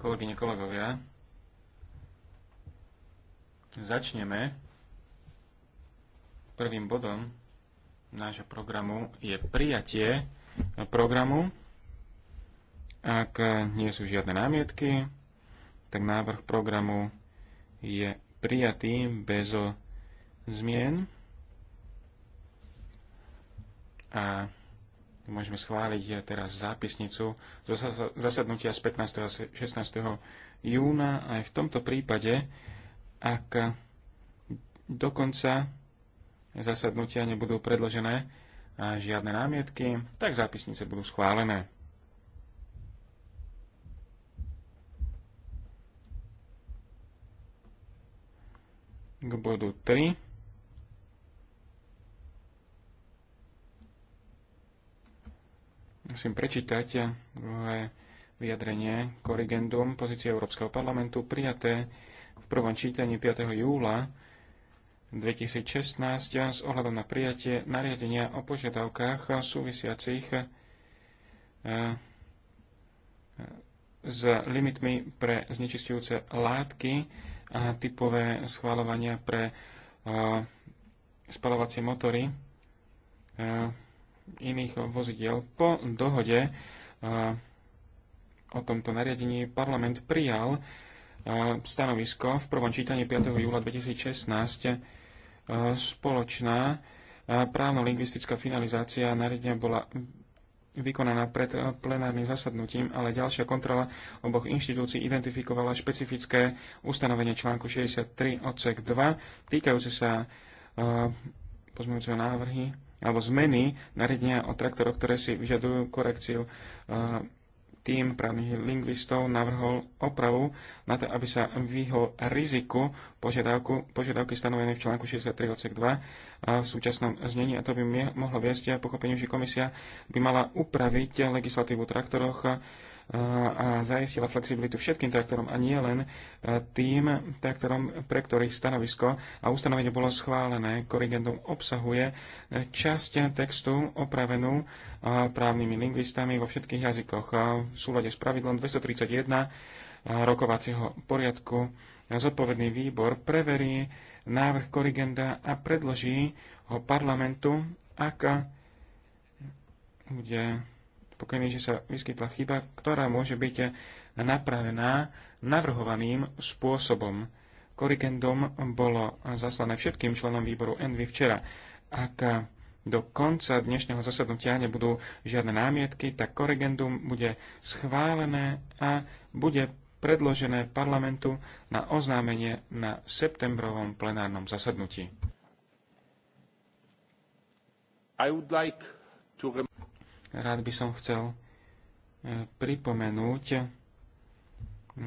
kolegyne, kolegovia, začneme prvým bodom nášho programu je prijatie programu. Ak nie sú žiadne námietky, tak návrh programu je prijatý bez zmien a môžeme schváliť teraz zápisnicu zo zasadnutia z 15. a 16. júna. Aj v tomto prípade, ak dokonca zasadnutia nebudú predložené žiadne námietky, tak zápisnice budú schválené. K bodu 3 musím prečítať eh, vyjadrenie korigendum pozície Európskeho parlamentu prijaté v prvom čítaní 5. júla 2016 s ohľadom na prijatie nariadenia o požiadavkách súvisiacich eh, s limitmi pre znečistujúce látky a typové schváľovania pre eh, spalovacie motory iných vozidiel. Po dohode eh, o tomto nariadení parlament prijal eh, stanovisko v prvom čítaní 5. júla 2016 eh, spoločná právno-lingvistická finalizácia nariadenia bola vykonaná pred plenárnym zasadnutím, ale ďalšia kontrola oboch inštitúcií identifikovala špecifické ustanovenie článku 63 odsek 2 týkajúce sa pozmeňujúceho návrhy alebo zmeny nariadenia o traktoroch, ktoré si vyžadujú korekciu. Tým právnych lingvistov navrhol opravu na to, aby sa vyhol riziku požiadavku, požiadavky stanovené v článku 63 odsek 2 v súčasnom znení a to by mohlo viesť a pochopeniu, že komisia by mala upraviť legislatívu traktoroch a zaistila flexibilitu všetkým traktorom a nie len e, tým traktorom, pre ktorých stanovisko a ustanovenie bolo schválené. Korigendum obsahuje e, časť textu opravenú e, právnymi lingvistami vo všetkých jazykoch v súlade s pravidlom 231 rokovacieho poriadku. Zodpovedný výbor preverí návrh korigenda a predloží ho parlamentu, ak bude spokojní, že sa vyskytla chyba, ktorá môže byť napravená navrhovaným spôsobom. Korigendum bolo zaslané všetkým členom výboru Envy včera. Ak do konca dnešného zasadnutia nebudú žiadne námietky, tak korigendum bude schválené a bude predložené parlamentu na oznámenie na septembrovom plenárnom zasadnutí. Like to... Rád by som chcel e, pripomenúť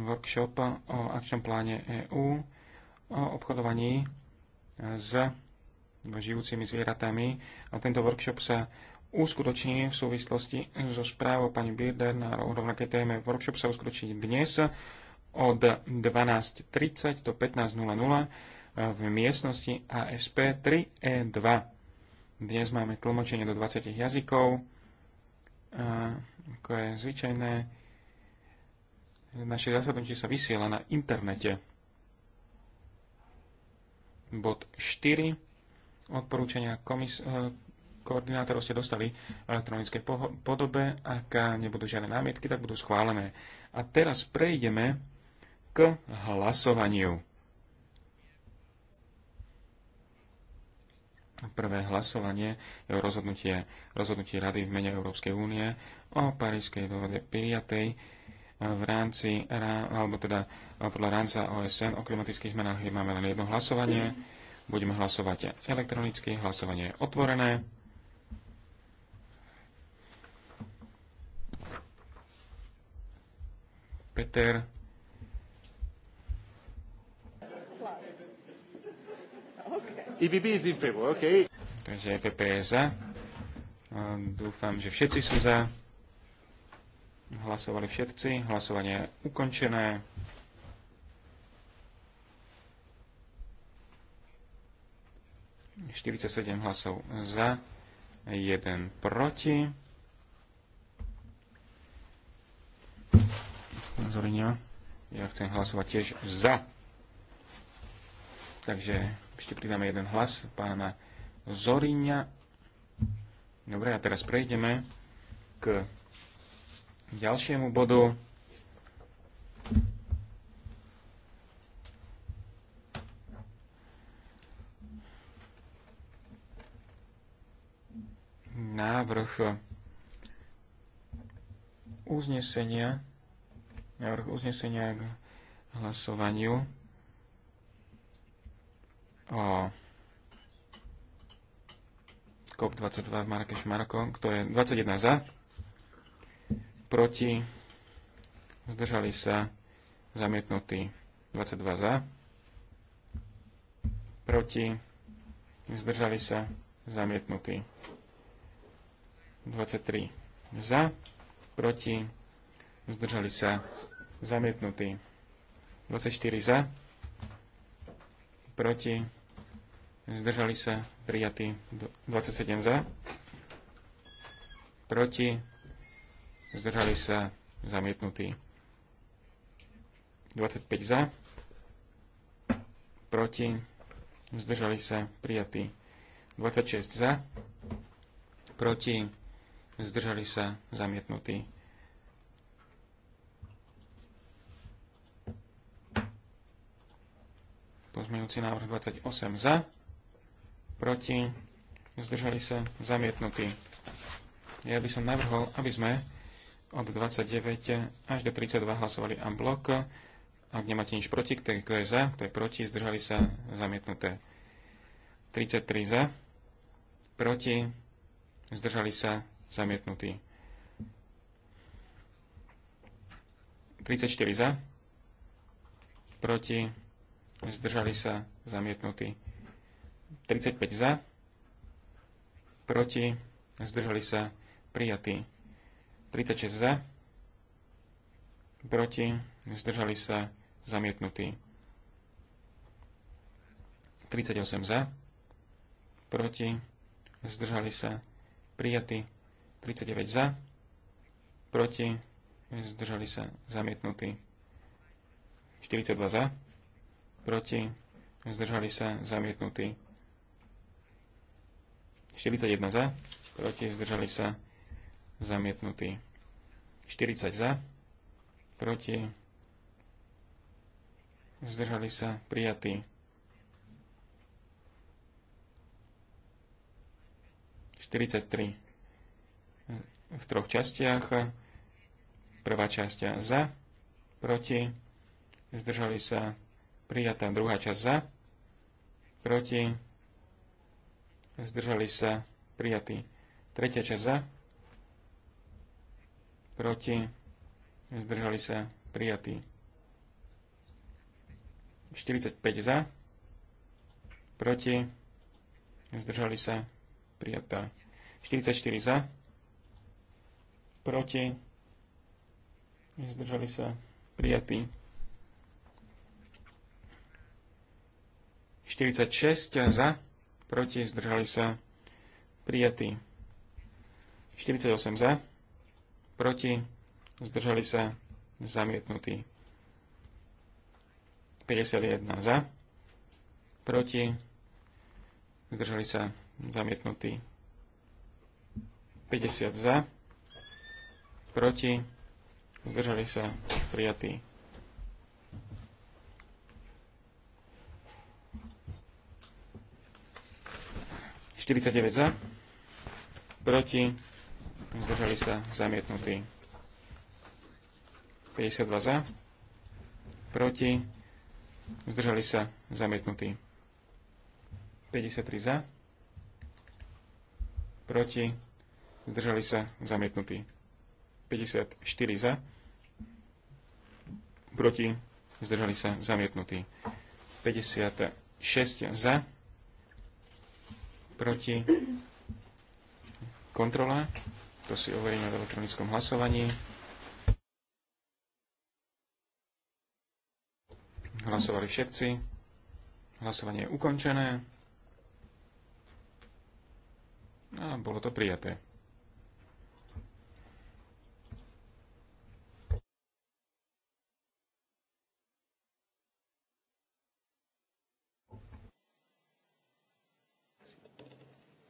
workshop o akčnom pláne EÚ o obchodovaní e, s žijúcimi zvieratami. A tento workshop sa uskutoční v súvislosti so správou pani Birder na rovnaké téme. Workshop sa uskutoční dnes od 12.30 do 15.00 e, v miestnosti ASP 3E2. Dnes máme tlmočenie do 20 jazykov a ako je zvyčajné, naše zasadnutie sa vysiela na internete. Bod 4. Odporúčania komis- eh, koordinátorov ste dostali v elektronickej podobe. Ak nebudú žiadne námietky, tak budú schválené. A teraz prejdeme k hlasovaniu. prvé hlasovanie je o rozhodnutie, rozhodnutie Rady v mene Európskej únie o parískej dohode prijatej v rámci, alebo teda podľa rámca OSN o klimatických zmenách je máme len jedno hlasovanie. Budeme hlasovať elektronicky, hlasovanie je otvorené. Peter, EPP is in favor, Takže EPP je za. Dúfam, že všetci sú za. Hlasovali všetci. Hlasovanie je ukončené. sedem hlasov za, jeden proti. Zorinia, ja chcem hlasovať tiež za. Takže ešte pridáme jeden hlas pána Zoriňa. Dobre, a teraz prejdeme k ďalšiemu bodu. Návrh uznesenia, návrh uznesenia k hlasovaniu o COP22 v Marrakeš Maroko, kto je 21 za, proti, zdržali sa, zamietnutí 22 za, proti, zdržali sa, zamietnutí 23 za, proti, zdržali sa, zamietnutí 24 za, proti, zdržali sa prijatí 27 za, proti, zdržali sa zamietnutí 25 za, proti, zdržali sa prijatí 26 za, proti, zdržali sa zamietnutí pozmeňujúci návrh 28 za, proti, zdržali sa zamietnutí. Ja by som navrhol, aby sme od 29 až do 32 hlasovali a blok. Ak nemáte nič proti, kto je za, kto je proti, zdržali sa zamietnuté. 33 za, proti, zdržali sa zamietnutí. 34 za, proti, zdržali sa zamietnutí. 35 za, proti, zdržali sa prijatí. 36 za, proti, zdržali sa zamietnutí. 38 za, proti, zdržali sa, prijatí, 39 za, proti, zdržali sa, zamietnutí, 42 za, proti, zdržali sa, zamietnutí, 41 za, proti, zdržali sa, zamietnutí. 40 za, proti, zdržali sa, prijatí. 43 v troch častiach. Prvá časť za, proti, zdržali sa, prijatá druhá časť za, proti, zdržali sa, prijatí. Tretia časť za, proti, zdržali sa, prijatí. 45 za, proti, zdržali sa, prijatá. 44 za, proti, zdržali sa, prijatí. 46 za, proti, zdržali sa, prijatí. 48 za, proti, zdržali sa, zamietnutí. 51 za, proti, zdržali sa, zamietnutí. 50 za, proti, zdržali sa, prijatí. 49 za, proti, zdržali sa zamietnutí. 52 za, proti, zdržali sa zamietnutí. 53 za, proti, zdržali sa zamietnutí. 54 za, proti, zdržali sa zamietnutí. 56 za, proti, kontrola, to si overíme v elektronickom hlasovaní. Hlasovali všetci. Hlasovanie je ukončené. A bolo to prijaté.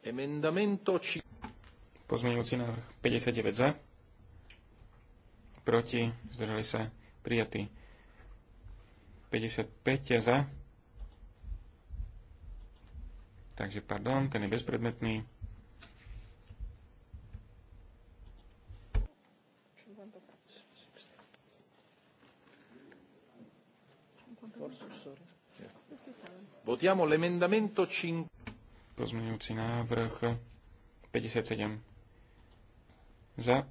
Emendamento či... Pozmeňujúci návrh 59 z Proti. Zdržali sa. Prijatý. 55 z Takže pardon, ten je bezpredmetný. Votiamo l'emendamento 5. Pozmeňujúci návrh 57. Za.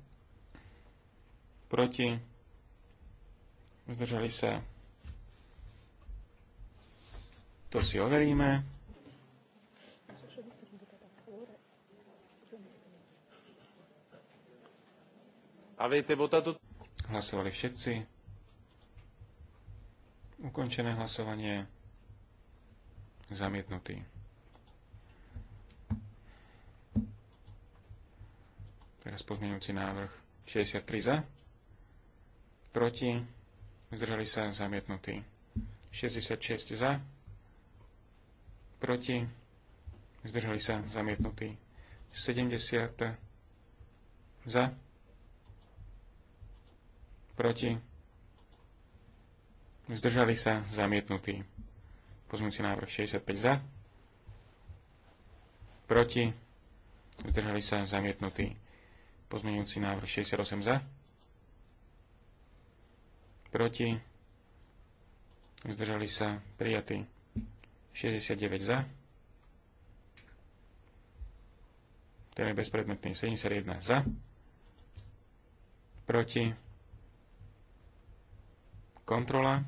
Proti. Zdržali sa. To si overíme. Hlasovali všetci. Ukončené hlasovanie. Zamietnutý. Teraz pozmeňujúci návrh 63 za. Proti. Zdržali sa zamietnutí. 66 za. Proti. Zdržali sa zamietnutí. 70 za. Proti. Zdržali sa zamietnutí. Pozmeňujúci návrh 65 za proti, zdržali sa zamietnutí. Pozmeňujúci návrh 68 za. Proti. Zdržali sa prijatí 69 za. Ten je bezpredmetný 71 za. Proti. Kontrola.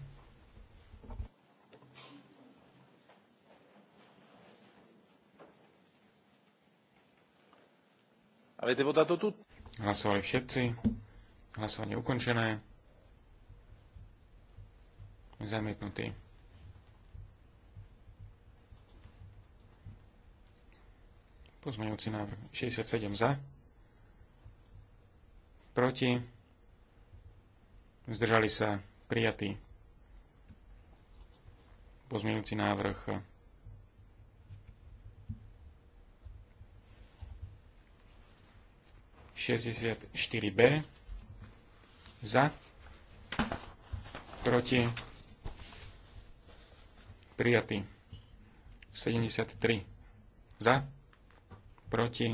Avete votato tutti? Hlasovali všetci. Hlasovanie ukončené. Zamietnutý. Pozmeňujúci návrh 67 za. Proti. Zdržali sa prijatí. Pozmeňujúci návrh 64b za, proti, prijatý. 73 za, proti,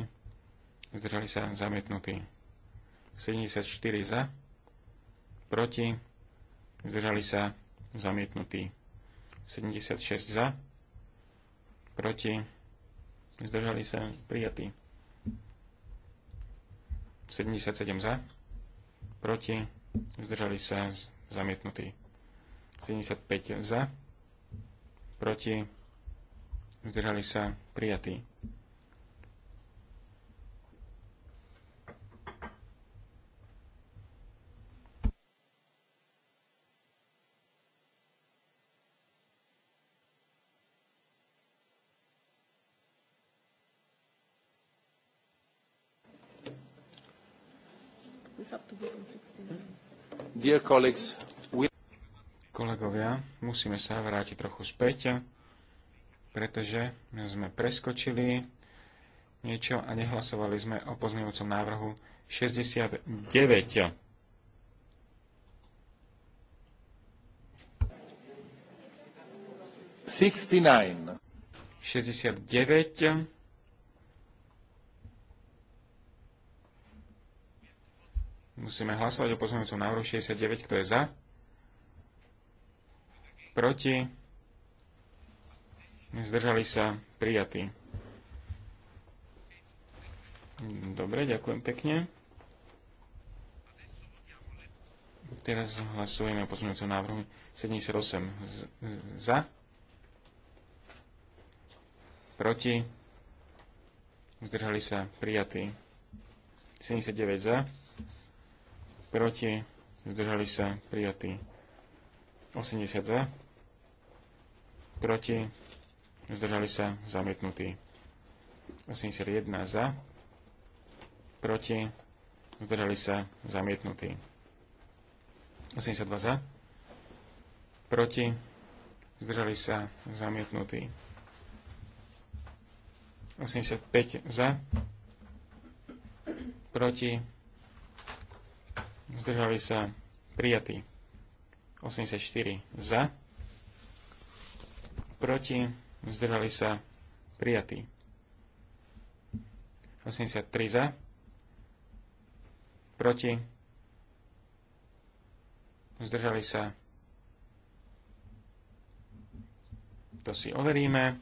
zdržali sa zamietnutí. 74 za, proti, zdržali sa zamietnutí. 76 za, proti, zdržali sa prijatí. 77 za, proti, zdržali sa zamietnutí. 75 za, proti, zdržali sa prijatí. Kolegovia, musíme sa vrátiť trochu späť, pretože sme preskočili niečo a nehlasovali sme o pozmeňujúcom návrhu 69. Sixty-nine. 69 Musíme hlasovať o pozmeňujúcom návrhu 69, kto je za. Proti. Zdržali sa prijatí. Dobre, ďakujem pekne. Teraz hlasujeme o pozmeňujúcom návrhu 78 za. Proti. Zdržali sa prijatí. 79 za proti, zdržali sa prijatí 80 za, proti, zdržali sa zamietnutí 81 za, proti, zdržali sa zamietnutí 82 za, proti, zdržali sa zamietnutí 85 za, proti, zdržali sa prijatí 84 za, proti, zdržali sa prijatí 83 za, proti, zdržali sa to si overíme.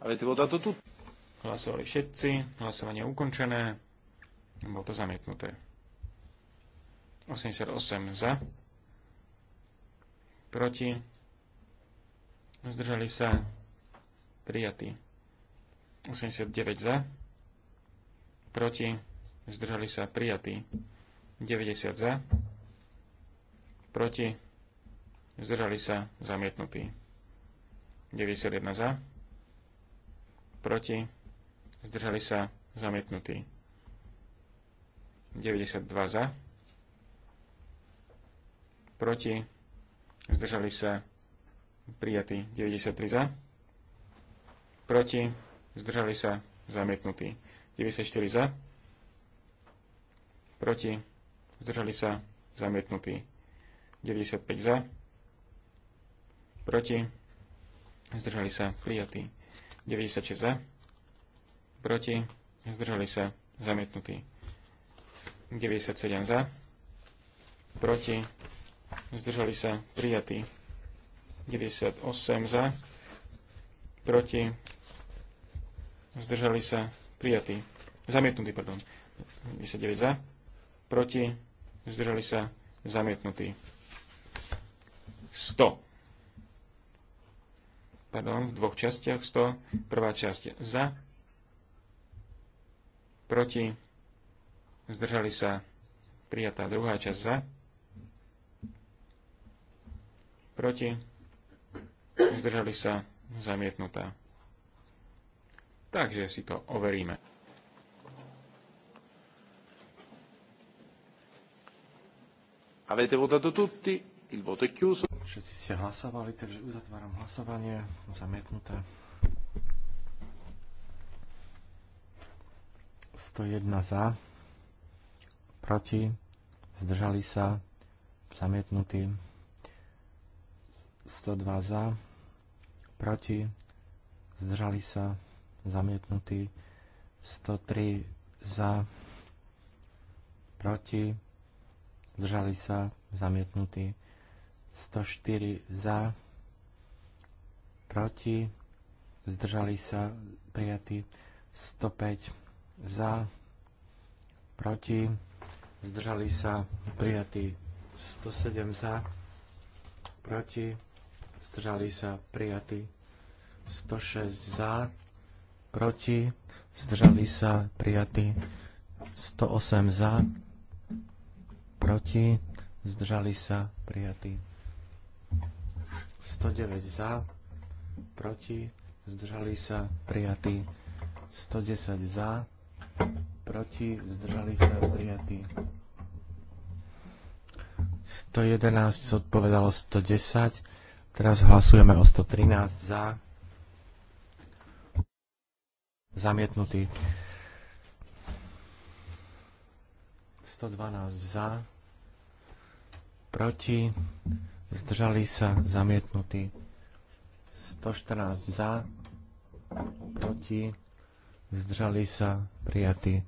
Avete votato tutti? Hlasovali všetci. Hlasovanie je ukončené. Bolo to zamietnuté. 88 za. Proti. Zdržali sa. Prijatí. 89 za. Proti. Zdržali sa. Prijatí. 90 za. Proti. Zdržali sa. Zamietnutí. 91 za. Proti zdržali sa zamietnutí. 92 za, proti, zdržali sa prijatí. 93 za, proti, zdržali sa zamietnutí. 94 za, proti, zdržali sa zamietnutí. 95 za, proti, zdržali sa prijatí. 96 za, proti, zdržali sa, zamietnutí. 97 za, proti, zdržali sa, prijatí. 98 za, proti, zdržali sa, prijatí. zamietnutí, pardon. 99 za, proti, zdržali sa, zamietnutí. 100. Pardon, v dvoch častiach 100. Prvá časť za, proti, zdržali sa, prijatá druhá časť za, proti, zdržali sa, zamietnutá. Takže si to overíme. Avete votato tutti? Il voto è chiuso. Všetci ste hlasovali, takže uzatváram hlasovanie. Zamietnuté. 101 za, proti, zdržali sa, zamietnutí. 102 za, proti, zdržali sa, zamietnutí. 103 za, proti, zdržali sa, zamietnutí. 104 za, proti, zdržali sa, prijatí. 105 za, proti, zdržali sa, prijatí 107 za, proti, zdržali sa, prijatí 106 za, proti, zdržali sa, prijatí 108 za, proti, zdržali sa, prijatí 109 za, proti, zdržali sa, prijatí 110 za, proti, zdržali sa prijatí. 111 zodpovedalo 110, teraz hlasujeme o 113 za, zamietnutý. 112 za, proti, zdržali sa, zamietnutí. 114 za, proti, zdržali sa, prijatí.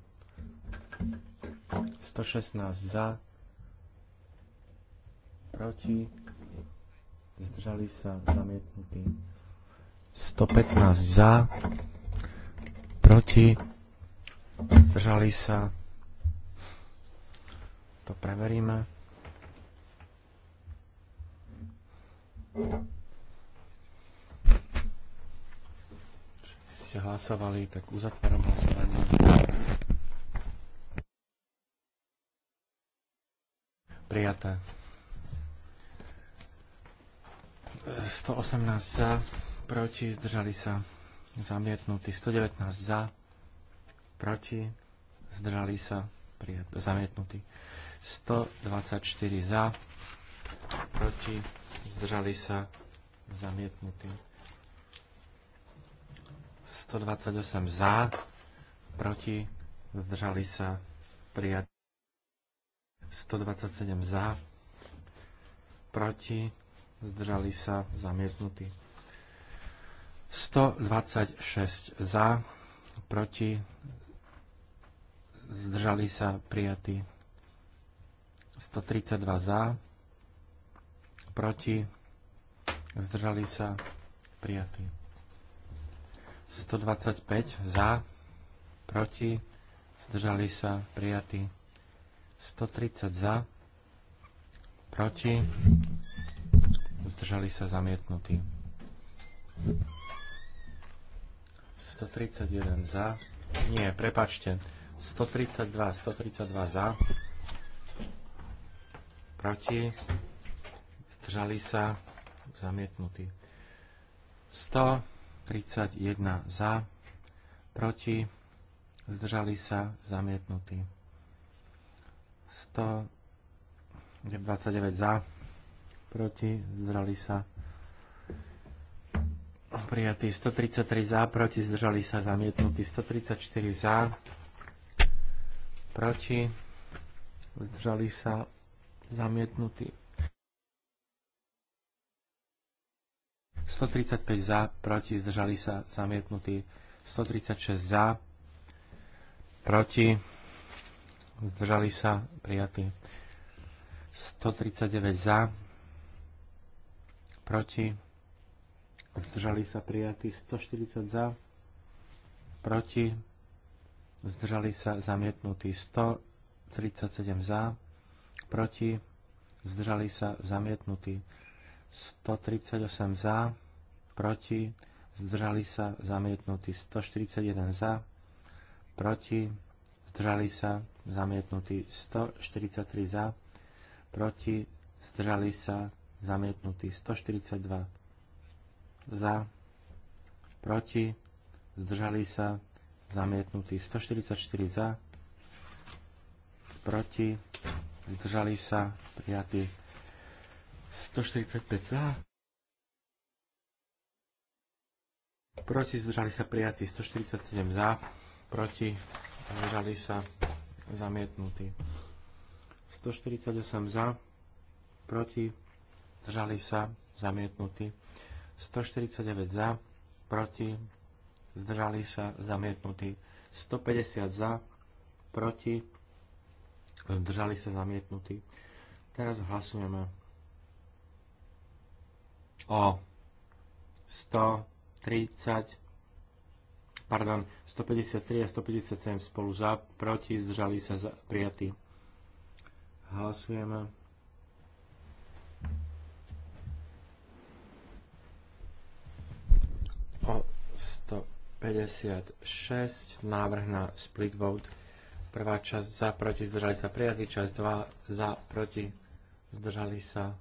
116 za, proti, zdržali sa, zamietnutí. 115 za, proti, zdržali sa, to preveríme. Thank you. ste hlasovali, tak uzatváram hlasovanie. Prijaté. 118 za, proti, zdržali sa zamietnutí. 119 za, proti, zdržali sa zamietnutí. 124 za, proti, zdržali sa zamietnutí. 128 za, proti, zdržali sa prijatí. 127 za, proti, zdržali sa zamietnutí. 126 za, proti, zdržali sa prijatí. 132 za, proti, zdržali sa prijatí. 125 za, proti, zdržali sa, prijatí. 130 za, proti, zdržali sa, zamietnutí. 131 za, nie, prepačte, 132, 132 za, proti, zdržali sa, zamietnutí. 100 31 za, proti, zdržali sa, zamietnutí. 129 za, proti, zdržali sa, prijatí. 133 za, proti, zdržali sa, zamietnutí. 134 za, proti, zdržali sa, zamietnutí. 135 za, proti, zdržali sa, zamietnutí. 136 za, proti, zdržali sa, prijatí. 139 za, proti, zdržali sa, prijatí. 140 za, proti, zdržali sa, zamietnutí. 137 za, proti, zdržali sa, zamietnutí. 138 za, proti, zdržali sa, zamietnutí 141 za, proti, zdržali sa, zamietnutí 143 za, proti, zdržali sa, zamietnutí 142 za, proti, zdržali sa, zamietnutí 144 za, proti, zdržali sa, prijatí 145 za. Proti zdržali sa prijatí 147 za. Proti zdržali sa zamietnutí. 148 za. Proti zdržali sa zamietnutí. 149 za. Proti zdržali sa zamietnutí. 150 za. Proti zdržali sa zamietnutí. Teraz hlasujeme o 130, pardon, 153 a 157 spolu za, proti, zdržali sa za, prijatí. Hlasujeme. O 156 návrh na split vote. Prvá časť za, proti, zdržali sa prijatí, časť 2 za, proti, zdržali sa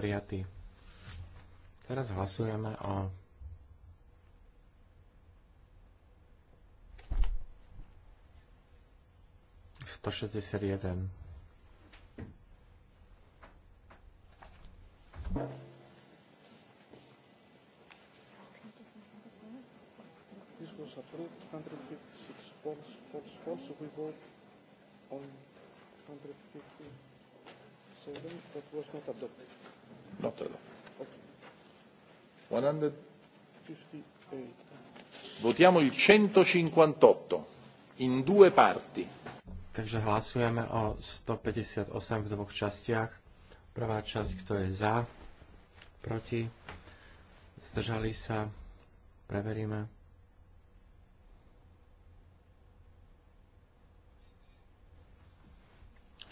prijatý. Teraz hlasujeme o sto šesťdesiat jeden. approved 156 false, false, false. We vote on 157 that was not adopted. Not a lot. Votiamo il 158 in due parti. Takže hlasujeme o 158 v dvoch častiach. Prvá časť, kto je za, proti, zdržali sa, preveríme.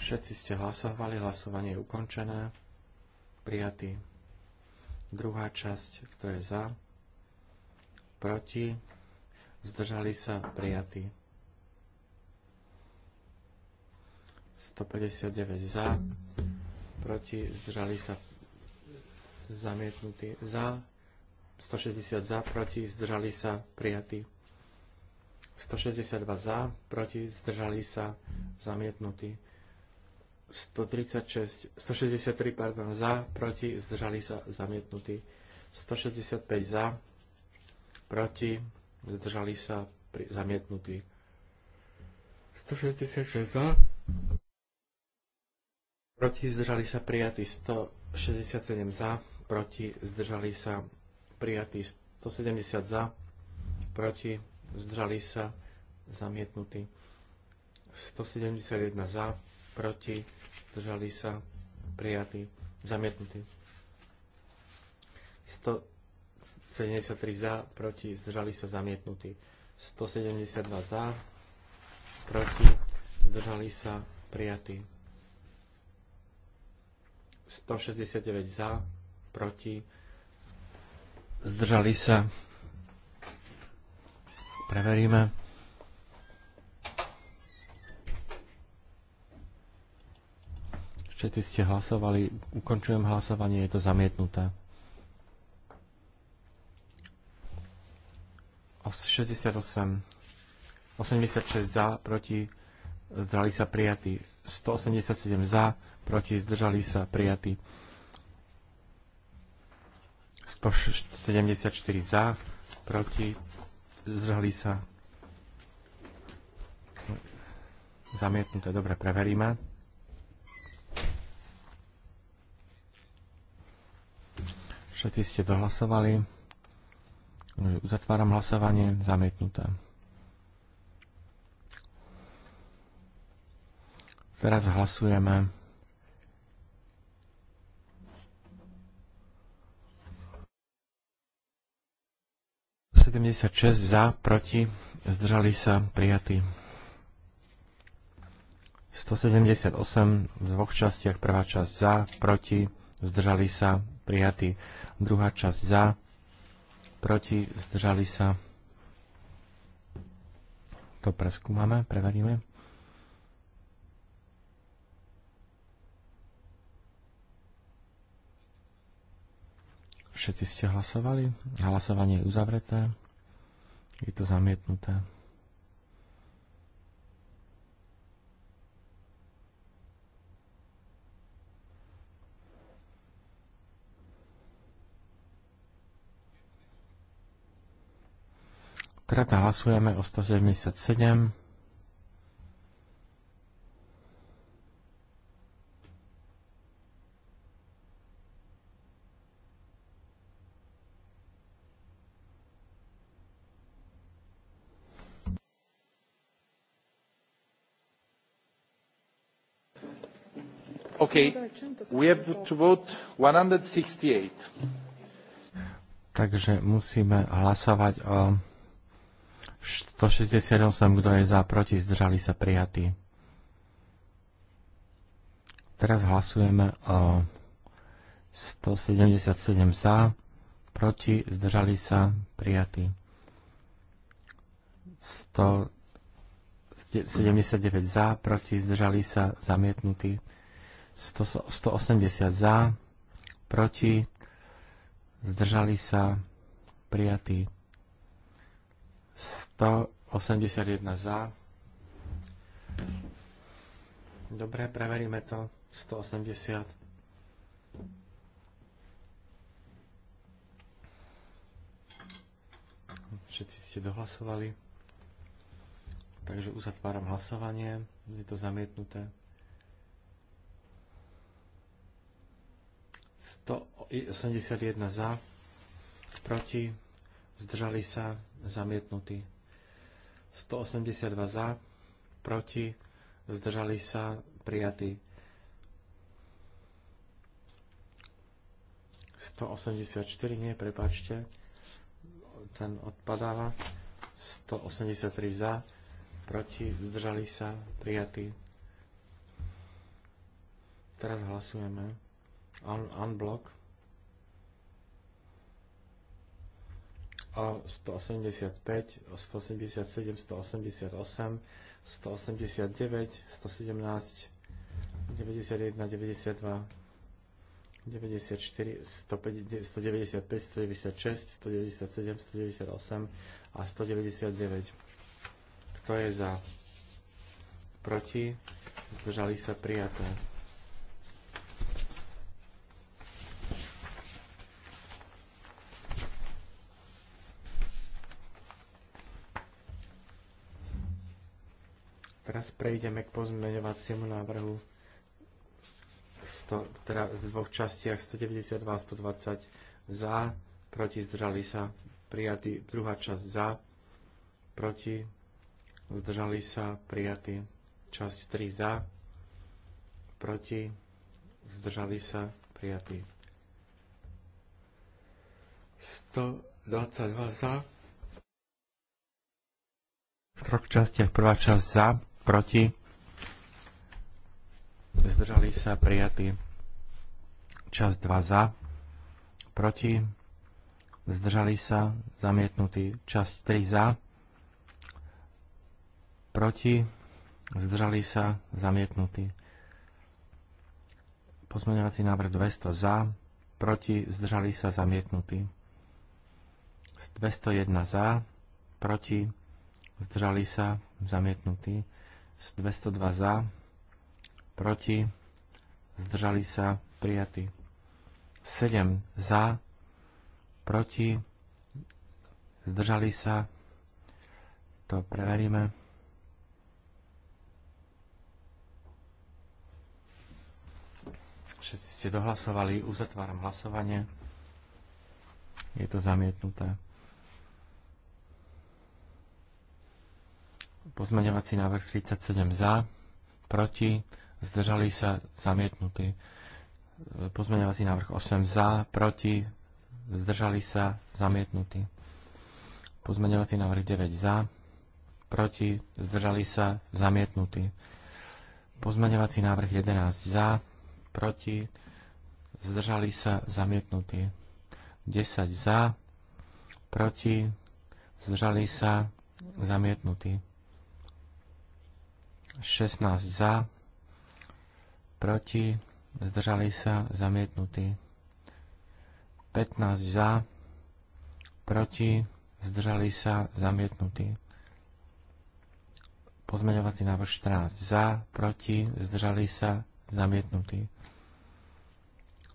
Všetci ste hlasovali, hlasovanie je ukončené prijatý. Druhá časť, kto je za, proti, zdržali sa, prijatý. 159 za, proti, zdržali sa, zamietnutý za, 160 za, proti, zdržali sa, prijatý. 162 za, proti, zdržali sa, zamietnutý. 136, 163 pardon, za, proti, zdržali sa zamietnutí. 165 za, proti, zdržali sa pri, zamietnutí. 166 za, proti, zdržali sa prijatí. 167 za, proti, zdržali sa prijatí. 170 za, proti, zdržali sa zamietnutí. 171 za, proti, zdržali sa, prijatí, zamietnutí. 173 za, proti, zdržali sa, zamietnutí. 172 za, proti, zdržali sa, prijatí. 169 za, proti, zdržali sa. Preveríme. Všetci ste hlasovali. Ukončujem hlasovanie. Je to zamietnuté. 68. 86 za, proti, Zdrali sa prijatí. 187 za, proti, zdržali sa prijatí. 174 za, proti, zdržali sa zamietnuté. Dobre, preveríme. Všetci ste to hlasovali. Zatváram hlasovanie. Zamietnuté. Teraz hlasujeme za, proti, zdržali sa, prijatí. 178 v dvoch častiach, prvá časť za, proti, zdržali sa, prijatý. Druhá časť za, proti, zdržali sa. To preskúmame, preveríme. Všetci ste hlasovali. Hlasovanie je uzavreté. Je to zamietnuté. Teda hlasujeme o 177. OK, We have to vote 168. Takže musíme hlasovať o 168, kto je za, proti, zdržali sa prijatí. Teraz hlasujeme o 177 za, proti, zdržali sa prijatí. 179 za, proti, zdržali sa zamietnutí. 180 za, proti, zdržali sa prijatí. 181 za. Dobre, preveríme to. 180. Všetci ste dohlasovali. Takže uzatváram hlasovanie. Je to zamietnuté. 181 za, proti, zdržali sa, zamietnutý. 182 za, proti, zdržali sa, prijatý. 184, nie, prepáčte, ten odpadáva. 183 za, proti, zdržali sa, prijatý. Teraz hlasujeme. Un- unblock. 185, 187, 188, 189, 117, 91, 92, 94, 195, 196, 197, 198 a 199. Kto je za? Proti? Zdržali sa prijaté. Teraz prejdeme k pozmeňovaciemu návrhu teda v dvoch častiach 192 a 120 za, proti zdržali sa, prijatý, druhá časť za, proti zdržali sa, prijatý, časť 3 za, proti zdržali sa, prijatý. 122 za, v troch častiach prvá časť za, proti, zdržali sa prijatí. Čas 2 za, proti, zdržali sa zamietnutí. Čas 3 za, proti, zdržali sa zamietnutí. Pozmeňovací návrh 200 za, proti, zdržali sa zamietnutí. 201 za, proti, zdržali sa, zamietnutí. 202 za, proti, zdržali sa, prijatí. 7 za, proti, zdržali sa, to preveríme. Všetci ste dohlasovali, uzatváram hlasovanie. Je to zamietnuté. Pozmeňovací návrh 37 za, proti, zdržali sa, zamietnutý. Pozmeňovací návrh 8 za, proti, zdržali sa, zamietnutý. Pozmeňovací návrh 9 za, proti, zdržali sa, zamietnutý. Pozmeňovací návrh 11 za, proti, zdržali sa, zamietnutý. 10 za, proti, zdržali sa, zamietnutý. 16 za, proti, zdržali sa, zamietnutí. 15 za, proti, zdržali sa, zamietnutí. Pozmeňovací návrh 14 za, proti, zdržali sa, zamietnutí.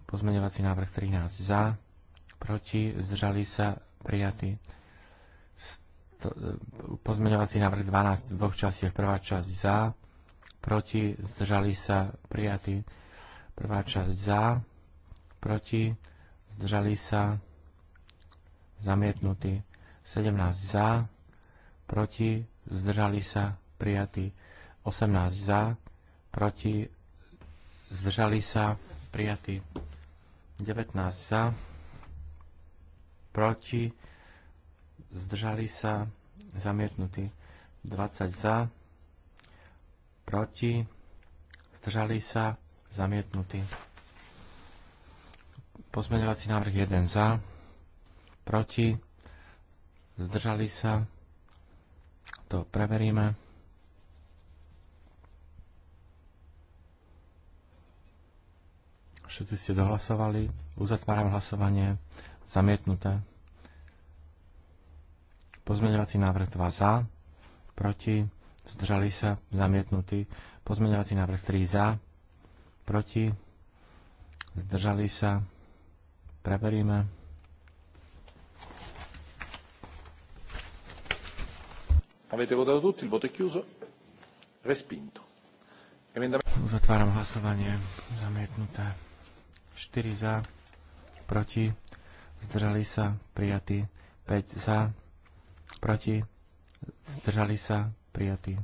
Pozmeňovací návrh 13 za, proti, zdržali sa, prijatí. E, pozmeňovací návrh 12 v dvoch častiach. Prvá časť za, proti, zdržali sa prijatí. Prvá časť za, proti, zdržali sa zamietnutí. 17 za, proti, zdržali sa prijatí. 18 za, proti, zdržali sa prijatí. 19 za, proti, zdržali sa, zamietnutí. 20 za, proti, zdržali sa, zamietnutí. Pozmeňovací návrh 1 za, proti, zdržali sa, to preveríme. Všetci ste dohlasovali. Uzatváram hlasovanie. Zamietnuté. Pozmeňovací návrh 2 za, proti, zdržali sa, zamietnutý. Pozmeňovací návrh 3 za, proti, zdržali sa, preveríme. Avete votato tutti, il voto è chiuso, respinto. Uzatváram hlasovanie, zamietnuté. 4 za, proti, zdržali sa, prijatí, 5 za, proti, zdržali sa, prijatí.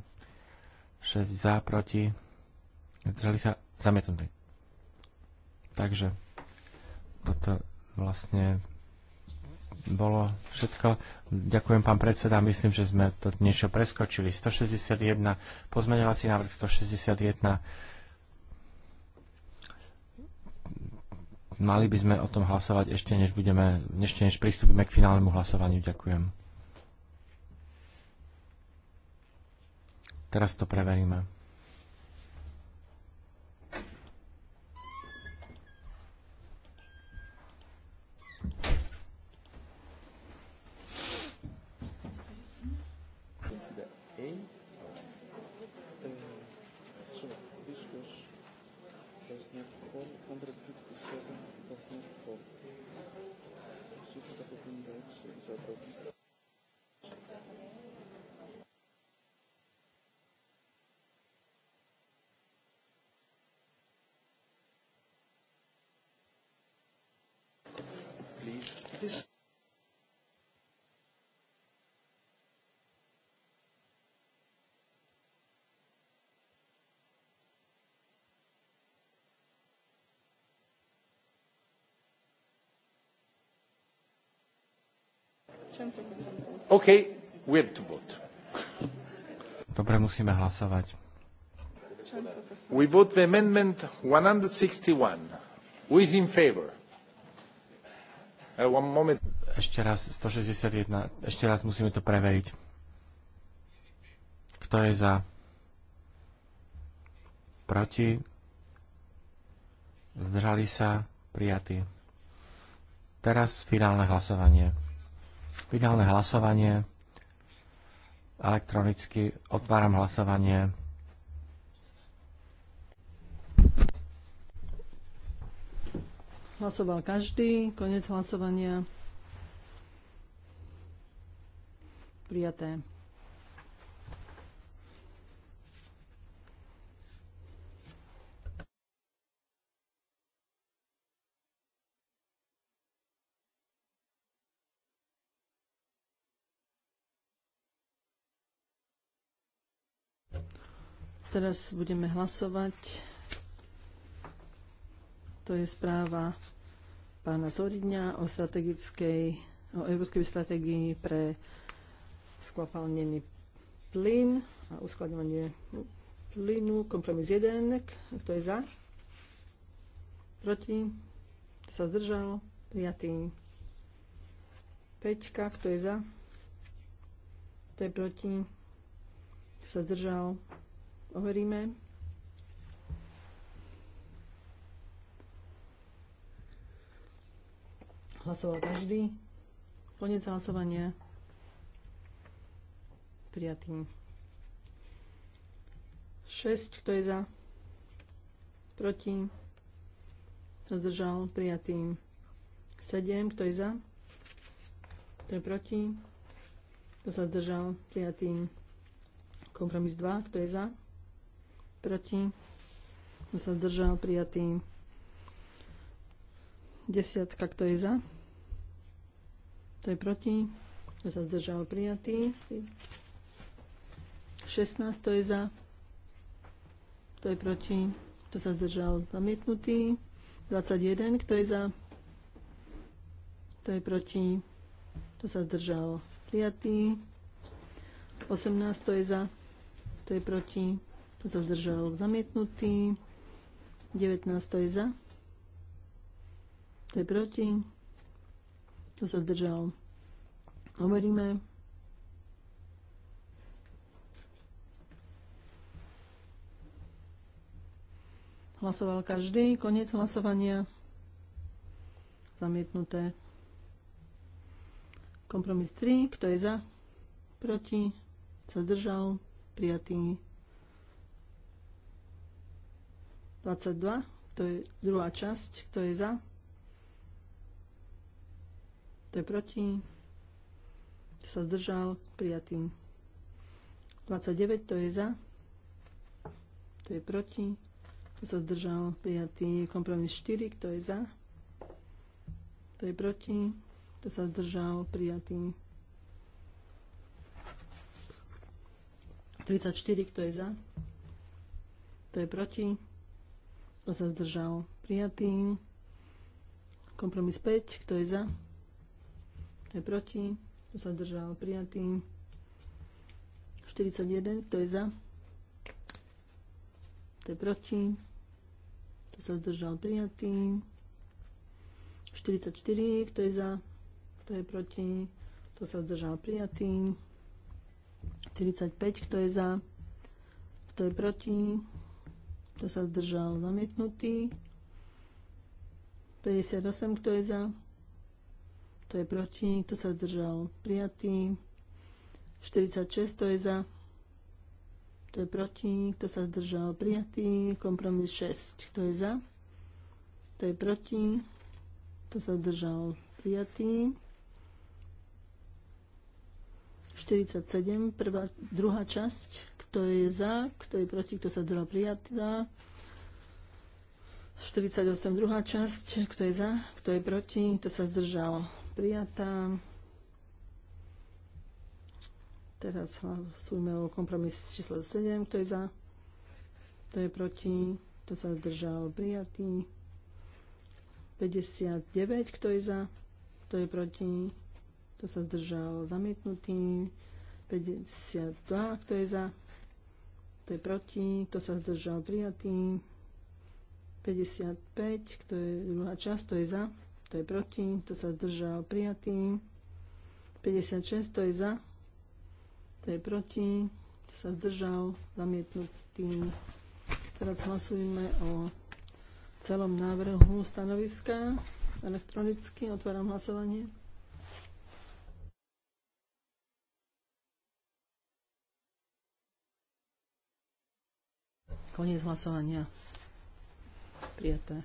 6 za, proti, zdržali sa, zamietnutí. Takže toto vlastne bolo všetko. Ďakujem, pán predseda. Myslím, že sme to niečo preskočili. 161, pozmeňovací návrh 161. Mali by sme o tom hlasovať ešte, než, budeme, ešte než pristúpime k finálnemu hlasovaniu. Ďakujem. Teraz to preveríme. OK, we have to vote. Dobre, musíme hlasovať. We vote the amendment 161. Who is in favor? Uh, one moment. Ešte raz 161. Ešte raz musíme to preveriť. Kto je za? Proti? Zdržali sa? Prijatí. Teraz finálne hlasovanie. Finálne hlasovanie. Elektronicky otváram hlasovanie. Hlasoval každý. Konec hlasovania. Prijaté. Teraz budeme hlasovať. To je správa pána Zoridňa o strategickej, o európskej strategii pre skvapalnený plyn a uskladňovanie plynu. Kompromis 1. Kto je za? Proti? Kto sa zdržal? Prijatý. Peťka. Kto je za? Kto je proti? Kto sa zdržal? overíme. Hlasoval každý. Konec hlasovania. Prijatý. 6. Kto je za? Proti? Zdržal. Prijatý. 7. Kto je za? Kto je proti? Kto sa zdržal? Prijatý. Kompromis 2. Kto je za? proti, som sa zdržal, prijatý. Desiatka, kto je za? Kto je proti? Kto sa zdržal, prijatý. 16, kto je za? Kto je proti? Kto sa zdržal, zamietnutý. 21, kto je za? Kto je proti? Kto sa zdržal, prijatý. 18, kto je za? Kto je proti? To sa zdržal? Zamietnutý. 19. To je za. To je proti. To sa zdržal? Overíme. Hlasoval každý. Koniec hlasovania. Zamietnuté. Kompromis 3. Kto je za? Proti? Sa zdržal? Prijatý. 22, to je druhá časť, kto je za, kto je proti, kto sa zdržal, prijatý. 29, to je za, kto je proti, kto sa zdržal, prijatý. Kompromis 4, kto je za, kto je proti, kto sa zdržal, prijatý. 34, kto je za, kto je proti, kto sa zdržal? Prijatý. Kompromis 5. Kto je za? Kto je proti? Kto sa zdržal? Prijatý. 41. Kto je za? Kto je proti? Kto sa zdržal? Prijatý. 44. Kto je za? Kto je proti? Kto sa zdržal? Prijatý. 45. Kto je za? Kto je proti? kto sa zdržal, zamietnutý. 58, kto je za, kto je proti, kto sa zdržal, prijatý. 46, kto je za, kto je proti, kto sa zdržal, prijatý. Kompromis 6, kto je za, kto je proti, kto sa zdržal, prijatý. 47, prvá, druhá časť, kto je za? Kto je proti? Kto sa zdržal? Prijatá. 48. druhá časť. Kto je za? Kto je proti? Kto sa zdržal? Prijatá. Teraz hlasujme o kompromis číslo 7. Kto je za? Kto je proti? Kto sa zdržal? Prijatý. 59. Kto je za? Kto je proti? Kto sa zdržal? Zamietnutý. 52. Kto je za? kto je proti, kto sa zdržal prijatý. 55, kto je druhá časť, to je za, kto je proti, kto sa zdržal prijatý. 56, to je za, kto je proti, kto sa zdržal zamietnutý. Teraz hlasujeme o celom návrhu stanoviska elektronicky. Otváram hlasovanie. Koniec hlasovania. Prijaté.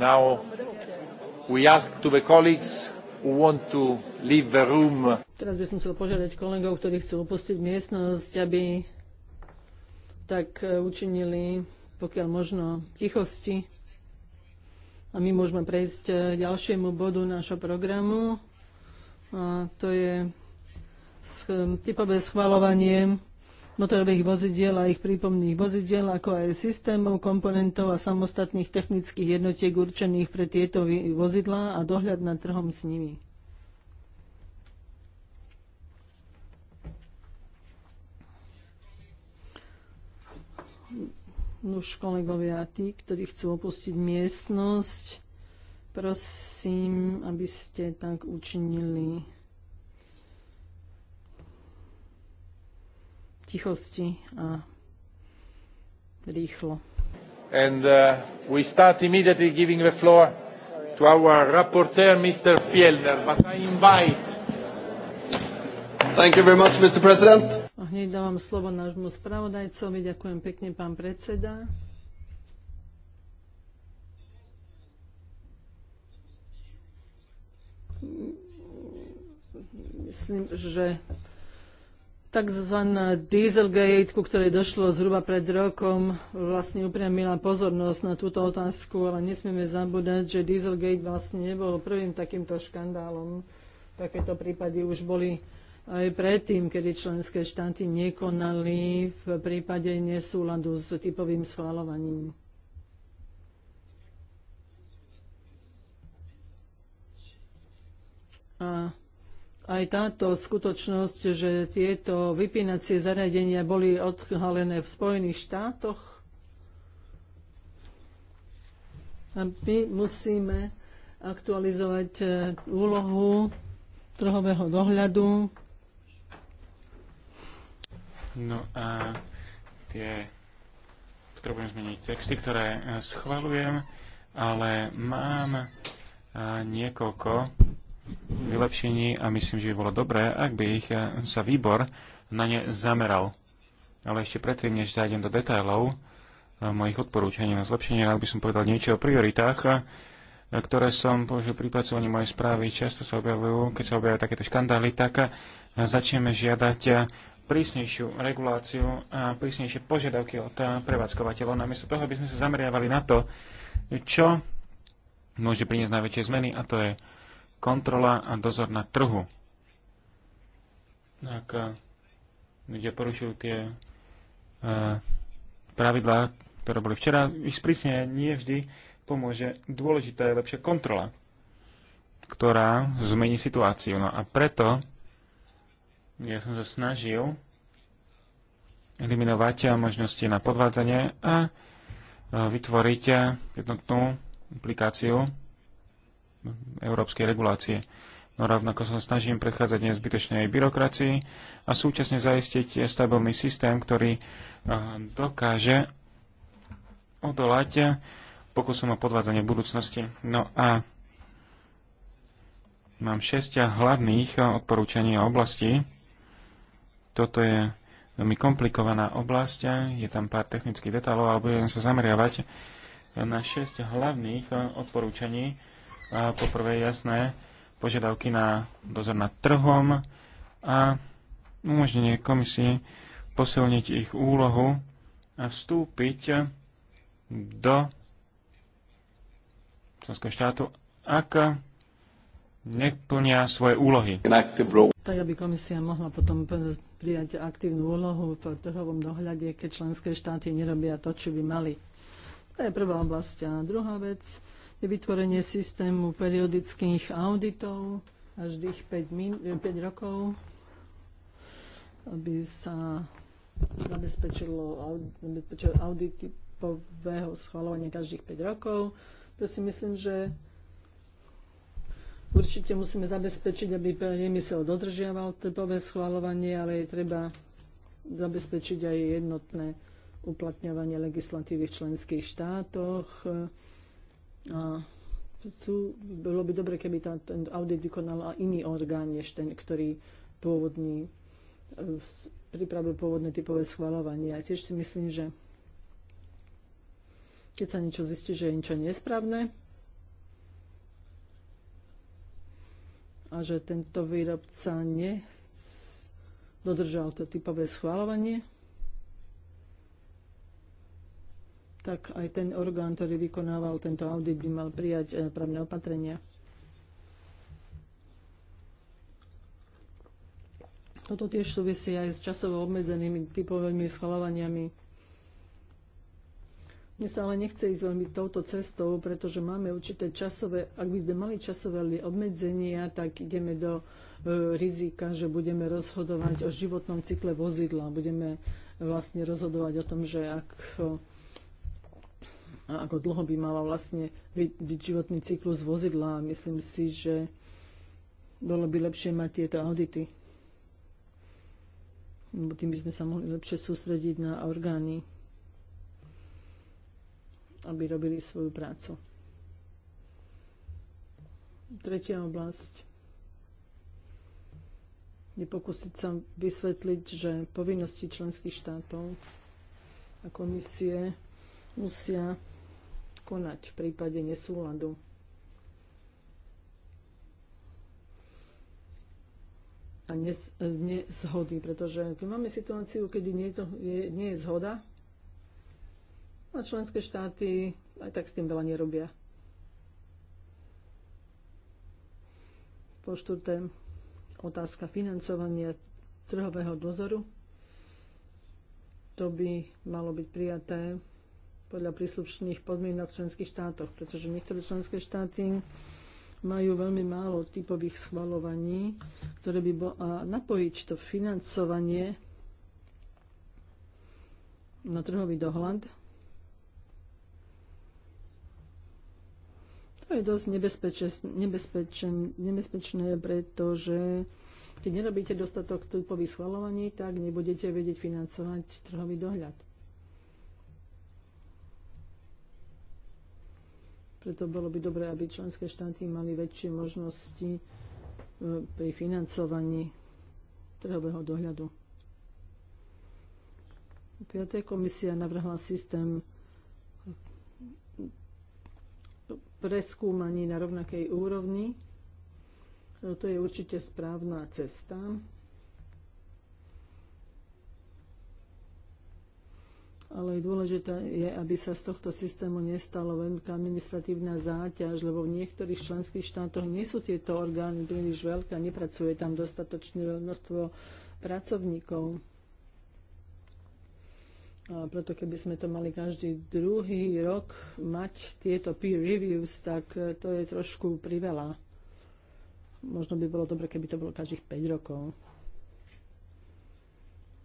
now we ask to the colleagues want to leave the room. Teraz by som chcel požiadať kolegov, ktorí chcú opustiť miestnosť, aby tak e, učinili pokiaľ možno tichosti. A my môžeme prejsť k e, ďalšiemu bodu nášho programu. A to je typové schvalovanie motorových vozidiel a ich prípomných vozidiel, ako aj systémov, komponentov a samostatných technických jednotiek určených pre tieto vozidlá a dohľad nad trhom s nimi. Už kolegovia, tí, ktorí chcú opustiť miestnosť, prosím, aby ste tak učinili. tichosti a rýchlo. And uh, we start immediately giving the floor to our rapporteur, Mr. Fielder. but I invite... Thank you very much, Mr. President. A hneď dávam slovo nášmu spravodajcovi. Ďakujem pekne, pán predseda. Myslím, že tzv. Dieselgate, ku ktorej došlo zhruba pred rokom, vlastne upriamila pozornosť na túto otázku, ale nesmieme zabúdať, že Dieselgate vlastne nebol prvým takýmto škandálom. Takéto prípady už boli aj predtým, kedy členské štáty nekonali v prípade nesúladu s typovým schváľovaním. A aj táto skutočnosť, že tieto vypínacie zariadenia boli odhalené v Spojených štátoch? A my musíme aktualizovať eh, úlohu trhového dohľadu. No a tie potrebujem zmeniť texty, ktoré eh, schvalujem, ale mám eh, niekoľko vylepšení a myslím, že by bolo dobré, ak by ich eh, sa výbor na ne zameral. Ale ešte predtým, než zájdem do detailov eh, mojich odporúčaní na zlepšenie, rád by som povedal niečo o prioritách, eh, ktoré som použil pri pracovaní mojej správy. Často sa objavujú, keď sa objavujú takéto škandály, tak začneme žiadať prísnejšiu reguláciu a prísnejšie požiadavky od prevádzkovateľov. Namiesto toho, aby sme sa zameriavali na to, čo môže priniesť najväčšie zmeny, a to je kontrola a dozor na trhu. Ak eh, ľudia porušujú tie eh, pravidlá, ktoré boli včera, ich sprísnenie nie vždy pomôže. Dôležitá je lepšia kontrola, ktorá zmení situáciu. No a preto ja som sa snažil eliminovať možnosti na podvádzanie a eh, vytvoriť jednotnú aplikáciu európskej regulácie. No rovnako sa snažím prechádzať nezbytočne aj byrokracii a súčasne zaistiť stabilný systém, ktorý eh, dokáže odolať pokusom o podvádzanie v budúcnosti. No a mám šesť hlavných odporúčaní a oblastí. Toto je veľmi komplikovaná oblasť, je tam pár technických detálov, ale budem sa zameriavať na šesť hlavných odporúčaní, poprvé jasné požiadavky na dozor nad trhom a umožnenie komisii posilniť ich úlohu a vstúpiť do členského štátu, ak neplnia svoje úlohy. Tak, aby komisia mohla potom prijať aktívnu úlohu v trhovom dohľade, keď členské štáty nerobia to, čo by mali. To je prvá oblasť. A druhá vec, je vytvorenie systému periodických auditov každých 5, min, 5 eh, rokov, aby sa zabezpečilo, zabezpečilo audit typového schvalovania každých 5 rokov. To si myslím, že určite musíme zabezpečiť, aby priemysel dodržiaval typové schvalovanie, ale je treba zabezpečiť aj jednotné uplatňovanie legislatívy v členských štátoch a sú, bolo by dobre, keby tá, ten audit vykonal iný orgán, než ten, ktorý pôvodný e, pripravil pôvodné typové schvalovanie. Ja tiež si myslím, že keď sa niečo zistí, že je niečo nesprávne a že tento výrobca nedodržal to typové schváľovanie. tak aj ten orgán, ktorý vykonával tento audit, by mal prijať eh, právne opatrenia. Toto tiež súvisí aj s časovo obmedzenými typovými schvalovaniami. Mne sa ale nechce ísť veľmi touto cestou, pretože máme určité časové, ak by sme mali časové obmedzenia, tak ideme do e, rizika, že budeme rozhodovať o životnom cykle vozidla. Budeme vlastne rozhodovať o tom, že ak eh, ako dlho by mala vlastne byť životný cyklus vozidla. Myslím si, že bolo by lepšie mať tieto audity. Lebo tým by sme sa mohli lepšie sústrediť na orgány, aby robili svoju prácu. Tretia oblasť je pokúsiť sa vysvetliť, že povinnosti členských štátov a komisie musia konať v prípade nesúladu. a nezhody, pretože keď máme situáciu, kedy nie, to, je, nie je zhoda, a členské štáty aj tak s tým veľa nerobia. Po štvrté, otázka financovania trhového dozoru. To by malo byť prijaté podľa príslušných podmienok v členských štátoch, pretože niektoré členské štáty majú veľmi málo typových schvalovaní, ktoré by bolo... a napojiť to financovanie na trhový dohľad. To je dosť nebezpečné, nebezpečné pretože keď nerobíte dostatok typových schvalovaní, tak nebudete vedieť financovať trhový dohľad. Preto bolo by dobré, aby členské štáty mali väčšie možnosti e, pri financovaní trhového dohľadu. Piaté komisia navrhla systém preskúmaní na rovnakej úrovni. E, to je určite správna cesta. ale dôležité je, aby sa z tohto systému nestalo veľká administratívna záťaž, lebo v niektorých členských štátoch nie sú tieto orgány príliš veľké, a nepracuje tam dostatočné množstvo pracovníkov. A preto keby sme to mali každý druhý rok mať tieto peer reviews, tak e, to je trošku priveľa. Možno by bolo dobre, keby to bolo každých 5 rokov.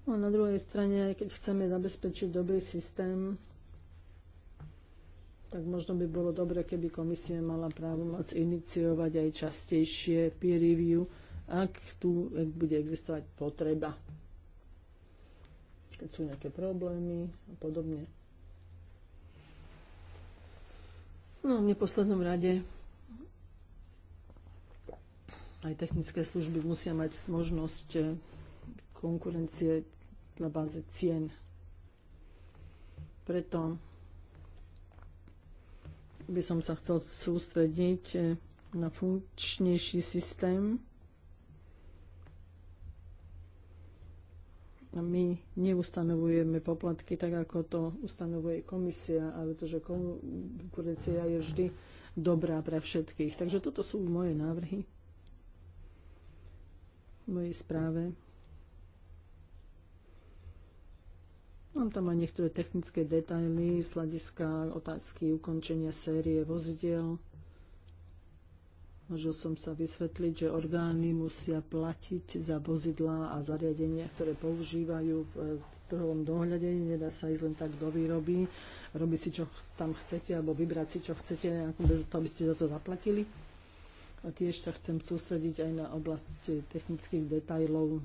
No, na druhej strane, aj keď chceme zabezpečiť dobrý systém, tak možno by bolo dobre, keby komisia mala moc iniciovať aj častejšie peer review, ak tu ak bude existovať potreba. Keď sú nejaké problémy a podobne. No a v neposlednom rade aj technické služby musia mať možnosť konkurencie na báze cien. Preto by som sa chcel sústrediť eh, na funkčnejší systém. A my neustanovujeme poplatky tak, ako to ustanovuje komisia, ale to, že konkurencia je vždy dobrá pre všetkých. Takže toto sú moje návrhy v mojej správe. Mám tam aj niektoré technické detaily z hľadiska otázky ukončenia série vozidel. Možno som sa vysvetliť, že orgány musia platiť za vozidlá a zariadenia, ktoré používajú eh, v trhovom dohľade. Nedá sa ísť len tak do výroby. Robiť si, čo tam chcete, alebo vybrať si, čo chcete, bez toho, aby ste za to zaplatili. A tiež sa chcem sústrediť aj na oblasti technických detajlov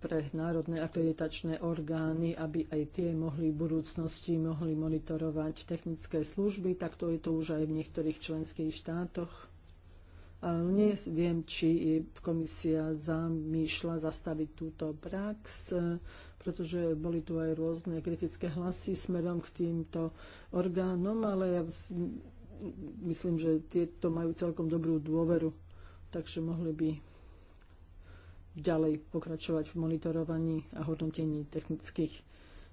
pre národné akreditačné orgány, aby aj tie mohli v budúcnosti mohli monitorovať technické služby, tak to je to už aj v niektorých členských štátoch. Ale neviem, či komisia zamýšľa zastaviť túto prax, pretože boli tu aj rôzne kritické hlasy smerom k týmto orgánom, ale ja myslím, že tieto majú celkom dobrú dôveru, takže mohli by ďalej pokračovať v monitorovaní a hodnotení technických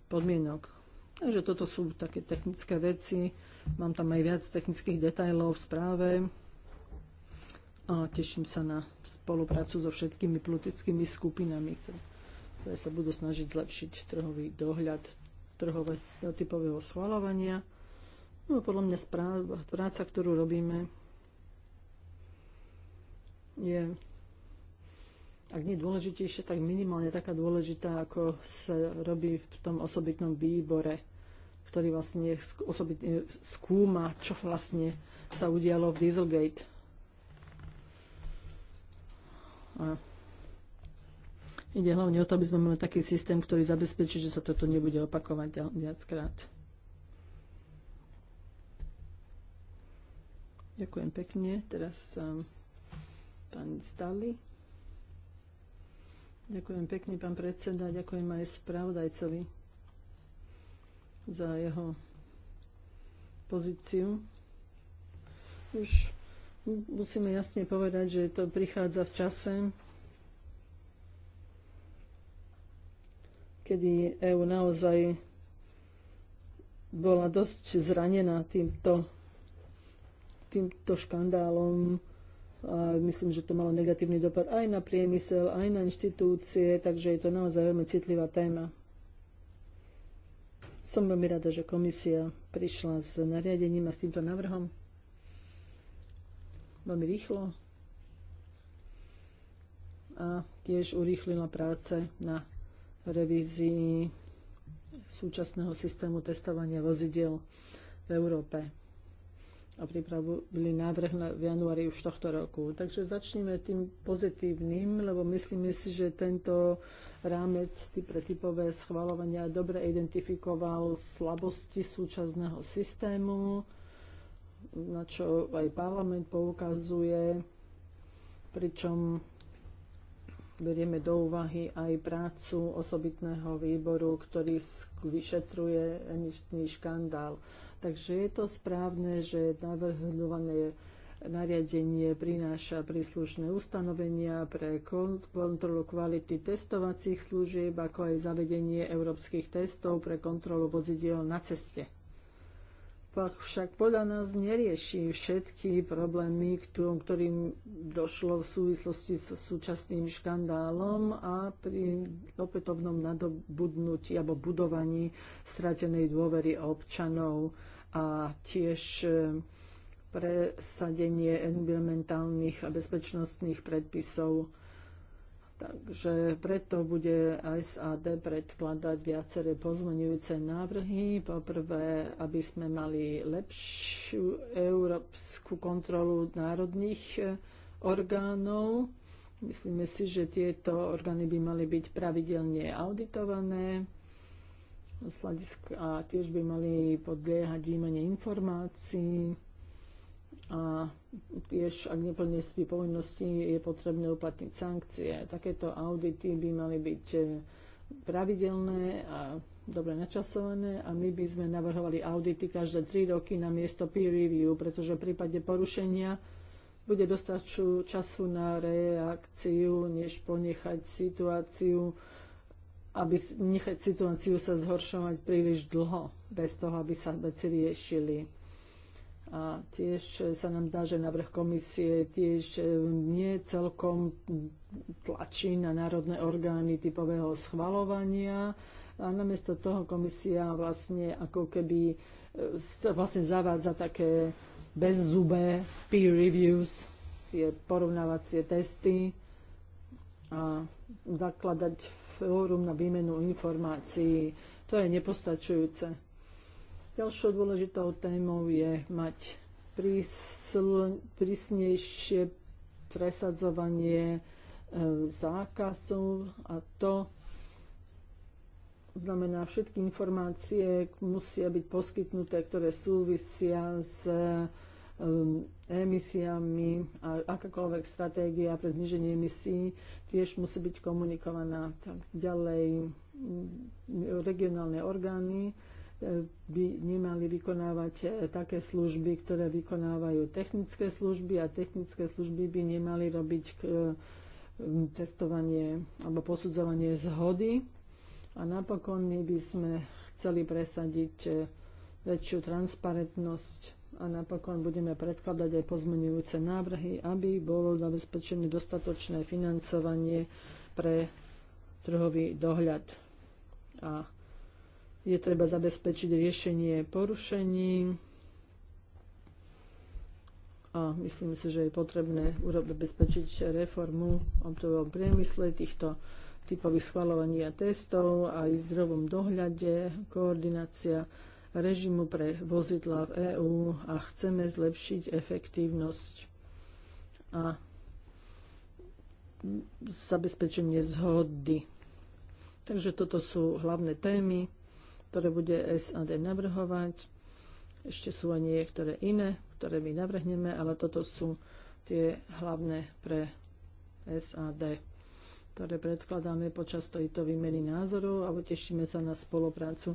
podmienok. Takže toto sú také technické veci. Mám tam aj viac technických detajlov v správe a teším sa na spoluprácu so všetkými politickými skupinami, ktoré sa budú snažiť zlepšiť trhový dohľad trhového typového schvalovania. No a podľa mňa správa, práca, ktorú robíme, je ak nie dôležitejšia, tak minimálne taká dôležitá, ako sa robí v tom osobitnom výbore, ktorý vlastne osobitne skúma, čo vlastne sa udialo v Dieselgate. A ide hlavne o to, aby sme mali taký systém, ktorý zabezpečí, že sa toto nebude opakovať viackrát. Ďakujem pekne. Teraz um, pán Stali. Ďakujem pekne, pán predseda. Ďakujem aj spravodajcovi za jeho pozíciu. Už musíme jasne povedať, že to prichádza v čase, kedy EÚ naozaj bola dosť zranená týmto, týmto škandálom a myslím, že to malo negatívny dopad aj na priemysel, aj na inštitúcie, takže je to naozaj veľmi citlivá téma. Som veľmi rada, že komisia prišla s nariadením a s týmto návrhom veľmi rýchlo a tiež urýchlila práce na revízii súčasného systému testovania vozidiel v Európe a pripravili návrh na, v januári už tohto roku. Takže začneme tým pozitívnym, lebo myslíme si, že tento rámec pre typové schvalovania dobre identifikoval slabosti súčasného systému, na čo aj parlament poukazuje, pričom berieme do úvahy aj prácu osobitného výboru, ktorý vyšetruje emisný škandál. Takže je to správne, že navrhované nariadenie prináša príslušné ustanovenia pre kontrolu kvality testovacích služieb, ako aj zavedenie európskych testov pre kontrolu vozidiel na ceste pak však podľa nás nerieši všetky problémy, ktorým došlo v súvislosti s súčasným škandálom a pri opätovnom nadobudnutí alebo budovaní stratenej dôvery občanov a tiež e, presadenie environmentálnych a bezpečnostných predpisov Takže preto bude SAD predkladať viaceré pozmenujúce návrhy. Poprvé, aby sme mali lepšiu európsku kontrolu národných e, orgánov. Myslíme si, že tieto orgány by mali byť pravidelne auditované a tiež by mali podliehať výmene informácií a tiež, ak neplní svoje povinnosti, je potrebné uplatniť sankcie. Takéto audity by mali byť e, pravidelné a dobre načasované a my by sme navrhovali audity každé 3 roky na miesto peer review, pretože v prípade porušenia bude dostaču času na reakciu, než ponechať situáciu, aby nechať situáciu sa zhoršovať príliš dlho, bez toho, aby sa veci riešili. A tiež sa nám dá, že návrh komisie tiež e, nie celkom tlačí na národné orgány typového schvalovania. A namiesto toho komisia vlastne ako keby e, vlastne zavádza také bezzubé peer reviews, tie porovnávacie testy a zakladať fórum na výmenu informácií. To je nepostačujúce Ďalšou dôležitou témou je mať prísl, prísnejšie presadzovanie e, zákazov a to znamená, všetky informácie musia byť poskytnuté, ktoré súvisia s e, emisiami a akákoľvek stratégia pre zniženie emisí tiež musí byť komunikovaná. Tak ďalej regionálne orgány by nemali vykonávať e, také služby, ktoré vykonávajú technické služby a technické služby by nemali robiť e, testovanie alebo posudzovanie zhody. A napokon my by sme chceli presadiť e, väčšiu transparentnosť a napokon budeme predkladať aj pozmenujúce návrhy, aby bolo zabezpečené dostatočné financovanie pre trhový dohľad. A je treba zabezpečiť riešenie porušení a myslím si, že je potrebné zabezpečiť reformu obdobovom priemysle týchto typových schvalovaní a testov aj v novom dohľade, koordinácia režimu pre vozidla v EÚ a chceme zlepšiť efektívnosť a zabezpečenie zhody. Takže toto sú hlavné témy ktoré bude SAD navrhovať. Ešte sú aj niektoré iné, ktoré my navrhneme, ale toto sú tie hlavné pre SAD, ktoré predkladáme počas tejto výmeny názorov a tešíme sa na spoluprácu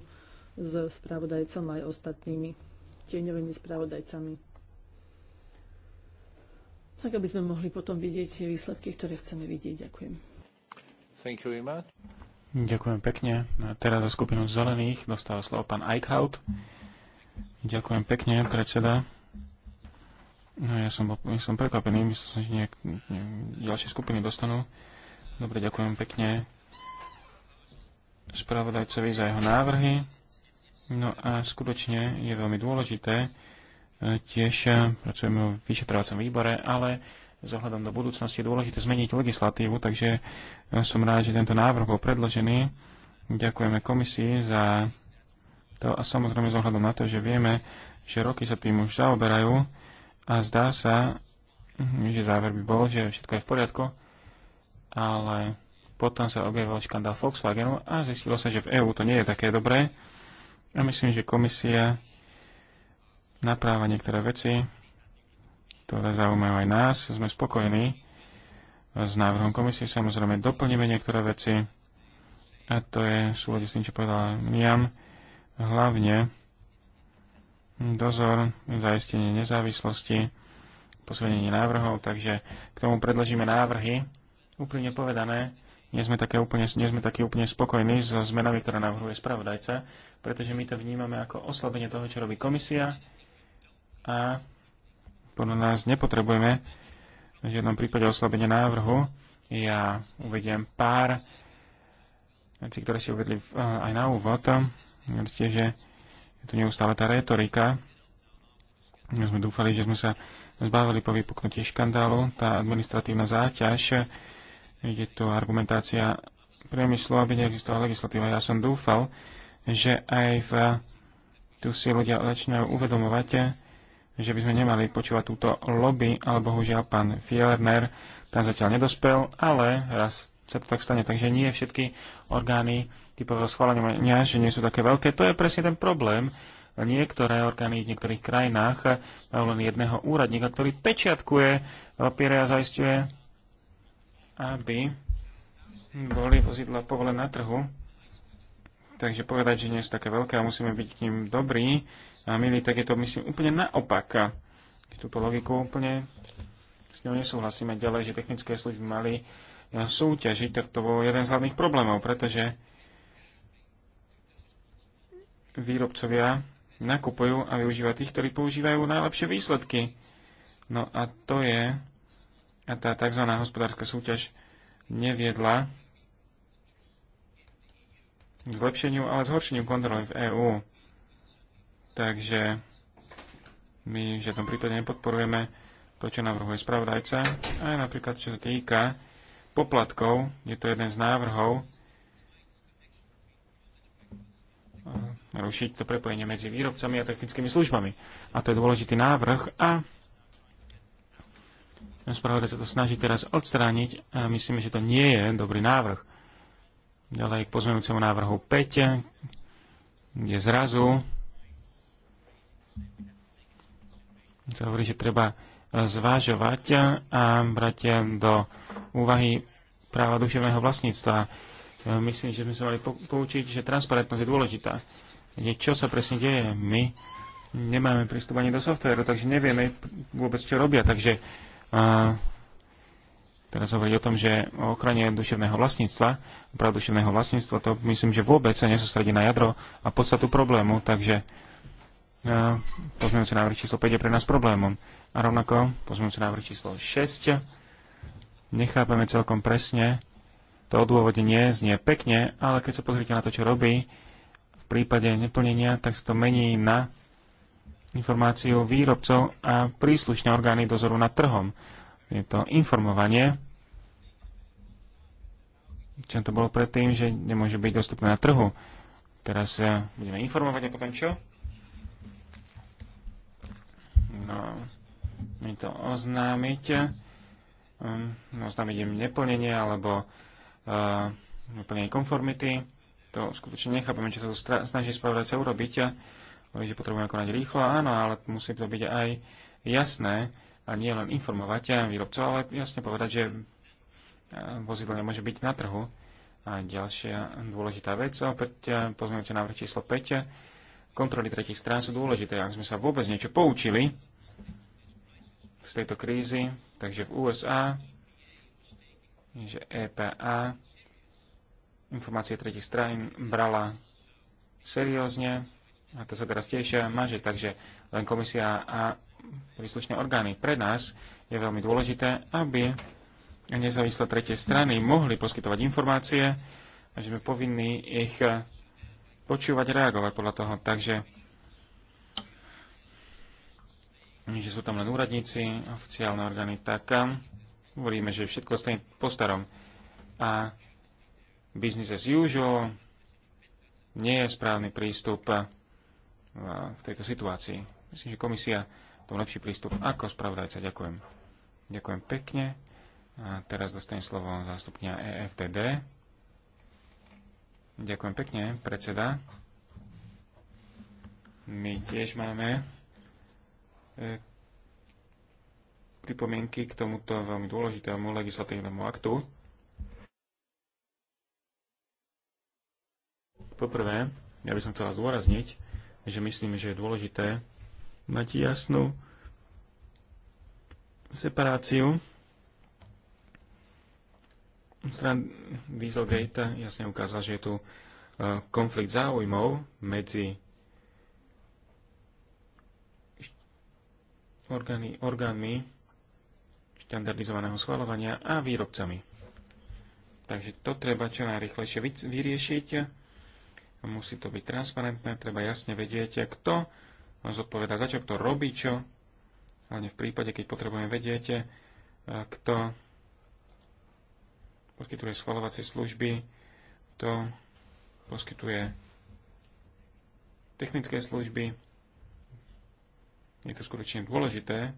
s spravodajcom aj ostatnými tieňovými spravodajcami. Tak, aby sme mohli potom vidieť tie výsledky, ktoré chceme vidieť. Ďakujem. Thank you very much. Ďakujem pekne. Teraz za skupinu zelených dostáva slovo pán Eichhout. Ďakujem pekne, predseda. No, ja som, bol, ja som prekvapený, myslím, som, že nejak, ne, ďalšie skupiny dostanú. Dobre, ďakujem pekne spravodajcovi za jeho návrhy. No a skutočne je veľmi dôležité, e, tiež e, pracujeme v vyšetrovacom výbore, ale zohľadom ohľadom do budúcnosti je dôležité zmeniť legislatívu, takže e, som rád, že tento návrh bol predložený. Ďakujeme komisii za to a samozrejme zohľadom na to, že vieme, že roky sa tým už zaoberajú a zdá sa, mhm, že záver by bol, že všetko je v poriadku, ale potom sa objavil škandál Volkswagenu a zistilo sa, že v EÚ to nie je také dobré a myslím, že komisia napráva niektoré veci, ktoré zaujímajú aj nás. Sme spokojní s návrhom komisie. Samozrejme, doplníme niektoré veci. A to je v súlade s tým, čo povedala Miam. Hlavne dozor, zaistenie nezávislosti, posvedenie návrhov, takže k tomu predložíme návrhy. Úplne povedané, nie sme, také úplne, nie sme také úplne spokojní so zmenami, ktoré navrhuje spravodajca, pretože my to vnímame ako oslabenie toho, čo robí komisia a podľa nás nepotrebujeme v žiadnom prípade oslabenie návrhu. Ja uvediem pár veci, ktoré si uvedli eh, aj na úvod. Viete, že je tu neustále tá retorika. My sme dúfali, že sme sa zbavili po vypuknutí škandálu. Tá administratívna záťaž, je tu argumentácia priemyslu, aby neexistovala legislatíva. Ja som dúfal, že aj v, tu si ľudia začínajú uvedomovať, že by sme nemali počúvať túto lobby, ale bohužiaľ pán Fielerner tam zatiaľ nedospel, ale raz sa to tak stane. Takže nie všetky orgány typového schválenia, že nie sú také veľké. To je presne ten problém. Niektoré orgány v niektorých krajinách majú len jedného úradníka, ktorý pečiatkuje papiere a zaistuje, aby boli vozidla povolené na trhu. Takže povedať, že nie sú také veľké a musíme byť k ním dobrí, a milí, tak je to myslím úplne naopak. Túto logiku úplne s ňou nesúhlasíme ďalej, že technické služby mali súťažiť, tak to bol jeden z hlavných problémov, pretože výrobcovia nakupujú a využívajú tých, ktorí používajú najlepšie výsledky. No a to je, a tá tzv. hospodárska súťaž neviedla k zlepšeniu, ale zhoršeniu kontroly v EÚ. Takže my v žiadnom prípade nepodporujeme to, čo navrhuje spravodajca. Aj napríklad, čo sa týka poplatkov, je to jeden z návrhov eh, rušiť to prepojenie medzi výrobcami a technickými službami. A to je dôležitý návrh a spravodaj sa to snaží teraz odstrániť a myslíme, že to nie je dobrý návrh. Ďalej k pozmenujúcemu návrhu 5, kde zrazu sa hovorí, že treba zvážovať a brať do úvahy práva duševného vlastníctva. Myslím, že sme sa mali poučiť, že transparentnosť je dôležitá. Čo sa presne deje? My nemáme prístup ani do softvéru, takže nevieme vôbec, čo robia. Takže a, teraz hovoriť o tom, že o ochrane duševného vlastníctva, práva duševného vlastníctva, to myslím, že vôbec sa nesústredí na jadro a podstatu problému. Takže pozmeňujúci návrh číslo 5 je pre nás problémom. A rovnako pozmeňujúci návrh číslo 6 nechápeme celkom presne. To odôvodenie znie pekne, ale keď sa pozrite na to, čo robí, v prípade neplnenia, tak sa to mení na informáciu výrobcov a príslušné orgány dozoru nad trhom. Je to informovanie, čo to bolo predtým, že nemôže byť dostupné na trhu. Teraz eh, budeme informovať a potom čo? no, mi to oznámiť, um, oznámiť im neplnenie alebo uh, neplnenie konformity. To skutočne nechápame, čo sa snaží sa urobiť. Ľudia potrebujeme konať rýchlo, áno, ale musí to byť aj jasné a nie len informovať výrobcov, ale jasne povedať, že uh, vozidlo nemôže byť na trhu. A ďalšia dôležitá vec, opäť uh, pozmeňujúce návrh číslo 5, kontroly tretich strán sú dôležité. Ak sme sa vôbec niečo poučili, z tejto krízy. Takže v USA, že EPA informácie tretich strajín brala seriózne a to sa teraz tiešia maže, takže len komisia a príslušné orgány. Pre nás je veľmi dôležité, aby nezávislé tretie strany mohli poskytovať informácie a že sme povinní ich počúvať, reagovať podľa toho. Takže že sú tam len úradníci, oficiálne orgány, tak hovoríme, že všetko stane po starom. A business as usual nie je správny prístup v tejto situácii. Myslím, že komisia tom lepší prístup ako spravodajca. Ďakujem. Ďakujem pekne. A teraz dostane slovo zástupňa EFTD. Ďakujem pekne, predseda. My tiež máme E, pripomienky k tomuto veľmi dôležitému legislatívnemu aktu. Poprvé, ja by som chcela zdôrazniť, že myslím, že je dôležité mať jasnú separáciu stran Dieselgate jasne ukázala, že je tu e, konflikt záujmov medzi orgány, orgánmi štandardizovaného schvalovania a výrobcami. Takže to treba čo najrychlejšie vyriešiť. Musí to byť transparentné, treba jasne vedieť, kto zodpoveda za čo, kto robí čo. Hlavne v prípade, keď potrebujeme vedieť, eh, kto poskytuje schvalovacie služby, kto poskytuje technické služby, je to skutočne dôležité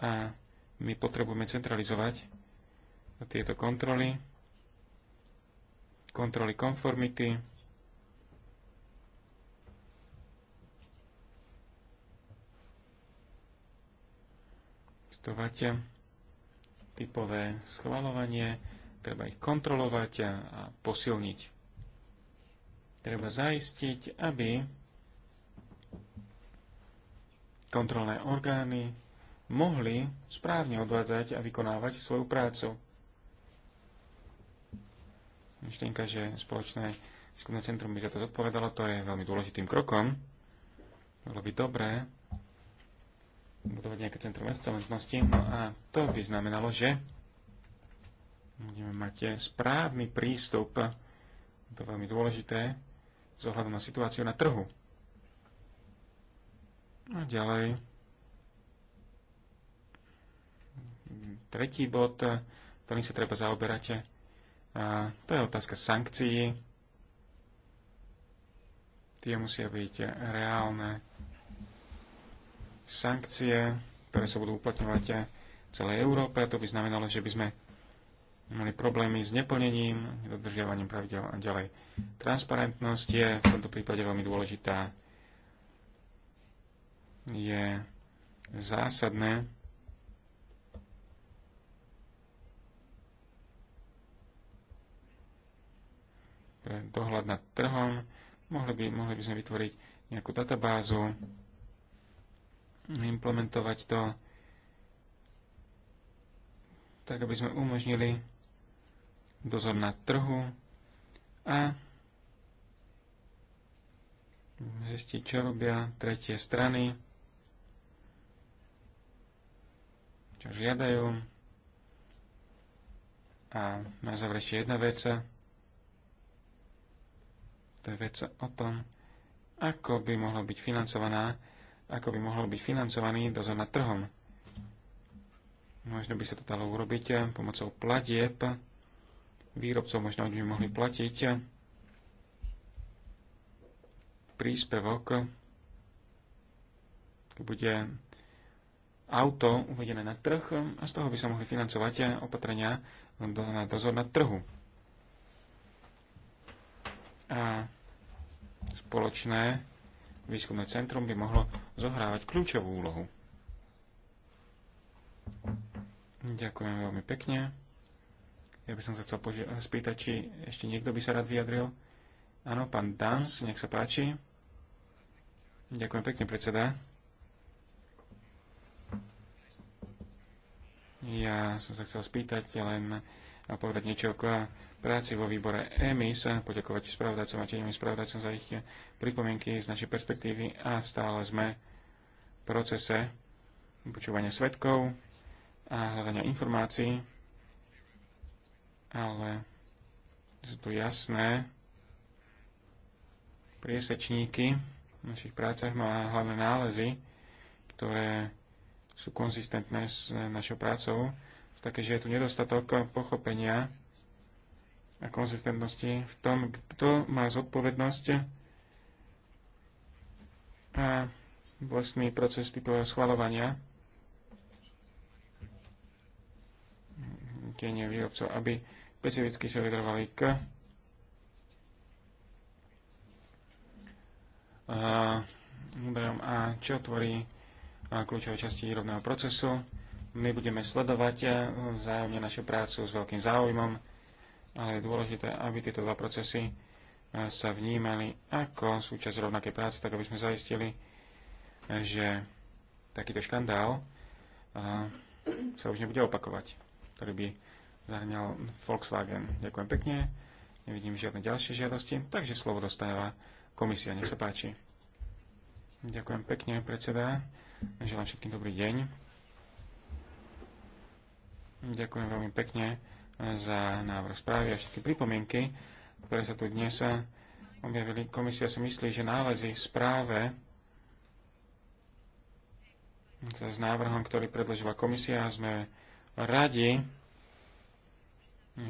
a my potrebujeme centralizovať tieto kontroly, kontroly konformity, testovať typové schvalovanie, treba ich kontrolovať a posilniť. Treba zaistiť, aby kontrolné orgány mohli správne odvádzať a vykonávať svoju prácu. Myšlienka, že spoločné výskumné centrum by za to zodpovedalo, to je veľmi dôležitým krokom. Bolo by dobré budovať nejaké centrum excelentnosti, no a to by znamenalo, že budeme mať správny prístup, to je veľmi dôležité, z ohľadom na situáciu na trhu. A ďalej. Tretí bod, ktorým sa treba zaoberať, a to je otázka sankcií. Tie musia byť reálne. Sankcie, ktoré sa budú uplatňovať v celej Európe, to by znamenalo, že by sme mali problémy s neplnením, dodržiavaním pravidel a ďalej. Transparentnosť je v tomto prípade veľmi dôležitá je zásadné, pre dohľad nad trhom, mohli by, mohli by sme vytvoriť nejakú databázu, implementovať to tak, aby sme umožnili dozor na trhu a zistiť, čo robia tretie strany, čo žiadajú. A na záver ešte jedna vec. To je vec o tom, ako by mohla byť financovaná, ako by mohol byť financovaný dozor nad trhom. Možno by sa to dalo urobiť pomocou platieb. Výrobcov možno by mohli platiť príspevok, bude auto uvedené na trh a z toho by sa mohli financovať opatrenia na dozor na trhu. A spoločné výskumné centrum by mohlo zohrávať kľúčovú úlohu. Ďakujem veľmi pekne. Ja by som sa chcel spýtať, či ešte niekto by sa rád vyjadril. Áno, pán Dans, nech sa páči. Ďakujem pekne, predseda. Ja som sa chcel spýtať len a povedať niečo o práci vo výbore EMIS, poďakovať spravodajcom a tieňovým spravodajcom za ich pripomienky z našej perspektívy a stále sme v procese počúvania svetkov a hľadania informácií, ale sú tu jasné priesečníky v našich prácach, no a hlavné nálezy, ktoré sú konzistentné s e, našou prácou, také, že je tu nedostatok pochopenia a konzistentnosti v tom, kto má zodpovednosť a vlastný proces typu schvalovania tenie výrobcov, aby specificky sa vyjadrovali k údajom a čo tvorí kľúčové časti výrobného procesu. My budeme sledovať eh, vzájomne našu prácu s veľkým záujmom, ale je dôležité, aby tieto dva procesy eh, sa vnímali ako súčasť rovnakej práce, tak aby sme zaistili, eh, že takýto škandál sa už nebude opakovať, ktorý by zahrňal Volkswagen. Ďakujem pekne. Nevidím žiadne ďalšie žiadosti, takže slovo dostáva komisia. Nech sa páči. Ďakujem pekne, predseda. Želám všetkým dobrý deň. Ďakujem veľmi pekne za návrh správy a všetky pripomienky, ktoré sa tu dnes objavili. Komisia si myslí, že nálezy v správe s návrhom, ktorý predložila komisia, sme radi,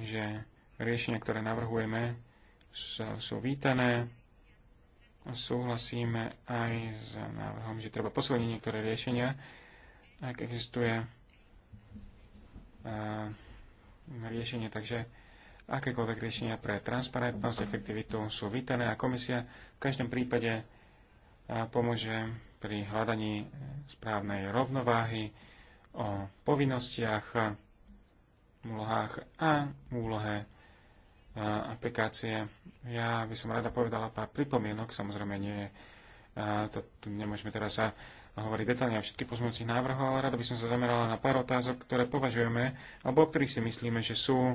že riešenia, ktoré navrhujeme, sú vítané súhlasíme aj s návrhom, že treba posilniť niektoré riešenia, ak existuje eh, riešenie, takže akékoľvek riešenia pre transparentnosť, efektivitu sú vítané a komisia v každom prípade eh, pomôže pri hľadaní správnej rovnováhy o povinnostiach, úlohách a úlohe aplikácie. Ja by som rada povedala pár pripomienok, samozrejme nie, to nemôžeme teraz sa hovoriť detálne o všetkých pozmúcich návrhov, ale rada by som sa zamerala na pár otázok, ktoré považujeme, alebo o ktorých si myslíme, že sú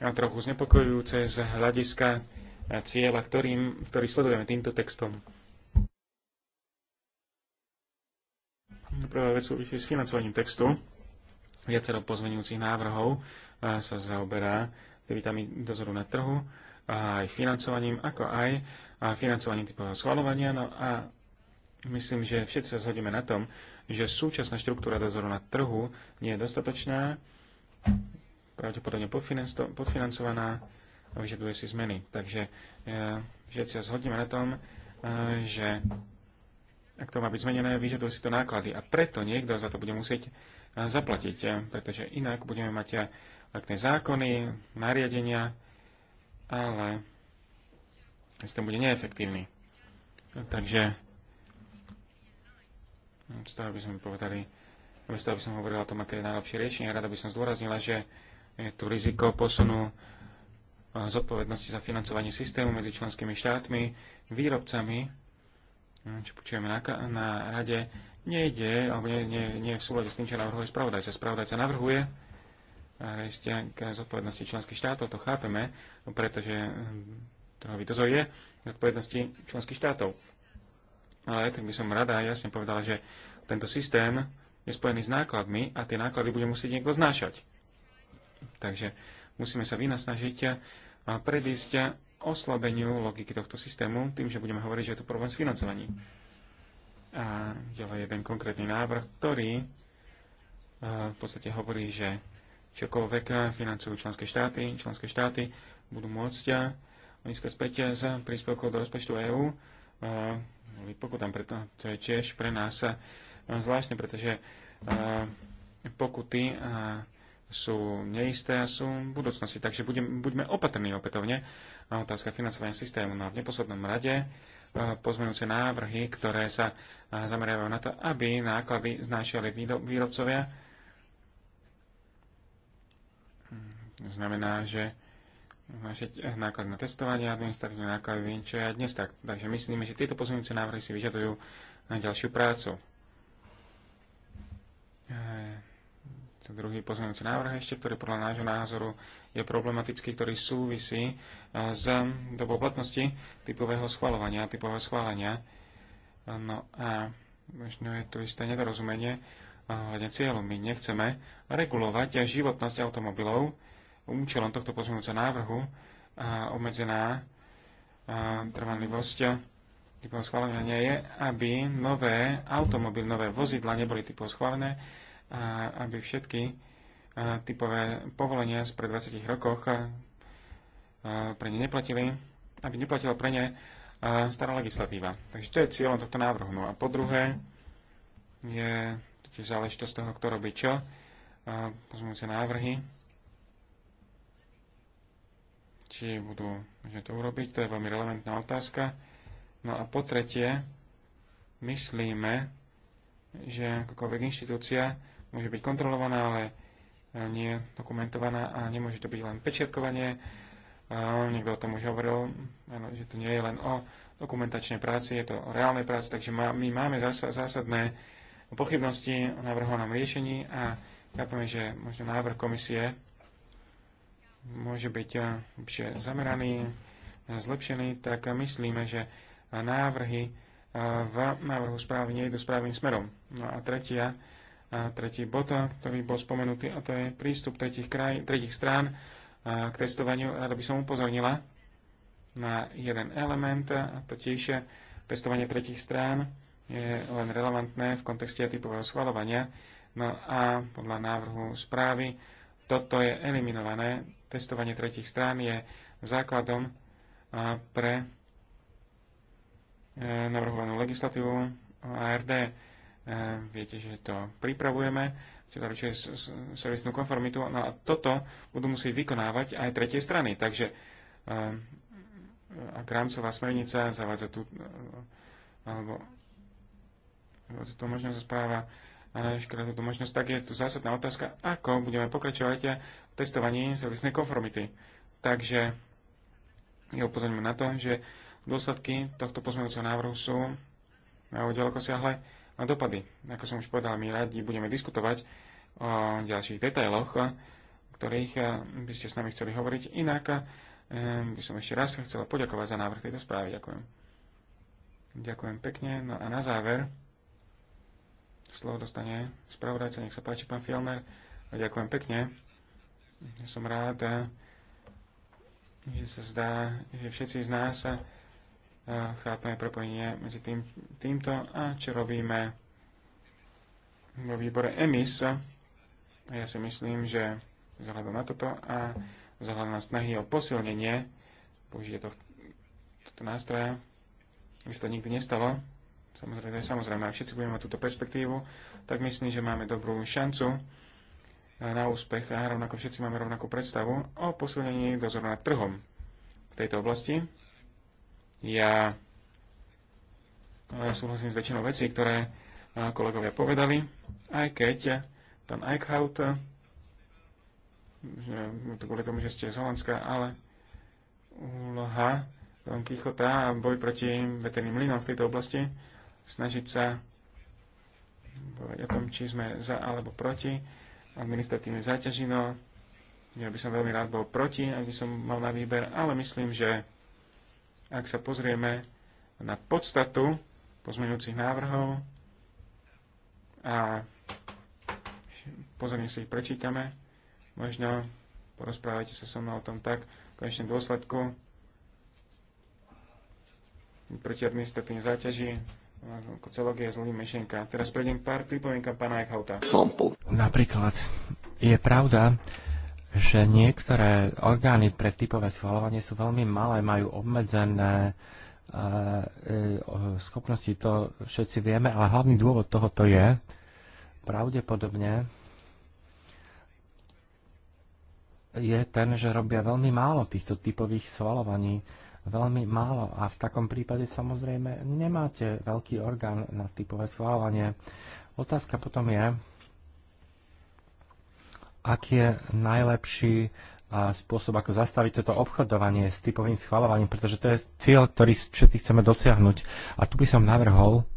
trochu znepokojujúce z hľadiska cieľa, ktorým, ktorý sledujeme týmto textom. Prvá vec súvisí s financovaním textu. Viacero pozmenujúcich návrhov sa zaoberá aktivitami dozoru na trhu, a aj financovaním, ako aj a financovaním typového schvalovania. No a myslím, že všetci sa zhodíme na tom, že súčasná štruktúra dozoru na trhu nie je dostatočná, pravdepodobne podfinancovaná a vyžaduje si zmeny. Takže e, všetci sa zhodíme na tom, e, že ak to má byť zmenené, vyžaduje si to náklady a preto niekto za to bude musieť e, zaplatiť, pretože inak budeme mať tie zákony, nariadenia, ale systém bude neefektívny. Takže z toho by sme povedali, z toho by som hovoril o tom, aké je najlepšie riešenie. Rada by som zdôraznila, že je tu riziko posunu eh, zodpovednosti za financovanie systému medzi členskými štátmi, výrobcami, hm, čo počujeme na, na rade, nejde, alebo nie, nie, nie je v súlade s tým, čo navrhuje spravodajca. Spravodajca navrhuje, rejsť k zodpovednosti členských štátov, to chápeme, pretože mm, to vytozuje je zodpovednosti členských štátov. Ale tak by som rada jasne povedala, že tento systém je spojený s nákladmi a tie náklady bude musieť niekto znášať. Takže musíme sa vynasnažiť a predísť oslabeniu logiky tohto systému tým, že budeme hovoriť, že je tu problém s financovaním. A ďalej jeden konkrétny návrh, ktorý e, v podstate hovorí, že čokoľvek eh, financujú členské štáty. Členské štáty budú môcť nízko eh, späť eh, z príspevkov do rozpočtu EÚ. Tam preto, to je tiež pre nás zvláštne, pretože pokuty sú neisté a sú v budúcnosti. Takže budem, buďme opatrní opätovne. A otázka financovania systému. No a v neposlednom rade pozmenujúce návrhy, ktoré sa zameriavajú na to, aby náklady znášali výrobcovia To znamená, že naše náklady na testovanie, administratívne náklady vyničia aj dnes tak. Takže myslíme, že tieto pozmeňujúce návrhy si vyžadujú na ďalšiu prácu. E, to druhý pozmeňujúci návrh ešte, ktorý podľa nášho názoru je problematický, ktorý súvisí e, s dobou platnosti typového schvalovania, typového schválenia. No a možno je tu isté nedorozumenie e, hľadne cieľu. My nechceme regulovať životnosť automobilov, účelom tohto pozmeňujúceho návrhu obmedzená trvanlivosť typového schválenia nie je, aby nové automobil, nové vozidla neboli typov schválené a aby všetky typové povolenia z pred 20 rokoch pre ne neplatili, aby neplatila pre ne stará legislatíva. Takže to je cieľom tohto návrhu. No a po druhé je tiež záležitosť toho, kto robí čo, pozmúce návrhy či budú možné to urobiť, to je veľmi relevantná otázka. No a po tretie, myslíme, že akákoľvek inštitúcia môže byť kontrolovaná, ale e, nie dokumentovaná a nemôže to byť len pečiatkovanie. E, niekto o tom už hovoril, že to nie je len o dokumentačnej práci, je to o reálnej práci, takže my máme zásadné pochybnosti o navrhovanom riešení a chápeme, že možno návrh komisie môže byť eh, lepšie zameraný, eh, zlepšený, tak eh, myslíme, že návrhy v návrhu správy nejdu správnym smerom. No a tretia, a tretí bod, ktorý bol spomenutý, a to je prístup tretich, kraj, tretich strán k testovaniu. Rada by som upozornila na jeden element, a totiž testovanie tretich strán je len relevantné v kontexte typového schvalovania. No a podľa návrhu správy toto je eliminované testovanie tretich strán je základom pre e, navrhovanú legislatívu ARD. E, viete, že to pripravujeme, čo zaručuje servisnú konformitu. No a toto budú musieť vykonávať aj tretie strany. Takže e, ak rámcová smernica zavádza tu, alebo zavádza tú možnosť správa škrátať túto možnosť, tak je tu zásadná otázka, ako budeme pokračovať a testovaní servisnej konformity. Takže ja upozorňujem na to, že dôsledky tohto pozmeňujúceho návrhu sú majú ďaleko siahle dopady. Ako som už povedal, my radi budeme diskutovať o ďalších detailoch, o ktorých eh, by ste s nami chceli hovoriť. Inak eh, by som ešte raz chcela poďakovať za návrh tejto správy. Ďakujem. Ďakujem pekne. No a na záver Slovo dostane spravodajca, nech sa páči, pán Fielner. Ďakujem pekne. Som rád, že sa zdá, že všetci z nás chápeme prepojenie medzi tým, týmto a čo robíme vo výbore EMIS. A ja si myslím, že vzhľadom na toto a vzhľadom na snahy o posilnenie použije to, toto nástroje, aby sa to nikdy nestalo, samozrejme, samozrejme, ak všetci budeme mať túto perspektívu, tak myslím, že máme dobrú šancu na úspech a rovnako všetci máme rovnakú predstavu o posilnení dozoru nad trhom v tejto oblasti. Ja e, súhlasím s väčšinou vecí, ktoré e, kolegovia povedali, aj keď pán Eichhout, e, no to kvôli tomu, že ste z Holandska, ale úloha Don Kichota a boj proti veterným mlynom v tejto oblasti snažiť sa povedať o tom, či sme za alebo proti administratívne záťažino. Ja by som veľmi rád bol proti, ak by som mal na výber, ale myslím, že ak sa pozrieme na podstatu pozmeňujúcich návrhov a pozorne si ich prečítame, možno porozprávajte sa so mnou o tom tak, v konečnom dôsledku proti administratívnej záťaži celok je zlý myšlienka. Teraz prejdem pár pripomienkám pána Eichhauta. Napríklad je pravda, že niektoré orgány pre typové schvalovanie sú veľmi malé, majú obmedzené e, schopnosti, to všetci vieme, ale hlavný dôvod tohoto je pravdepodobne je ten, že robia veľmi málo týchto typových svalovaní veľmi málo a v takom prípade samozrejme nemáte veľký orgán na typové schválovanie. Otázka potom je, aký je najlepší spôsob, ako zastaviť toto obchodovanie s typovým schvalovaním, pretože to je cieľ, ktorý všetci chceme dosiahnuť. A tu by som navrhol,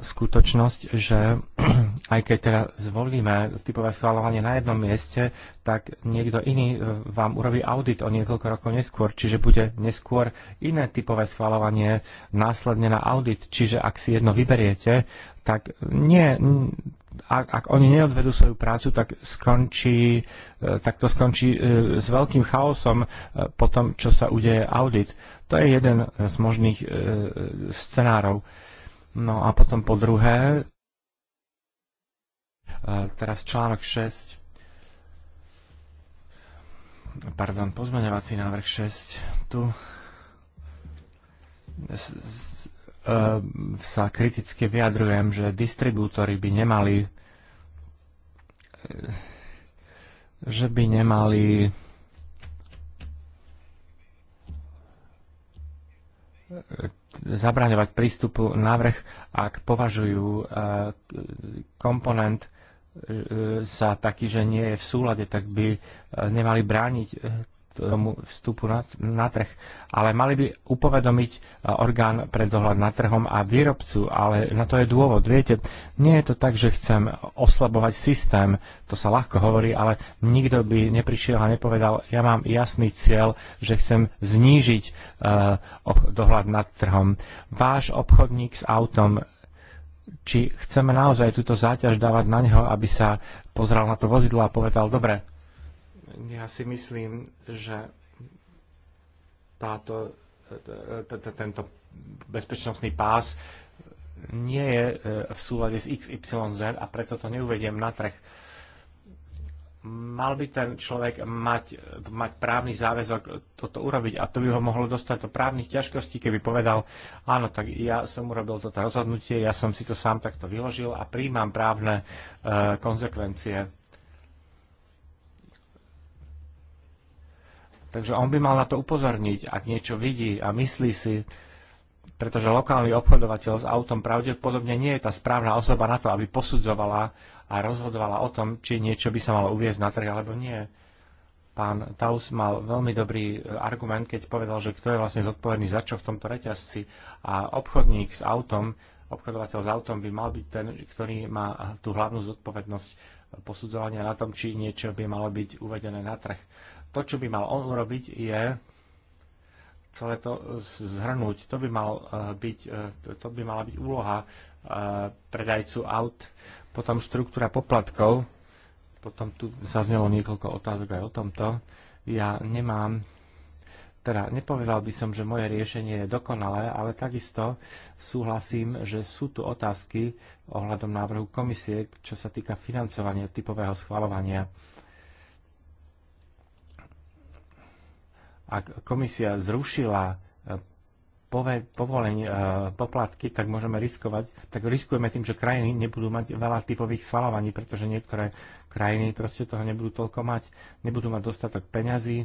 skutočnosť, že aj keď teraz zvolíme typové schváľovanie na jednom mieste, tak niekto iný e, vám urobí audit o niekoľko rokov neskôr, čiže bude neskôr iné typové schváľovanie následne na audit. Čiže ak si jedno vyberiete, tak nie, ak, ak oni neodvedú svoju prácu, tak, skončí, e, tak to skončí e, s veľkým chaosom po tom, čo sa udeje audit. To je jeden z možných scenárov. No a potom po druhé, e, teraz článok 6, pardon, pozmeňovací návrh 6, tu e, sa kriticky vyjadrujem, že distribútory by nemali e, že by nemali zabraňovať prístupu na vrch, ak považujú e, komponent e, za taký, že nie je v súlade, tak by e, nemali brániť tomu vstupu na, na trh. Ale mali by upovedomiť e, orgán pre dohľad nad trhom a výrobcu, ale na to je dôvod. Viete, nie je to tak, že chcem oslabovať systém, to sa ľahko hovorí, ale nikto by neprišiel a nepovedal, ja mám jasný cieľ, že chcem znížiť uh, dohľad nad trhom. Váš obchodník s autom či chceme naozaj túto záťaž dávať na neho, aby sa pozrel na to vozidlo a povedal, dobre, ja si myslím, že táto, tento bezpečnostný pás nie je e, v súlade s XYZ a preto to neuvediem na trh. Mal by ten človek mať, mať právny záväzok toto urobiť a to by ho mohlo dostať do právnych ťažkostí, keby povedal, áno, tak ja som urobil toto rozhodnutie, ja som si to sám takto vyložil a príjmam právne e, konzekvencie. Takže on by mal na to upozorniť, ak niečo vidí a myslí si, pretože lokálny obchodovateľ s autom pravdepodobne nie je tá správna osoba na to, aby posudzovala a rozhodovala o tom, či niečo by sa malo uviezť na trh alebo nie. Pán Taus mal veľmi dobrý e, argument, keď povedal, že kto je vlastne zodpovedný za čo v tomto reťazci a obchodník s autom, obchodovateľ s autom by mal byť ten, ktorý má tú hlavnú zodpovednosť posudzovania na tom, či niečo by malo byť uvedené na trh. To, čo by mal on urobiť, je celé to zhrnúť. To by, mal eh, byť, eh, to by mala byť úloha eh, predajcu aut, potom štruktúra poplatkov, potom tu zaznelo niekoľko otázok aj o tomto. Ja nemám teda nepovedal by som, že moje riešenie je dokonalé, ale takisto súhlasím, že sú tu otázky ohľadom návrhu komisie, čo sa týka financovania typového schvalovania. Ak komisia zrušila e, povoleň, e, poplatky, tak môžeme riskovať, tak riskujeme tým, že krajiny nebudú mať veľa typových svalovaní, pretože niektoré krajiny proste toho nebudú toľko mať, nebudú mať dostatok peňazí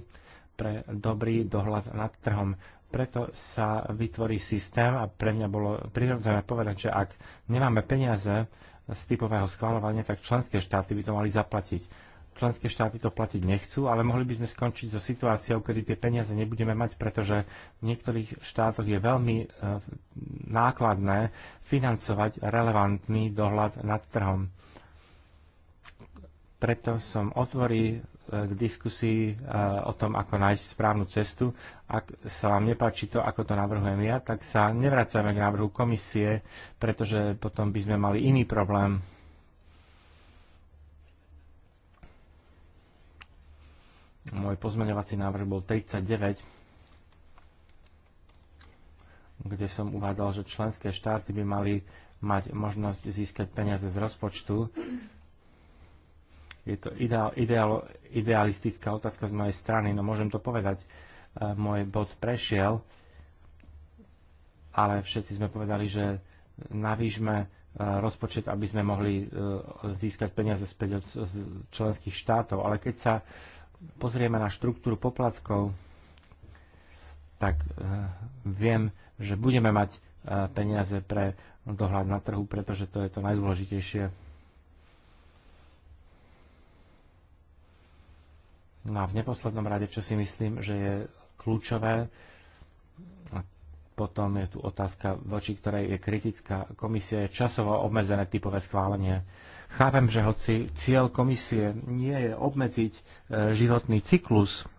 pre dobrý dohľad nad trhom. Preto sa vytvorí systém a pre mňa bolo prirodzené povedať, že ak nemáme peniaze z typového schvalovania, tak členské štáty by to mali zaplatiť členské štáty to platiť nechcú, ale mohli by sme skončiť so situáciou, kedy tie peniaze nebudeme mať, pretože v niektorých štátoch je veľmi e, nákladné financovať relevantný dohľad nad trhom. Preto som otvorí e, k diskusii e, o tom, ako nájsť správnu cestu. Ak sa vám nepáči to, ako to navrhujem ja, tak sa nevracujeme k návrhu komisie, pretože potom by sme mali iný problém Môj pozmeňovací návrh bol 39, kde som uvádzal, že členské štáty by mali mať možnosť získať peniaze z rozpočtu. Je to ideál, ideál, idealistická otázka z mojej strany, no môžem to povedať. E, môj bod prešiel, ale všetci sme povedali, že navýšme e, rozpočet, aby sme mohli e, získať peniaze späť od členských štátov. Ale keď sa pozrieme na štruktúru poplatkov, tak e, viem, že budeme mať e, peniaze pre dohľad na trhu, pretože to je to najdôležitejšie. No a v neposlednom rade, čo si myslím, že je kľúčové, a potom je tu otázka, voči ktorej je kritická. Komisia je časovo obmedzené typové schválenie. Chápem, že hoci cieľ komisie nie je obmedziť e, životný cyklus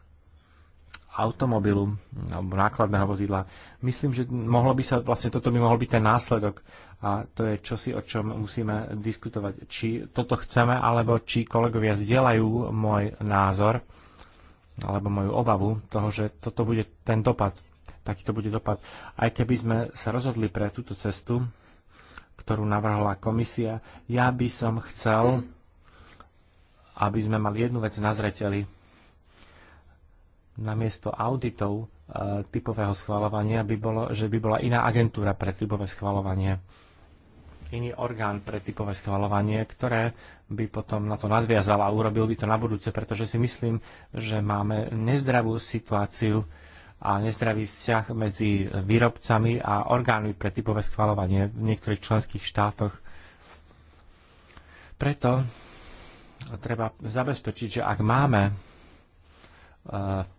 automobilu alebo nákladného vozidla, myslím, že mohlo by sa, vlastne toto by mohol byť ten následok a to je čosi, o čom musíme diskutovať. Či toto chceme, alebo či kolegovia zdieľajú môj názor alebo moju obavu toho, že toto bude ten dopad, takýto bude dopad. Aj keby sme sa rozhodli pre túto cestu, ktorú navrhla komisia. Ja by som chcel, aby sme mali jednu vec na zreteli. Namiesto auditov e, typového schvalovania by bolo, že by bola iná agentúra pre typové schvalovanie iný orgán pre typové schvalovanie, ktoré by potom na to nadviazal a urobil by to na budúce, pretože si myslím, že máme nezdravú situáciu, a nezdravý vzťah medzi výrobcami a orgánmi pre typové schvalovanie v niektorých členských štátoch. Preto treba zabezpečiť, že ak máme e,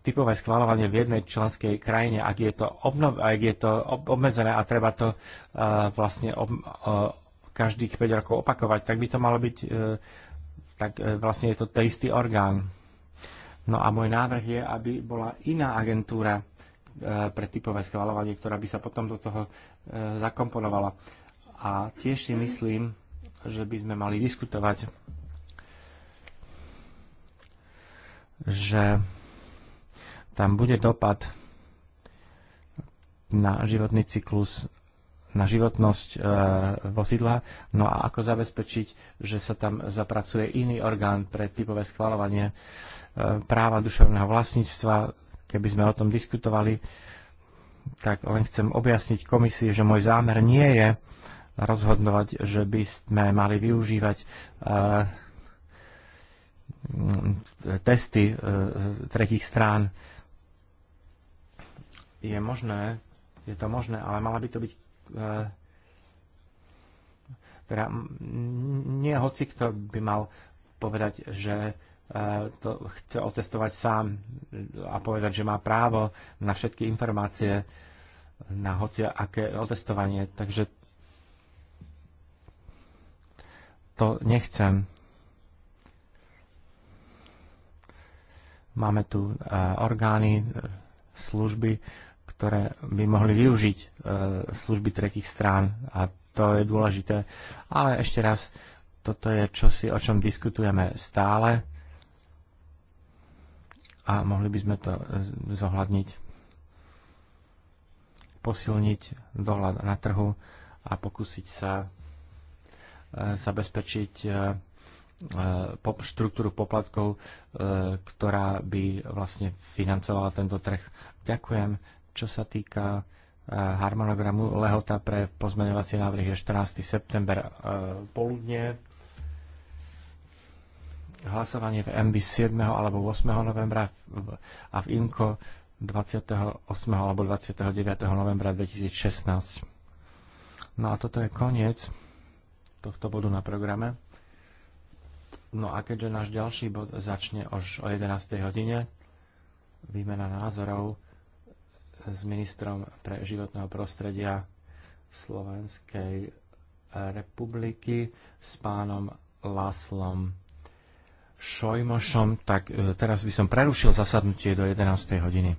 typové schvalovanie v jednej členskej krajine, ak je to, obnov, ak je to obmedzené a treba to e, vlastne ob, každých 5 rokov opakovať, tak by to malo byť, e, tak vlastne je to ten istý orgán. No a môj návrh je, aby bola iná agentúra e, pre typové schvalovanie, ktorá by sa potom do toho e, zakomponovala. A tiež si myslím, že by sme mali diskutovať, že tam bude dopad na životný cyklus na životnosť e, vozidla. No a ako zabezpečiť, že sa tam zapracuje iný orgán pre typové schvalovanie e, práva duševného vlastníctva, keby sme o tom diskutovali tak len chcem objasniť komisii, že môj zámer nie je rozhodovať, že by sme mali využívať e, testy e, tretich strán. Je možné, je to možné, ale mala by to byť E, teda nie hoci kto by mal povedať, že e, to chce otestovať sám a povedať, že má právo na všetky informácie, na hoci aké otestovanie. Takže to nechcem. Máme tu e, orgány, služby, ktoré by mohli využiť e, služby tretich strán a to je dôležité. Ale ešte raz, toto je čosi, o čom diskutujeme stále a mohli by sme to zohľadniť, posilniť dohľad na trhu a pokúsiť sa e, zabezpečiť e, štruktúru poplatkov, ktorá by vlastne financovala tento trh. Ďakujem čo sa týka e, harmonogramu, lehota pre pozmeňovacie návrhy je 14. september e, poludne. Hlasovanie v MB 7. alebo 8. novembra a v IMCO 28. alebo 29. novembra 2016. No a toto je koniec tohto bodu na programe. No a keďže náš ďalší bod začne až o 11. hodine, výmena názorov s ministrom pre životného prostredia Slovenskej republiky, s pánom Laslom Šojmošom. Tak e, teraz by som prerušil zasadnutie do 11. hodiny.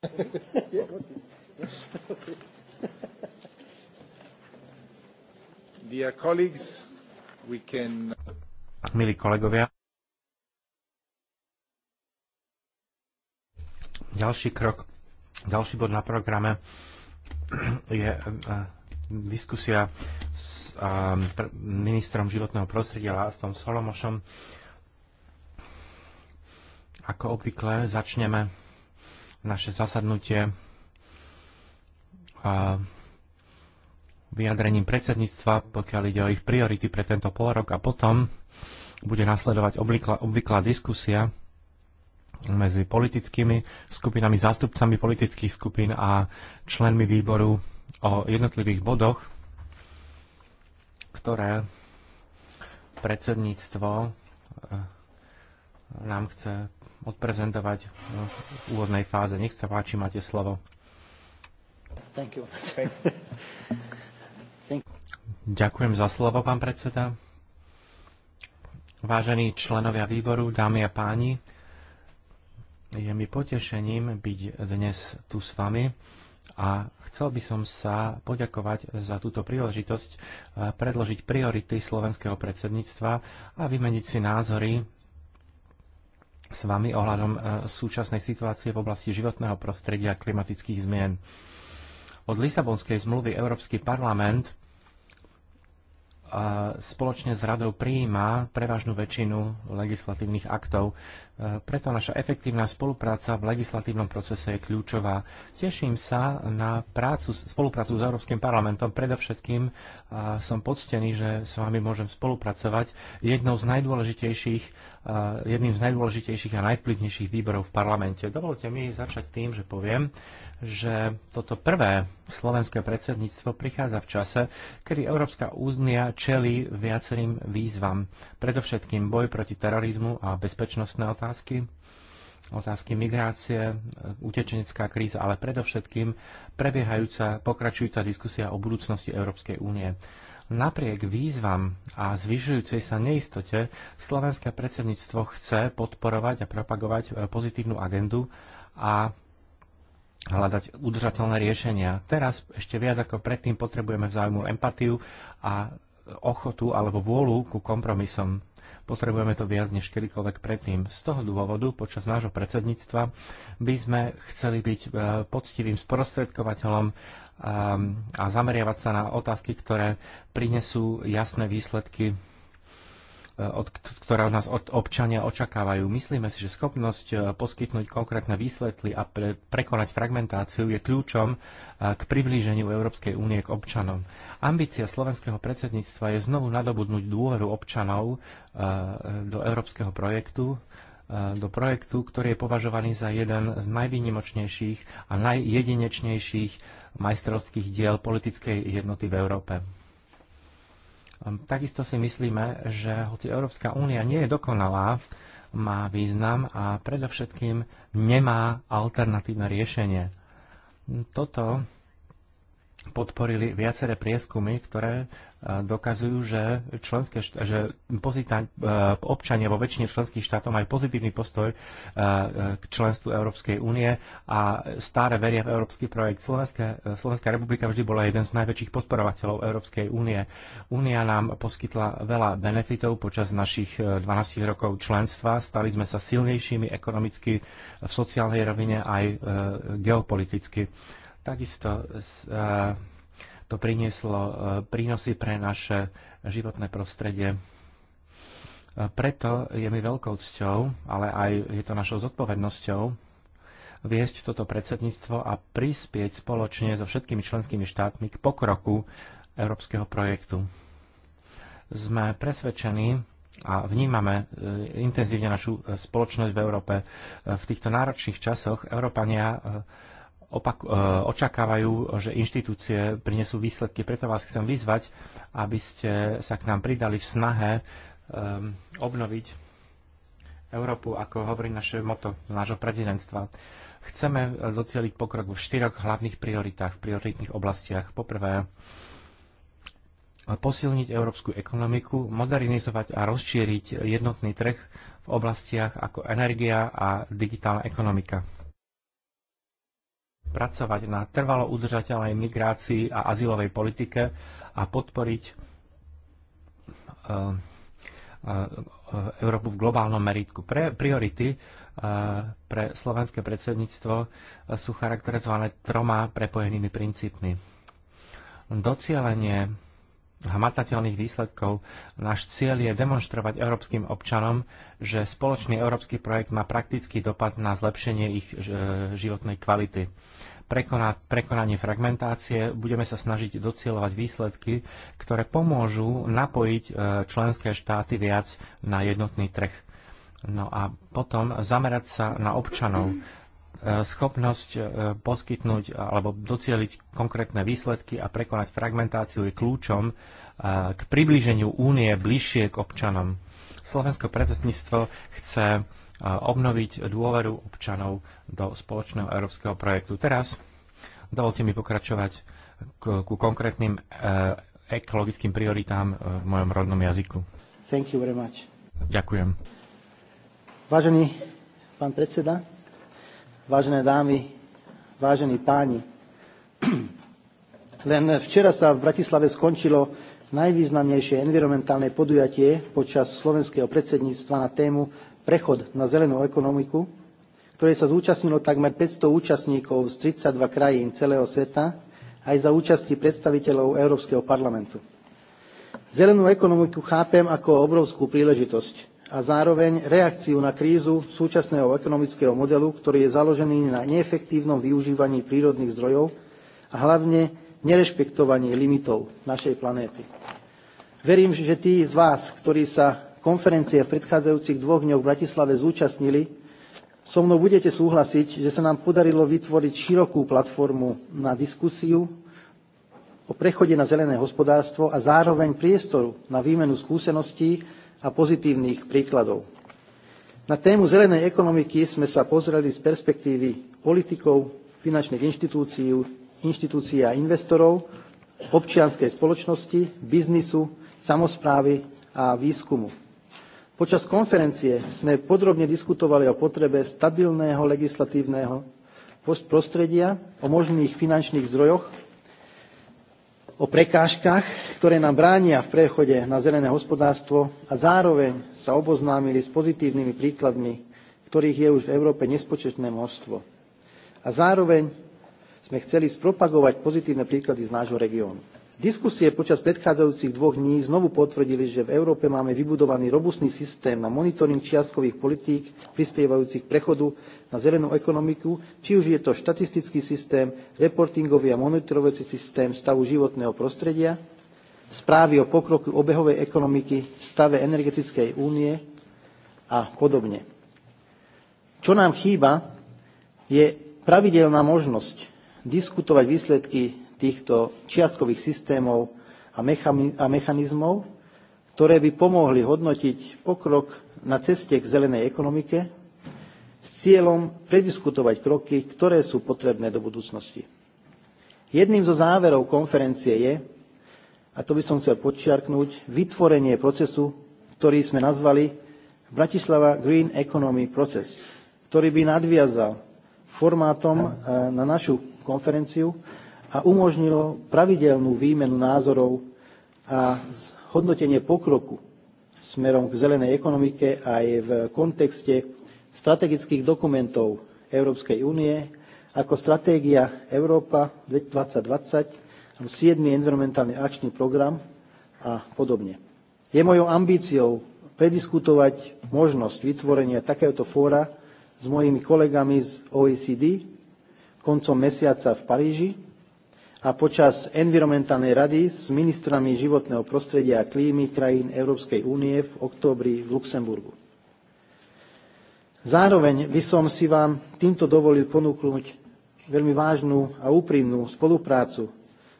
Milí kolegovia, ďalší krok, ďalší bod na programe je eh, diskusia s eh, ministrom životného prostredia Lástom Solomošom. Ako obvykle začneme naše zasadnutie a vyjadrením predsedníctva, pokiaľ ide o ich priority pre tento rok a potom bude nasledovať obvyklá, obvyklá diskusia medzi politickými skupinami, zástupcami politických skupín a členmi výboru o jednotlivých bodoch, ktoré predsedníctvo eh, nám chce odprezentovať v úvodnej fáze. Nech sa páči, máte slovo. Ďakujem za slovo, pán predseda. Vážení členovia výboru, dámy a páni, je mi potešením byť dnes tu s vami a chcel by som sa poďakovať za túto príležitosť eh, predložiť priority slovenského predsedníctva a vymeniť si názory s vami ohľadom e, súčasnej situácie v oblasti životného prostredia a klimatických zmien. Od Lisabonskej zmluvy Európsky parlament a spoločne s radou prijíma prevažnú väčšinu legislatívnych aktov. E, preto naša efektívna spolupráca v legislatívnom procese je kľúčová. Teším sa na prácu, spoluprácu s Európskym parlamentom. Predovšetkým e, som poctený, že s vami môžem spolupracovať. Jednou z najdôležitejších, e, jedným z najdôležitejších a najvplyvnejších výborov v parlamente. Dovolte mi začať tým, že poviem, že toto prvé slovenské predsedníctvo prichádza v čase, kedy Európska únia čelí viacerým výzvam. Predovšetkým boj proti terorizmu a bezpečnostné otázky, otázky migrácie, utečenecká kríza, ale predovšetkým prebiehajúca, pokračujúca diskusia o budúcnosti Európskej únie. Napriek výzvam a zvyšujúcej sa neistote, slovenské predsedníctvo chce podporovať a propagovať e, pozitívnu agendu a hľadať udržateľné riešenia. Teraz ešte viac ako predtým potrebujeme vzájomnú empatiu a ochotu alebo vôľu ku kompromisom. Potrebujeme to viac než kedykoľvek predtým. Z toho dôvodu počas nášho predsedníctva by sme chceli byť e, poctivým sprostredkovateľom e, a zameriavať sa na otázky, ktoré prinesú jasné výsledky od, ktorá od nás od občania očakávajú. Myslíme si, že schopnosť e, poskytnúť konkrétne výsledky a pre, prekonať fragmentáciu je kľúčom e, k priblíženiu Európskej únie k občanom. Ambícia slovenského predsedníctva je znovu nadobudnúť dôveru občanov e, do európskeho projektu, do projektu, ktorý je považovaný za jeden z najvýnimočnejších a najjedinečnejších majstrovských diel politickej jednoty v Európe. Hm, takisto si myslíme, že hoci Európska únia nie je dokonalá, má význam a predovšetkým nemá alternatívne riešenie. Hm, toto podporili viaceré prieskumy, ktoré dokazujú, že, členské, že pozitán, e, občania vo väčšine členských štátov majú pozitívny postoj e, e, k členstvu Európskej únie a stále veria v európsky projekt. Slovenská, Slovenská republika vždy bola jeden z najväčších podporovateľov Európskej únie. Únia nám poskytla veľa benefitov počas našich 12 rokov členstva. Stali sme sa silnejšími ekonomicky, v sociálnej rovine aj geopoliticky. Takisto to prinieslo e, prínosy pre naše životné prostredie. E, preto je mi veľkou cťou, ale aj je to našou zodpovednosťou, viesť toto predsedníctvo a prispieť spoločne so všetkými členskými štátmi k pokroku európskeho projektu. Sme presvedčení a vnímame e, intenzívne našu spoločnosť v Európe. V týchto náročných časoch Európania opak, e, očakávajú, že inštitúcie prinesú výsledky. Preto vás chcem vyzvať, aby ste sa k nám pridali v snahe um, obnoviť Európu, ako hovorí naše moto nášho prezidentstva. Chceme docieliť pokrok v štyroch hlavných prioritách, v prioritných oblastiach. Poprvé, posilniť európsku ekonomiku, modernizovať a rozšíriť jednotný trh v oblastiach ako energia a digitálna ekonomika pracovať na trvalo udržateľnej migrácii a azylovej politike a podporiť e, e, Európu v globálnom meritku. Pre priority e, pre slovenské predsedníctvo sú charakterizované troma prepojenými princípmi. Docielenie hmatateľných výsledkov. Náš cieľ je demonstrovať európskym občanom, že spoločný európsky projekt má praktický dopad na zlepšenie ich e, životnej kvality. Prekoná, prekonanie fragmentácie budeme sa snažiť docielovať výsledky, ktoré pomôžu napojiť e, členské štáty viac na jednotný trh. No a potom zamerať sa na občanov. E, schopnosť e, poskytnúť alebo docieliť konkrétne výsledky a prekonať fragmentáciu je kľúčom e, k približeniu únie bližšie k občanom. Slovensko predsedníctvo chce obnoviť dôveru občanov do spoločného európskeho projektu. Teraz dovolte mi pokračovať ku konkrétnym ekologickým prioritám v mojom rodnom jazyku. Thank you very much. Ďakujem. Vážený pán predseda, vážené dámy, vážení páni. Len včera sa v Bratislave skončilo najvýznamnejšie environmentálne podujatie počas slovenského predsedníctva na tému Prechod na zelenú ekonomiku, ktorej sa zúčastnilo takmer 500 účastníkov z 32 krajín celého sveta, aj za účasti predstaviteľov Európskeho parlamentu. Zelenú ekonomiku chápem ako obrovskú príležitosť, a zároveň reakciu na krízu súčasného ekonomického modelu, ktorý je založený na neefektívnom využívaní prírodných zdrojov a hlavne nerešpektovaní limitov našej planéty. Verím, že tí z vás, ktorí sa konferencie v predchádzajúcich dvoch dňoch v Bratislave zúčastnili, so mnou budete súhlasiť, že sa nám podarilo vytvoriť širokú platformu na diskusiu o prechode na zelené hospodárstvo a zároveň priestoru na výmenu skúseností a pozitívnych príkladov. Na tému zelenej ekonomiky sme sa pozreli z perspektívy politikov, finančných inštitúcií, inštitúcií a investorov, občianskej spoločnosti, biznisu, samozprávy a výskumu. Počas konferencie sme podrobne diskutovali o potrebe stabilného legislatívneho prostredia, o možných finančných zdrojoch o prekážkach, ktoré nám bránia v prechode na zelené hospodárstvo a zároveň sa oboznámili s pozitívnymi príkladmi, ktorých je už v Európe nespočetné množstvo. A zároveň sme chceli spropagovať pozitívne príklady z nášho regiónu. Diskusie počas predchádzajúcich dvoch dní znovu potvrdili, že v Európe máme vybudovaný robustný systém na monitoring čiastkových politík prispievajúcich prechodu na zelenú ekonomiku, či už je to štatistický systém, reportingový a monitorovací systém stavu životného prostredia, správy o pokroku obehovej ekonomiky, stave energetickej únie a podobne. Čo nám chýba, je pravidelná možnosť diskutovať výsledky týchto čiastkových systémov a mechanizmov, ktoré by pomohli hodnotiť pokrok na ceste k zelenej ekonomike s cieľom prediskutovať kroky, ktoré sú potrebné do budúcnosti. Jedným zo záverov konferencie je, a to by som chcel podčiarknúť, vytvorenie procesu, ktorý sme nazvali Bratislava Green Economy Process, ktorý by nadviazal formátom eh, na našu konferenciu a umožnilo pravidelnú výmenu názorov a hodnotenie pokroku smerom k zelenej ekonomike aj v kontexte strategických dokumentov Európskej únie ako stratégia Európa 2020, 7. environmentálny akčný program a podobne. Je mojou ambíciou prediskutovať možnosť vytvorenia takéhoto fóra s mojimi kolegami z OECD koncom mesiaca v Paríži a počas environmentálnej rady s ministrami životného prostredia a klímy krajín Európskej únie v októbri v Luxemburgu. Zároveň by som si vám týmto dovolil ponúknuť veľmi vážnu a úprimnú spoluprácu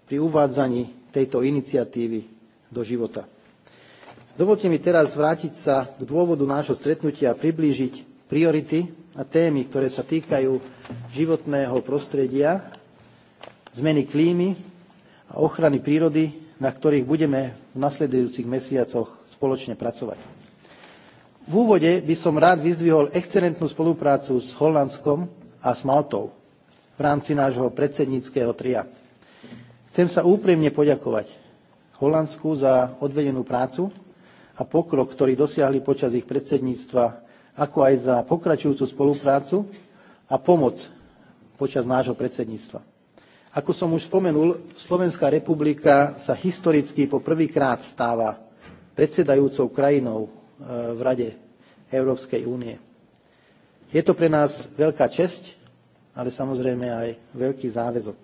pri uvádzaní tejto iniciatívy do života. Dovolte mi teraz vrátiť sa k dôvodu nášho stretnutia a priblížiť priority a témy, ktoré sa týkajú životného prostredia zmeny klímy a ochrany prírody, na ktorých budeme v nasledujúcich mesiacoch spoločne pracovať. V úvode by som rád vyzdvihol excelentnú spoluprácu s Holandskom a s Maltou v rámci nášho predsedníckého tria. Chcem sa úprimne poďakovať Holandsku za odvedenú prácu a pokrok, ktorý dosiahli počas ich predsedníctva, ako aj za pokračujúcu spoluprácu a pomoc počas nášho predsedníctva. Ako som už spomenul, Slovenská republika sa historicky po prvýkrát stáva predsedajúcou krajinou e, v Rade Európskej únie. Je to pre nás veľká česť, ale samozrejme aj veľký záväzok.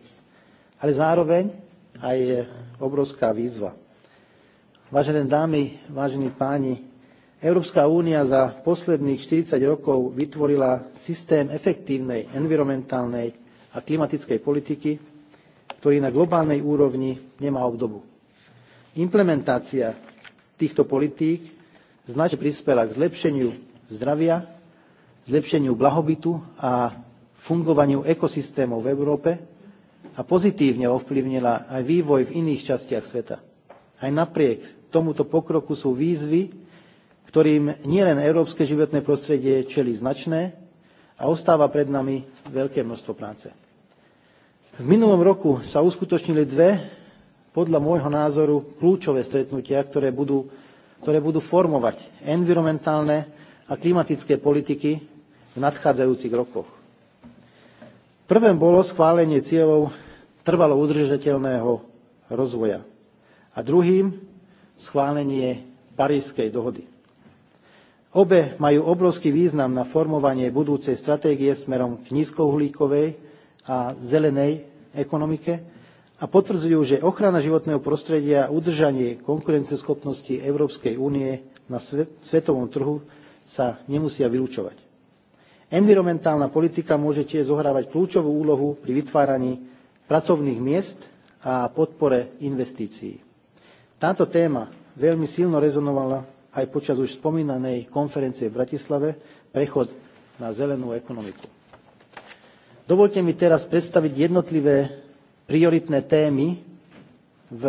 Ale zároveň aj obrovská výzva. Vážené dámy, vážení páni, Európska únia za posledných 40 rokov vytvorila systém efektívnej environmentálnej a klimatickej politiky, ktorý na globálnej úrovni nemá obdobu. Implementácia týchto politík značne prispela k zlepšeniu zdravia, zlepšeniu blahobytu a fungovaniu ekosystémov v Európe a pozitívne ovplyvnila aj vývoj v iných častiach sveta. Aj napriek tomuto pokroku sú výzvy, ktorým nielen európske životné prostredie čeli značné a ostáva pred nami veľké množstvo práce. V minulom roku sa uskutočnili dve, podľa môjho názoru, kľúčové stretnutia, ktoré budú, ktoré budú formovať environmentálne a klimatické politiky v nadchádzajúcich rokoch. Prvé bolo schválenie cieľov trvalo udržateľného rozvoja a druhým schválenie Parískej dohody. Obe majú obrovský význam na formovanie budúcej stratégie smerom k nízkouhlíkovej a zelenej ekonomike a potvrdzujú, že ochrana životného prostredia a udržanie konkurenceschopnosti Európskej únie na svetovom trhu sa nemusia vylúčovať. Environmentálna politika môže tiež zohrávať kľúčovú úlohu pri vytváraní pracovných miest a podpore investícií. Táto téma veľmi silno rezonovala aj počas už spomínanej konferencie v Bratislave prechod na zelenú ekonomiku. Dovolte mi teraz predstaviť jednotlivé prioritné témy v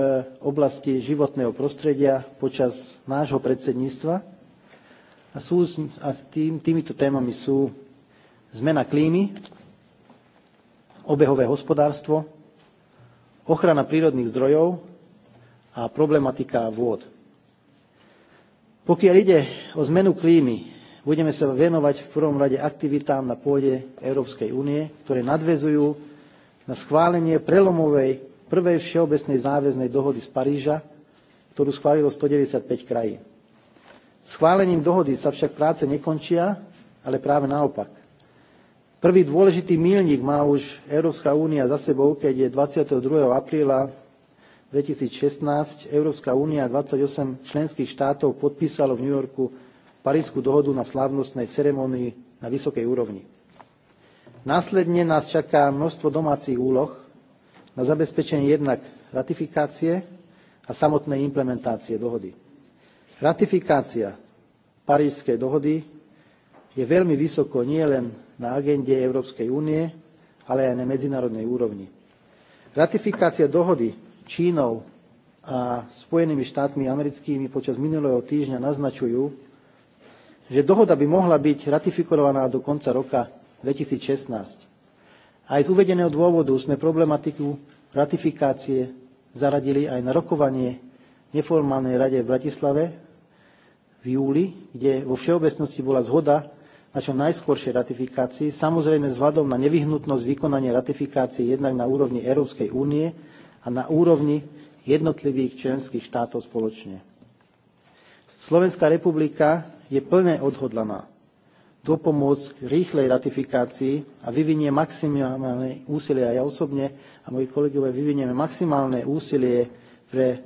oblasti životného prostredia počas nášho predsedníctva. A, sú, a tým, týmito témami sú zmena klímy, obehové hospodárstvo, ochrana prírodných zdrojov a problematika vôd. Pokiaľ ide o zmenu klímy, Budeme sa venovať v prvom rade aktivitám na pôde Európskej únie, ktoré nadvezujú na schválenie prelomovej prvej všeobecnej záväznej dohody z Paríža, ktorú schválilo 195 krajín. Schválením dohody sa však práce nekončia, ale práve naopak. Prvý dôležitý míľnik má už Európska únia za sebou, keď je 22. apríla 2016 Európska únia 28 členských štátov podpísalo v New Yorku Parísku dohodu na slávnostnej ceremonii na vysokej úrovni. Následne nás čaká množstvo domácich úloh na zabezpečenie jednak ratifikácie a samotnej implementácie dohody. Ratifikácia Parížskej dohody je veľmi vysoko nielen na agende Európskej únie, ale aj na medzinárodnej úrovni. Ratifikácia dohody Čínou a Spojenými štátmi americkými počas minulého týždňa naznačujú, že dohoda by mohla byť ratifikovaná do konca roka 2016. Aj z uvedeného dôvodu sme problematiku ratifikácie zaradili aj na rokovanie neformálnej rade v Bratislave v júli, kde vo všeobecnosti bola zhoda na čo najskôršej ratifikácii, samozrejme vzhľadom na nevyhnutnosť vykonania ratifikácie jednak na úrovni Európskej únie a na úrovni jednotlivých členských štátov spoločne. Slovenská republika je plne odhodlaná dopomôcť k rýchlej ratifikácii a vyvinie maximálne úsilie, a ja osobne a moji kolegovia vyvinieme maximálne úsilie pre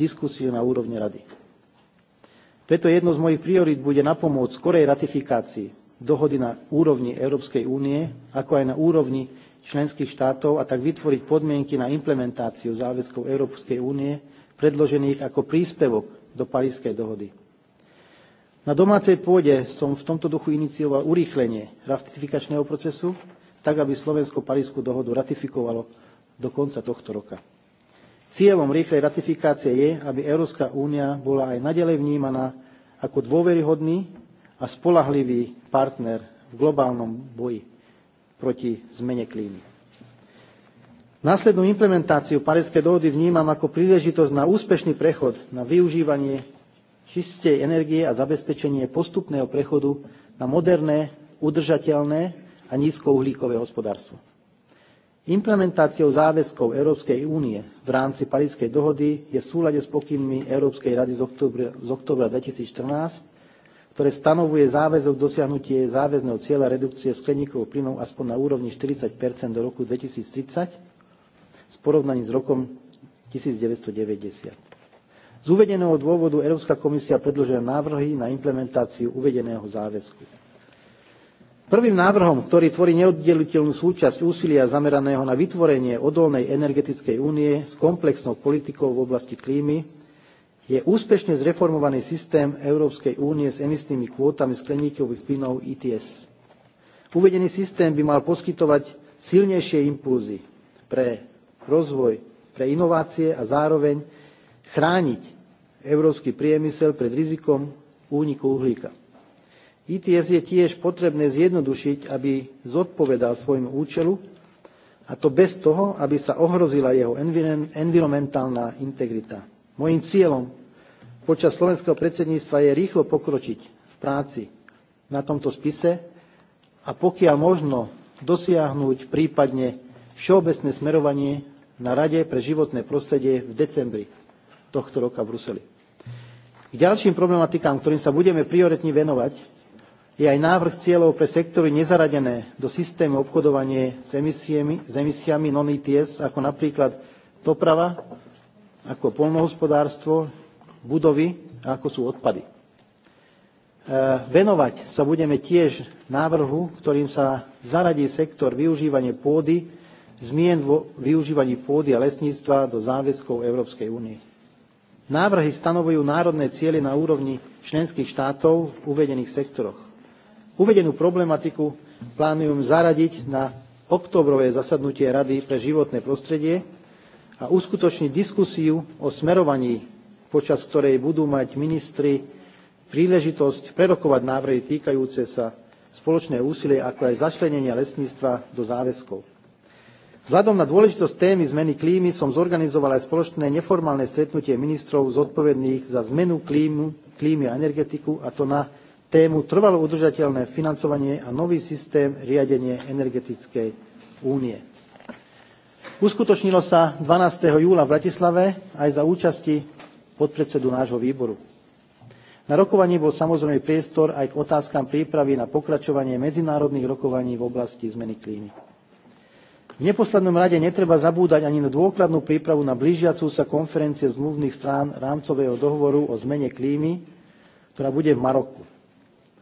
diskusiu na úrovni Rady. Preto jednou z mojich priorít bude napomôcť skorej ratifikácii dohody na úrovni Európskej únie, ako aj na úrovni členských štátov a tak vytvoriť podmienky na implementáciu záväzkov Európskej únie predložených ako príspevok do Parískej dohody. Na domácej pôde som v tomto duchu inicioval urýchlenie ratifikačného procesu, tak aby Slovensko Parísku dohodu ratifikovalo do konca tohto roka. Cieľom rýchlej ratifikácie je, aby Európska únia bola aj nadalej vnímaná ako dôveryhodný a spolahlivý partner v globálnom boji proti zmene klímy. Následnú implementáciu Parískej dohody vnímam ako príležitosť na úspešný prechod na využívanie čistej energie a zabezpečenie postupného prechodu na moderné, udržateľné a nízkouhlíkové hospodárstvo. Implementáciou záväzkov Európskej únie v rámci Parískej dohody je v súlade s pokynmi Európskej rady z oktobra, z oktobra 2014, ktoré stanovuje záväzok dosiahnutie záväzného cieľa redukcie skleníkov plynov aspoň na úrovni 40 do roku 2030 v porovnaní s rokom 1990. Z uvedeného dôvodu Európska komisia predložila návrhy na implementáciu uvedeného záväzku. Prvým návrhom, ktorý tvorí neoddeliteľnú súčasť úsilia zameraného na vytvorenie odolnej energetickej únie s komplexnou politikou v oblasti klímy, je úspešne zreformovaný systém Európskej únie s emisnými kvótami skleníkových plynov ETS. Uvedený systém by mal poskytovať silnejšie impulzy pre rozvoj, pre inovácie a zároveň chrániť európsky priemysel pred rizikom úniku uhlíka. ITS e je tiež potrebné zjednodušiť, aby zodpovedal svojmu účelu, a to bez toho, aby sa ohrozila jeho environmentálna integrita. Mojím cieľom počas slovenského predsedníctva je rýchlo pokročiť v práci na tomto spise a pokiaľ možno dosiahnuť prípadne všeobecné smerovanie na Rade pre životné prostredie v decembri tohto roka v Bruseli. K ďalším problematikám, ktorým sa budeme prioritne venovať, je aj návrh cieľov pre sektory nezaradené do systému obchodovanie s emisiami, s emisiami non-ETS, ako napríklad doprava, ako poľnohospodárstvo, budovy a ako sú odpady. E, venovať sa budeme tiež návrhu, ktorým sa zaradí sektor využívanie pôdy, zmien vo využívaní pôdy a lesníctva do záväzkov Európskej únie. Návrhy stanovujú národné ciele na úrovni členských štátov v uvedených sektoroch. Uvedenú problematiku plánujem zaradiť na oktobrové zasadnutie Rady pre životné prostredie a uskutočniť diskusiu o smerovaní, počas ktorej budú mať ministri príležitosť prerokovať návrhy týkajúce sa spoločné úsilie, ako aj začlenenia lesníctva do záväzkov. Vzhľadom na dôležitosť témy zmeny klímy som zorganizoval aj spoločné neformálne stretnutie ministrov zodpovedných za zmenu klímu, klímy a energetiku, a to na tému trvalo udržateľné financovanie a nový systém riadenie energetickej únie. Uskutočnilo sa 12. júla v Bratislave aj za účasti podpredsedu nášho výboru. Na rokovaní bol samozrejme priestor aj k otázkam prípravy na pokračovanie medzinárodných rokovaní v oblasti zmeny klímy. V neposlednom rade netreba zabúdať ani na dôkladnú prípravu na blížiacu sa konferencie zmluvných strán rámcového dohovoru o zmene klímy, ktorá bude v Maroku.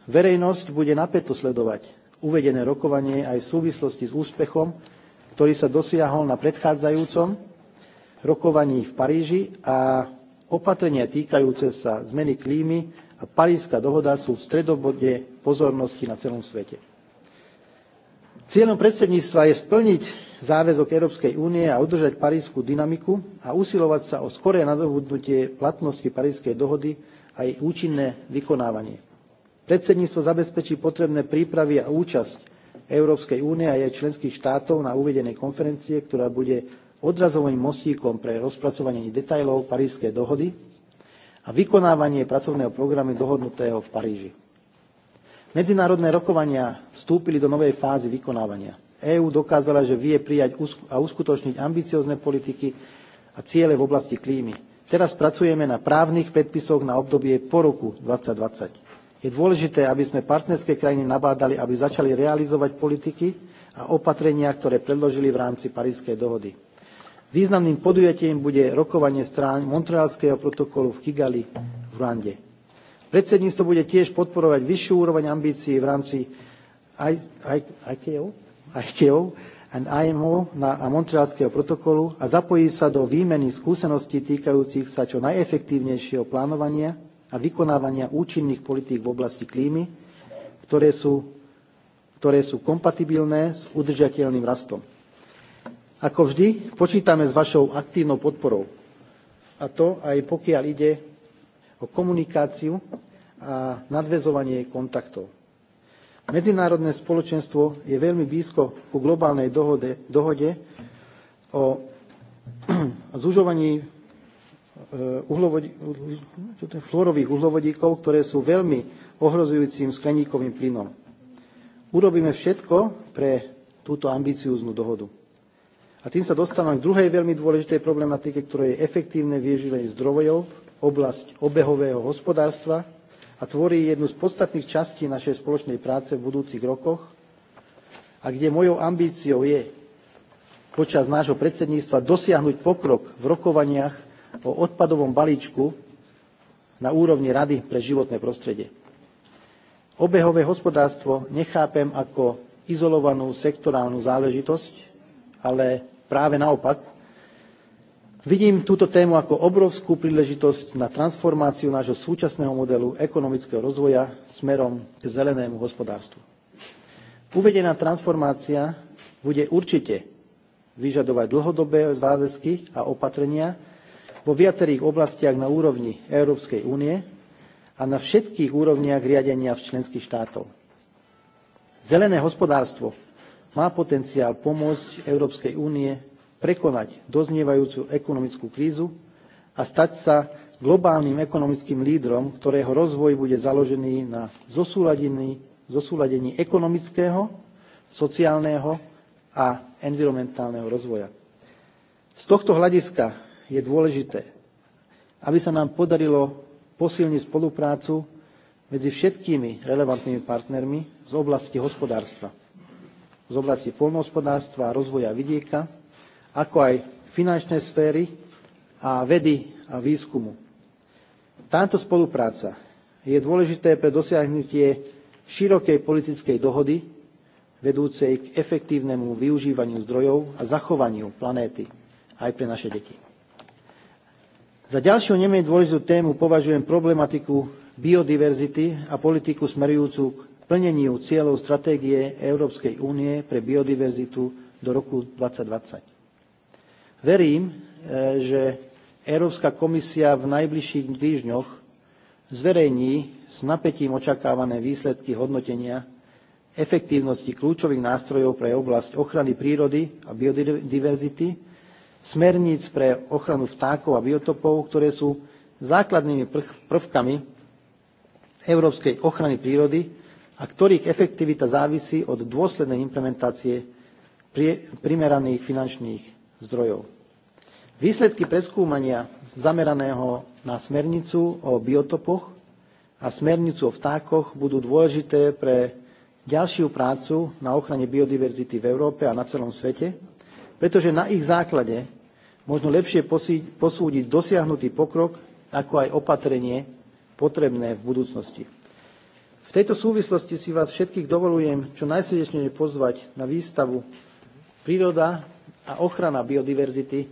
Verejnosť bude napäto sledovať uvedené rokovanie aj v súvislosti s úspechom, ktorý sa dosiahol na predchádzajúcom rokovaní v Paríži a opatrenia týkajúce sa zmeny klímy a Parížska dohoda sú v stredobode pozornosti na celom svete. Cieľom predsedníctva je splniť záväzok Európskej únie a udržať parížskú dynamiku a usilovať sa o skoré nadobudnutie platnosti Parískej dohody a jej účinné vykonávanie. Predsedníctvo zabezpečí potrebné prípravy a účasť Európskej únie a jej členských štátov na uvedenej konferencie, ktorá bude odrazovým mostíkom pre rozpracovanie detajlov Parískej dohody a vykonávanie pracovného programu dohodnutého v Paríži. Medzinárodné rokovania vstúpili do novej fázy vykonávania – EÚ dokázala, že vie prijať a uskutočniť ambiciozne politiky a ciele v oblasti klímy. Teraz pracujeme na právnych predpisoch na obdobie po roku 2020. Je dôležité, aby sme partnerské krajiny nabádali, aby začali realizovať politiky a opatrenia, ktoré predložili v rámci Parískej dohody. Významným podujatím bude rokovanie strán Montrealského protokolu v Kigali v Rande. Predsedníctvo bude tiež podporovať vyššiu úroveň ambícií v rámci ICAO, a ITO and IMO na, a Montrealského protokolu a zapojí sa do výmeny skúseností týkajúcich sa čo najefektívnejšieho plánovania a vykonávania účinných politík v oblasti klímy, ktoré sú, ktoré sú kompatibilné s udržateľným rastom. Ako vždy, počítame s vašou aktívnou podporou. A to aj pokiaľ ide o komunikáciu a nadvezovanie kontaktov. Medzinárodné spoločenstvo je veľmi blízko ku globálnej dohode, dohode o zužovaní e, uhlovod... fluorových uhlovodíkov, ktoré sú veľmi ohrozujúcim skleníkovým plynom. Urobíme všetko pre túto ambicióznu dohodu. A tým sa dostávam k druhej veľmi dôležitej problematike, ktorá je efektívne využívanie zdrojov, oblasť obehového hospodárstva, a tvorí jednu z podstatných častí našej spoločnej práce v budúcich rokoch a kde mojou ambíciou je počas nášho predsedníctva dosiahnuť pokrok v rokovaniach o odpadovom balíčku na úrovni Rady pre životné prostredie. Obehové hospodárstvo nechápem ako izolovanú sektorálnu záležitosť, ale práve naopak Vidím túto tému ako obrovskú príležitosť na transformáciu nášho súčasného modelu ekonomického rozvoja smerom k zelenému hospodárstvu. Uvedená transformácia bude určite vyžadovať dlhodobé záväzky a opatrenia vo viacerých oblastiach na úrovni Európskej únie a na všetkých úrovniach riadenia v členských štátov. Zelené hospodárstvo má potenciál pomôcť Európskej únie prekonať doznievajúcu ekonomickú krízu a stať sa globálnym ekonomickým lídrom, ktorého rozvoj bude založený na zosúladení, zosúladení ekonomického, sociálneho a environmentálneho rozvoja. Z tohto hľadiska je dôležité, aby sa nám podarilo posilniť spoluprácu medzi všetkými relevantnými partnermi z oblasti hospodárstva, z oblasti poľnohospodárstva a rozvoja vidieka, ako aj finančnej sféry a vedy a výskumu. Táto spolupráca je dôležité pre dosiahnutie širokej politickej dohody vedúcej k efektívnemu využívaniu zdrojov a zachovaniu planéty aj pre naše deti. Za ďalšiu nemej dôležitú tému považujem problematiku biodiverzity a politiku smerujúcu k plneniu cieľov stratégie Európskej únie pre biodiverzitu do roku 2020. Verím, e, že Európska komisia v najbližších týždňoch zverejní s napätím očakávané výsledky hodnotenia efektívnosti kľúčových nástrojov pre oblasť ochrany prírody a biodiverzity, smerníc pre ochranu vtákov a biotopov, ktoré sú základnými prvkami európskej ochrany prírody a ktorých efektivita závisí od dôslednej implementácie primeraných finančných zdrojov. Výsledky preskúmania zameraného na smernicu o biotopoch a smernicu o vtákoch budú dôležité pre ďalšiu prácu na ochrane biodiverzity v Európe a na celom svete, pretože na ich základe možno lepšie posúdiť dosiahnutý pokrok, ako aj opatrenie potrebné v budúcnosti. V tejto súvislosti si vás všetkých dovolujem čo najsrdečne pozvať na výstavu Príroda a ochrana biodiverzity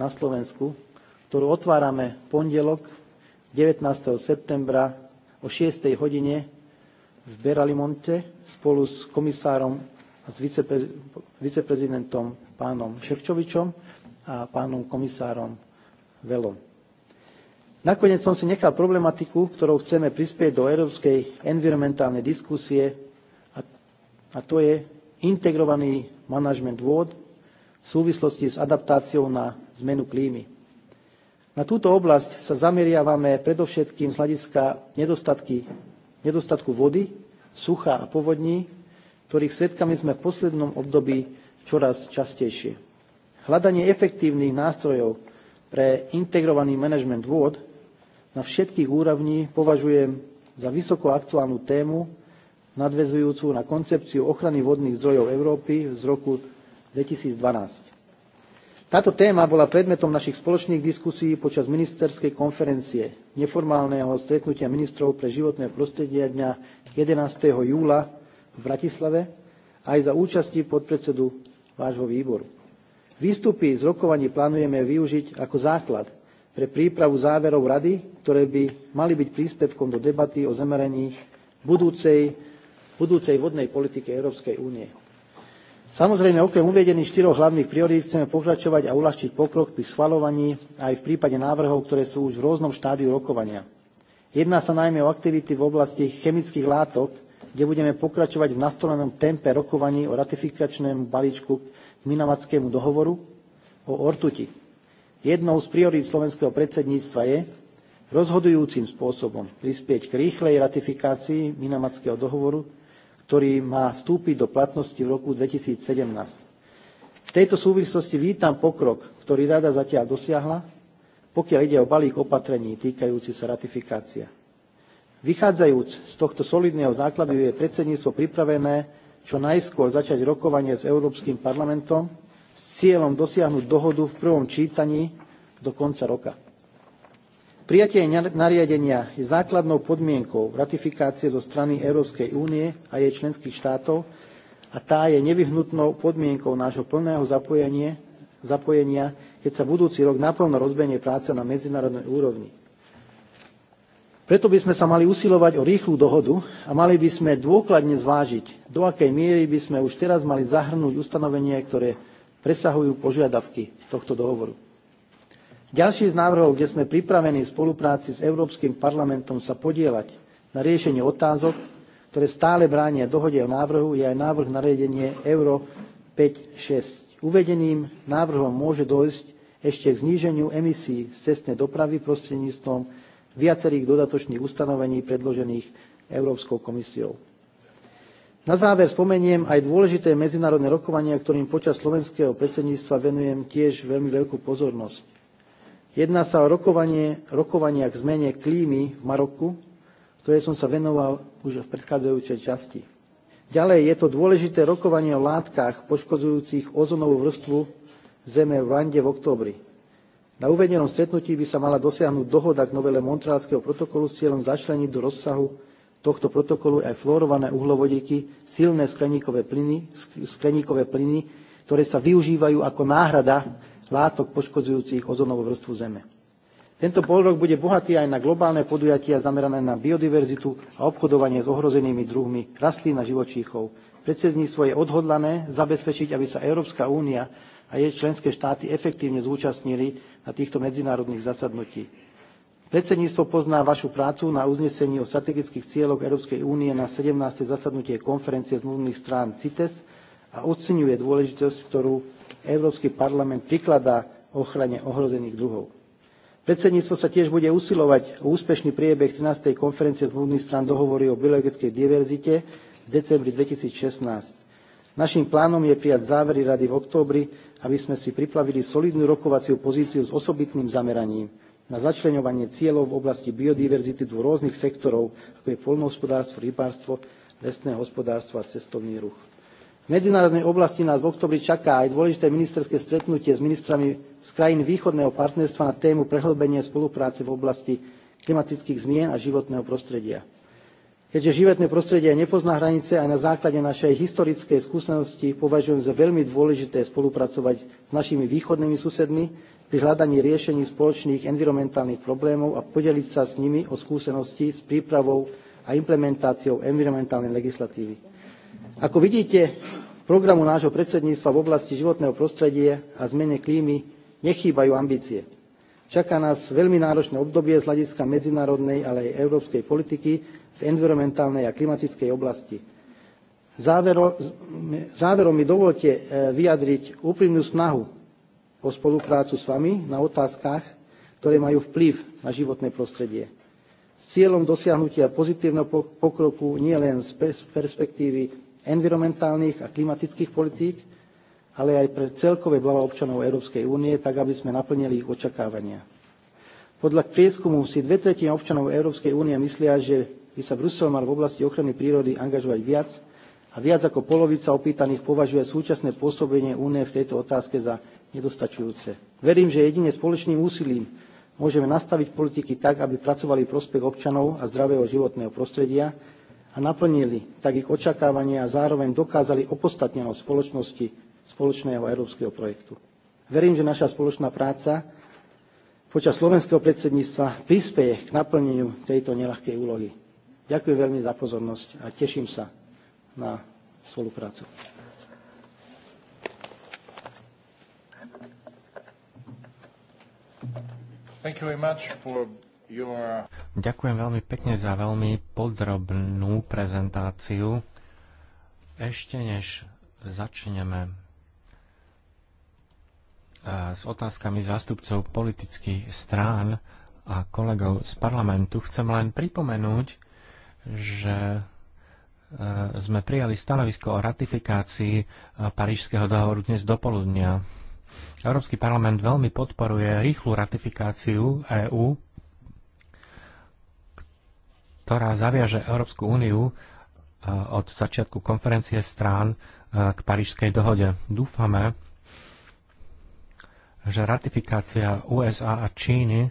na Slovensku, ktorú otvárame pondelok 19. septembra o 6. hodine v Beralimonte spolu s komisárom a s vicepre, viceprezidentom pánom Ševčovičom a pánom komisárom Velom. Nakoniec som si nechal problematiku, ktorou chceme prispieť do európskej environmentálnej diskusie, a to je integrovaný manažment vôd v súvislosti s adaptáciou na zmenu klímy. Na túto oblasť sa zameriavame predovšetkým z hľadiska nedostatku vody, sucha a povodní, ktorých svetkami sme v poslednom období čoraz častejšie. Hľadanie efektívnych nástrojov pre integrovaný manažment vôd na všetkých úrovni považujem za vysoko aktuálnu tému nadvezujúcu na koncepciu ochrany vodných zdrojov Európy z roku 2012. Táto téma bola predmetom našich spoločných diskusí počas ministerskej konferencie neformálneho stretnutia ministrov pre životné prostredie dňa 11. júla v Bratislave aj za účasti podpredsedu vášho výboru. Výstupy z rokovaní plánujeme využiť ako základ pre prípravu záverov rady, ktoré by mali byť príspevkom do debaty o zameraní budúcej, budúcej vodnej politike Európskej únie. Samozrejme, okrem uvedených štyroch hlavných priorít chceme pokračovať a uľahčiť pokrok pri schvalovaní aj v prípade návrhov, ktoré sú už v rôznom štádiu rokovania. Jedná sa najmä o aktivity v oblasti chemických látok, kde budeme pokračovať v nastolenom tempe rokovaní o ratifikačnému balíčku k minamackému dohovoru o ortuti. Jednou z priorít slovenského predsedníctva je rozhodujúcim spôsobom prispieť k rýchlej ratifikácii minamackého dohovoru ktorý má vstúpiť do platnosti v roku 2017. V tejto súvislosti vítam pokrok, ktorý rada zatiaľ dosiahla, pokiaľ ide o balík opatrení týkajúci sa ratifikácia. Vychádzajúc z tohto solidného základu je predsedníctvo pripravené čo najskôr začať rokovanie s Európskym parlamentom s cieľom dosiahnuť dohodu v prvom čítaní do konca roka. Prijatie nariadenia je základnou podmienkou ratifikácie zo strany Európskej únie a jej členských štátov a tá je nevyhnutnou podmienkou nášho plného zapojenie, zapojenia, keď sa budúci rok naplno rozbenie práce na medzinárodnej úrovni. Preto by sme sa mali usilovať o rýchlu dohodu a mali by sme dôkladne zvážiť, do akej miery by sme už teraz mali zahrnúť ustanovenie, ktoré presahujú požiadavky tohto dohovoru. Ďalší z návrhov, kde sme pripravení v spolupráci s Európskym parlamentom sa podielať na riešenie otázok, ktoré stále bránia dohode o návrhu, je aj návrh na riadenie Euro 5.6. Uvedeným návrhom môže dojsť ešte k zníženiu emisí z cestnej dopravy prostredníctvom viacerých dodatočných ustanovení predložených Európskou komisiou. Na záver spomeniem aj dôležité medzinárodné rokovania, ktorým počas slovenského predsedníctva venujem tiež veľmi veľkú pozornosť. Jedná sa o rokovanie, rokovania k zmene klímy v Maroku, ktoré som sa venoval už v predchádzajúcej časti. Ďalej je to dôležité rokovanie o látkach poškodzujúcich ozonovú vrstvu Zeme v Rande v októbri. Na uvedenom stretnutí by sa mala dosiahnuť dohoda k novele Montrealského protokolu s cieľom začleniť do rozsahu tohto protokolu aj fluorované uhlovodíky, silné skleníkové plyny, skleníkové plyny, ktoré sa využívajú ako náhrada látok poškodzujúcich ozonovú vrstvu Zeme. Tento polrok bude bohatý aj na globálne podujatia zamerané na biodiverzitu a obchodovanie s ohrozenými druhmi rastlín a živočíchov. Predsedníctvo je odhodlané zabezpečiť, aby sa Európska únia a jej členské štáty efektívne zúčastnili na týchto medzinárodných zasadnutí. Predsedníctvo pozná vašu prácu na uznesení o strategických cieľoch Európskej únie na 17. zasadnutie konferencie zmluvných strán CITES a oceňuje dôležitosť, ktorú Európsky parlament prikladá ochrane ohrozených druhov. Predsedníctvo sa tiež bude usilovať o úspešný priebeh 13. konferencie zmluvných stran dohovory o biologickej diverzite v decembri 2016. Naším plánom je prijať závery rady v októbri, aby sme si priplavili solidnú rokovaciu pozíciu s osobitným zameraním na začleňovanie cieľov v oblasti biodiverzity do rôznych sektorov, ako je poľnohospodárstvo, rybárstvo, lesné hospodárstvo a cestovný ruch medzinárodnej oblasti nás v oktobri čaká aj dôležité ministerské stretnutie s ministrami z krajín východného partnerstva na tému prehlbenie spolupráce v oblasti klimatických zmien a životného prostredia. Keďže životné prostredie nepozná hranice, aj na základe našej historickej skúsenosti považujem za veľmi dôležité spolupracovať s našimi východnými susedmi pri hľadaní riešení spoločných environmentálnych problémov a podeliť sa s nimi o skúsenosti s prípravou a implementáciou environmentálnej legislatívy. Ako vidíte, v programu nášho predsedníctva v oblasti životného prostredia a zmene klímy nechýbajú ambície. Čaká nás veľmi náročné obdobie z hľadiska medzinárodnej, ale aj európskej politiky v environmentálnej a klimatickej oblasti. Závero, záverom mi dovolte e, vyjadriť úprimnú snahu o spoluprácu s vami na otázkach, ktoré majú vplyv na životné prostredie s cieľom dosiahnutia pozitívneho pokroku nielen z perspektívy environmentálnych a klimatických politík, ale aj pre celkové blaho občanov Európskej únie, tak aby sme naplnili ich očakávania. Podľa prieskumu si dve tretiny občanov Európskej únie myslia, že by sa Brusel mal v oblasti ochrany prírody angažovať viac a viac ako polovica opýtaných považuje súčasné pôsobenie únie v tejto otázke za nedostačujúce. Verím, že jedine spoločným úsilím Môžeme nastaviť politiky tak, aby pracovali prospech občanov a zdravého životného prostredia a naplnili tak ich očakávania a zároveň dokázali opostatnenosť spoločnosti spoločného európskeho projektu. Verím, že naša spoločná práca počas slovenského predsedníctva prispieje k naplneniu tejto nelahkej úlohy. Ďakujem veľmi za pozornosť a teším sa na spoluprácu. Ďakujem veľmi pekne za veľmi podrobnú prezentáciu. Ešte než začneme eh, s otázkami zástupcov politických strán a kolegov z parlamentu, chcem len pripomenúť, že eh, sme prijali stanovisko o ratifikácii eh, Parížského dohovoru dnes do poludnia. Európsky parlament veľmi podporuje rýchlu ratifikáciu EÚ, ktorá zaviaže Európsku úniu e, od začiatku konferencie strán e, k Parížskej dohode. Dúfame, že ratifikácia USA a Číny,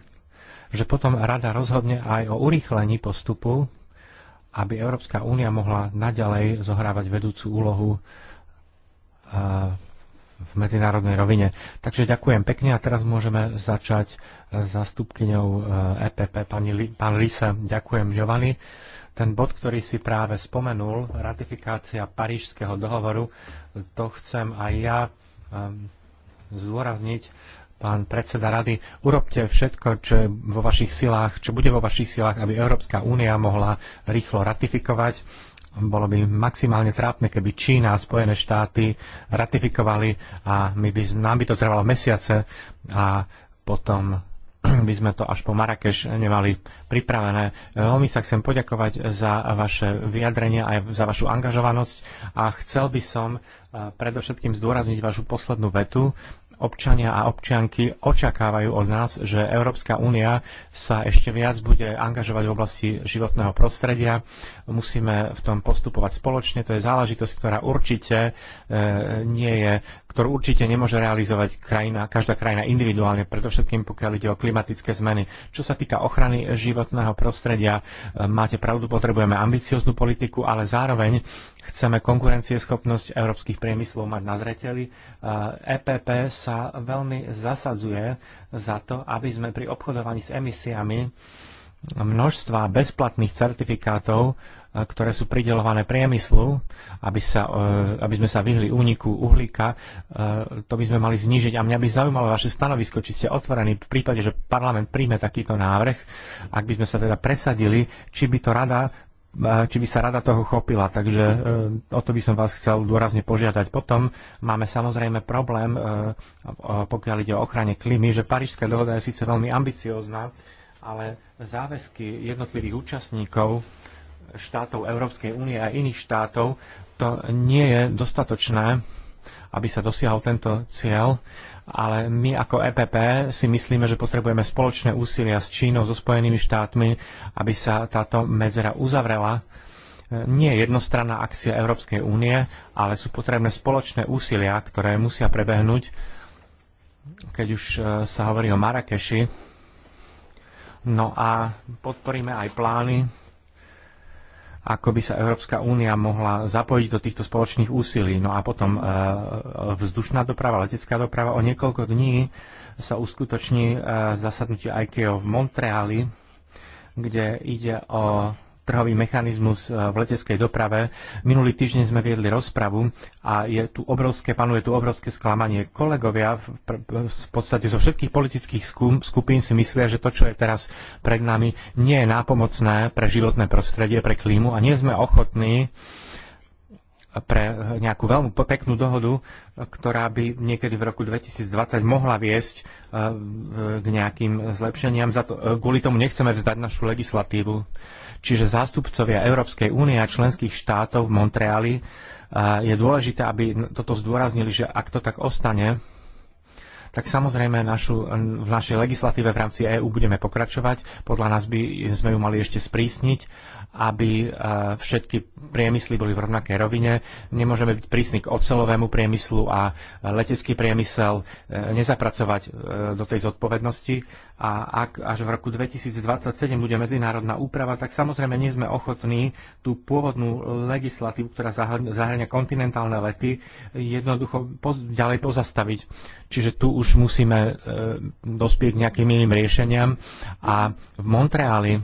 že potom Rada rozhodne aj o urýchlení postupu, aby Európska únia mohla naďalej zohrávať vedúcu úlohu e, v medzinárodnej rovine. Takže ďakujem pekne a teraz môžeme začať e, zastupkyňou EPP, e pani, pán Lise. Ďakujem, Giovanni. Ten bod, ktorý si práve spomenul, ratifikácia Parížského dohovoru, to chcem aj ja ehm, zdôrazniť pán predseda rady, urobte všetko, čo je vo vašich silách, čo bude vo vašich silách, aby Európska únia mohla rýchlo ratifikovať bolo by maximálne trápne, keby Čína a Spojené štáty ratifikovali a my by, nám by to trvalo mesiace a potom by sme to až po Marrakeš nemali pripravené. Veľmi sa chcem poďakovať za vaše vyjadrenie aj za vašu angažovanosť a chcel by som eh, predovšetkým zdôrazniť vašu poslednú vetu, občania a občianky očakávajú od nás, že Európska únia sa ešte viac bude angažovať v oblasti životného prostredia. Musíme v tom postupovať spoločne. To je záležitosť, ktorá určite e, nie je ktorú určite nemôže realizovať krajina, každá krajina individuálne, predovšetkým pokiaľ ide o klimatické zmeny. Čo sa týka ochrany životného prostredia, e, máte pravdu, potrebujeme ambicioznú politiku, ale zároveň chceme konkurencieschopnosť európskych priemyslov mať na zreteli. EPP e sa veľmi zasadzuje za to, aby sme pri obchodovaní s emisiami množstva bezplatných certifikátov E, ktoré sú pridelované priemyslu, aby, sa, e, aby sme sa vyhli úniku uhlíka, e, to by sme mali znížiť. A mňa by zaujímalo vaše stanovisko, či ste otvorení v prípade, že parlament príjme takýto návrh, ak by sme sa teda presadili, či by to rada či by sa rada toho chopila. Takže o to by som vás chcel dôrazne požiadať. Potom máme samozrejme problém, pokiaľ ide o ochrane klímy, že Parížská dohoda je síce veľmi ambiciózna, ale záväzky jednotlivých účastníkov štátov Európskej únie a iných štátov, to nie je dostatočné, aby sa dosiahol tento cieľ, ale my ako EPP si myslíme, že potrebujeme spoločné úsilia s Čínou, so Spojenými štátmi, aby sa táto medzera uzavrela. Nie je jednostranná akcia Európskej únie, ale sú potrebné spoločné úsilia, ktoré musia prebehnúť, keď už e, sa hovorí o Marrakeši. No a podporíme aj plány ako by sa Európska únia mohla zapojiť do týchto spoločných úsilí. No a potom e, vzdušná doprava, letecká doprava. O niekoľko dní sa uskutoční e, zasadnutie IKEA v Montreali, kde ide o trhový mechanizmus eh, v leteckej doprave. Minulý týždeň sme viedli rozpravu a je tu obrovské, panuje tu obrovské sklamanie. Kolegovia v, v podstate zo všetkých politických skupín si myslia, že to, čo je teraz pred nami, nie je nápomocné pre životné prostredie, pre klímu a nie sme ochotní pre nejakú veľmi peknú dohodu, ktorá by niekedy v roku 2020 mohla viesť eh, k nejakým zlepšeniam. Za to, eh, kvôli tomu nechceme vzdať našu legislatívu. Čiže zástupcovia Európskej únie a členských štátov v Montreali je dôležité, aby toto zdôraznili, že ak to tak ostane, tak samozrejme našu, v našej legislatíve v rámci EÚ budeme pokračovať. Podľa nás by sme ju mali ešte sprísniť aby e, všetky priemysly boli v rovnakej rovine. Nemôžeme byť prísni k ocelovému priemyslu a letecký priemysel e, nezapracovať e, do tej zodpovednosti. A ak až v roku 2027 bude medzinárodná úprava, tak samozrejme nie sme ochotní tú pôvodnú legislatívu, ktorá zahrania kontinentálne lety, jednoducho ďalej pozastaviť. Čiže tu už musíme dospieť nejakým iným riešeniam. A v Montreali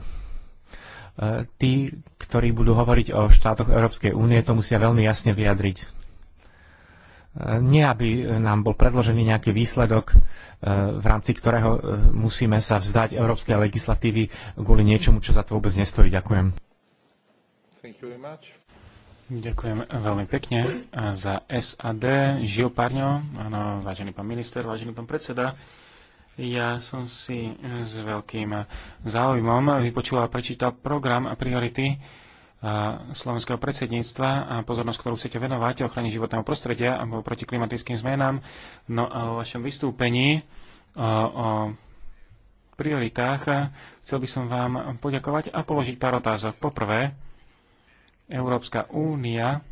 tí, ktorí budú hovoriť o štátoch Európskej únie, to musia veľmi jasne vyjadriť. Nie, aby nám bol predložený nejaký výsledok, e, v rámci ktorého e, musíme sa vzdať európskej legislatívy kvôli niečomu, čo za to vôbec nestojí. Ďakujem. Ďakujem veľmi pekne e, za SAD. Žil Parňo, áno, vážený pán minister, vážený pán predseda. Ja som si eh, s veľkým eh, záujmom vypočula a prečítal program a priority eh, slovenského predsedníctva a pozornosť, ktorú chcete venovať ochrane životného prostredia a proti klimatickým zmenám. No a o vašom vystúpení, o, o prioritách chcel by som vám poďakovať a položiť pár otázok. Poprvé, Európska únia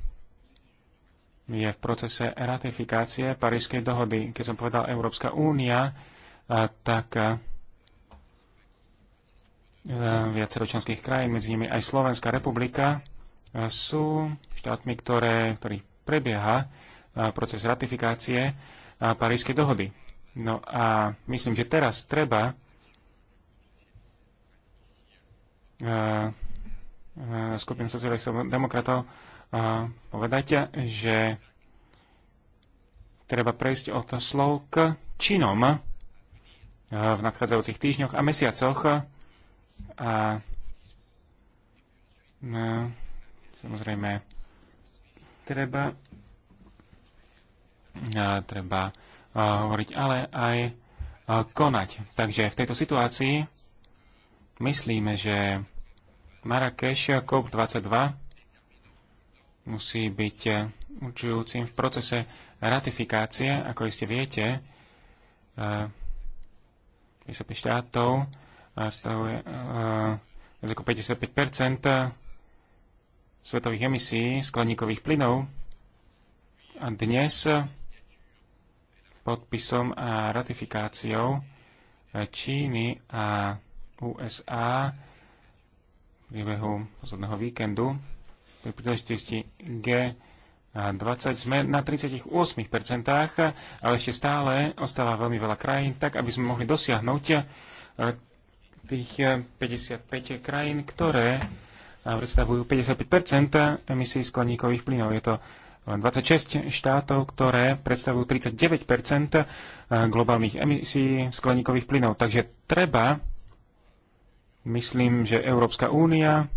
je v procese ratifikácie Parískej dohody. Keď som povedal Európska únia, tak e, viacero členských krajín, medzi nimi aj Slovenská republika, e, sú štátmi, ktoré, ktorých prebieha e, proces ratifikácie Parískej dohody. No a myslím, že teraz treba skupinu sociálnych demokratov povedať, že treba prejsť od slov k činom Eh, v nadchádzajúcich týždňoch a mesiacoch. A eh, no, samozrejme, treba, a, eh, treba a, hovoriť, ale aj konať. Takže v tejto situácii myslíme, že Marrakeš COP22 musí byť určujúcim v procese ratifikácie, ako iste viete, a, 55 štátov predstavuje viac ako 55 svetových emisí skleníkových plynov. A dnes podpisom a ratifikáciou Číny a USA v priebehu posledného víkendu pri príležitosti G 20, sme na 38%, ale ešte stále ostáva veľmi veľa krajín, tak aby sme mohli dosiahnuť e, tých 55 e, krajín, ktoré e, predstavujú 55 emisí skleníkových plynov. Je to len 26 štátov, ktoré predstavujú 39 globálnych emisí skleníkových plynov. Takže treba, myslím, že Európska únia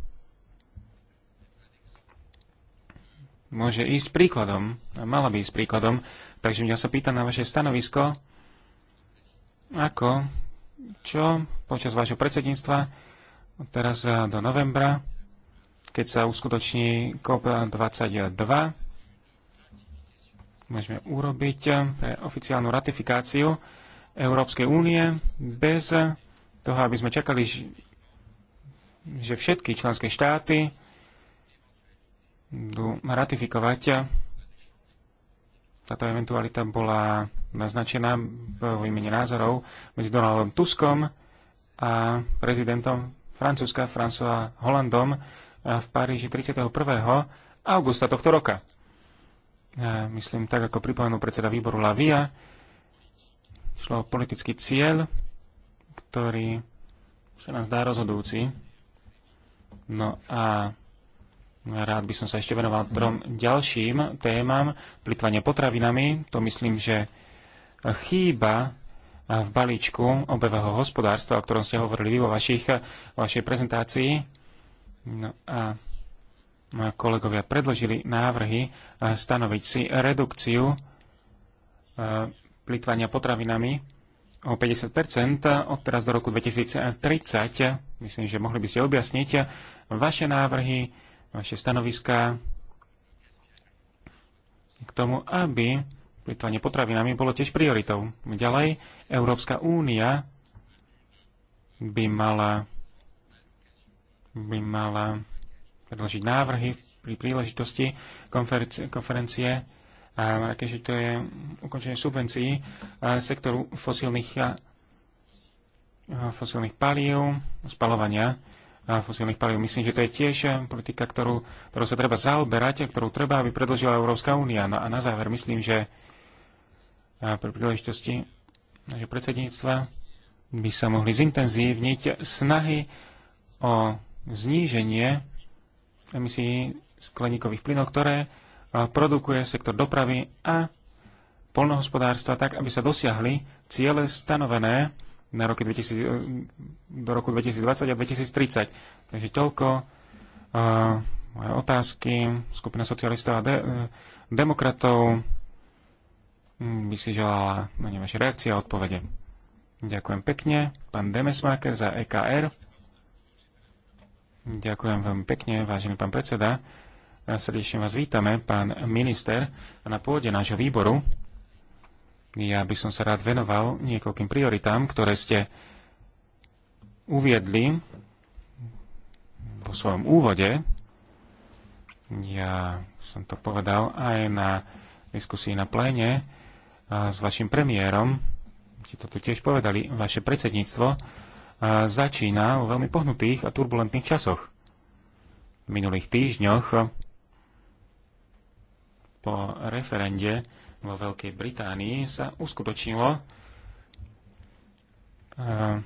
môže ísť príkladom, a mala by ísť príkladom, takže mňa sa pýta na vaše stanovisko, ako, čo počas vášho predsedníctva teraz eh, do novembra, keď sa uskutoční COP22, môžeme urobiť eh, pre oficiálnu ratifikáciu Európskej únie bez toho, aby sme čakali, že všetky členské štáty budú ratifikovať. Táto eventualita bola naznačená v výmene názorov medzi Donaldom Tuskom a prezidentom Francúzska François Hollandom v Paríži 31. augusta tohto roka. Ja myslím, tak ako pripomenul predseda výboru Lavia, šlo o politický cieľ, ktorý sa nás zdá rozhodujúci. No a Rád by som sa ešte venoval trom mhm. ďalším témam. Plitvanie potravinami, to myslím, že chýba v balíčku obevého hospodárstva, o ktorom ste hovorili vo, vašich, vo vašej prezentácii. No a kolegovia predložili návrhy e, stanoviť si redukciu e, plitvania potravinami o 50% od teraz do roku 2030. Myslím, že mohli by ste objasniť vaše návrhy, vaše stanoviská k tomu, aby plitvanie potravinami bolo tiež prioritou. Ďalej, Európska únia by mala, by mala predložiť návrhy pri príležitosti konferencie, konferencie a keďže to je ukončenie subvencií sektoru fosílnych, fosílnych palív, spalovania fosílnych palív. Myslím, že to je tiež eh, politika, ktorú, ktorú sa treba zaoberať a ktorú treba, aby predložila Európska únia. No a na záver myslím, že eh, pri príležitosti že predsedníctva by sa mohli zintenzívniť snahy o zníženie emisí skleníkových plynov, ktoré eh, produkuje sektor dopravy a polnohospodárstva tak, aby sa dosiahli ciele stanovené na roky 2000, e, do roku 2020 a 2030. Takže toľko e, moje otázky. Skupina socialistov a de- e, demokratov mm, by si želala na ne vaše reakcie a odpovede. Ďakujem pekne. Pán Demesmaker za EKR. Ďakujem veľmi pekne, vážený pán predseda. Srdečne vás vítame, pán minister, na pôde nášho výboru. Ja by som sa rád venoval niekoľkým prioritám, ktoré ste uviedli vo svojom úvode. Ja som to povedal aj na diskusii na pléne s vašim premiérom. Ste to tu tiež povedali. Vaše predsedníctvo začína vo veľmi pohnutých a turbulentných časoch. V minulých týždňoch po referende vo Veľkej Británii sa uskutočnilo eh,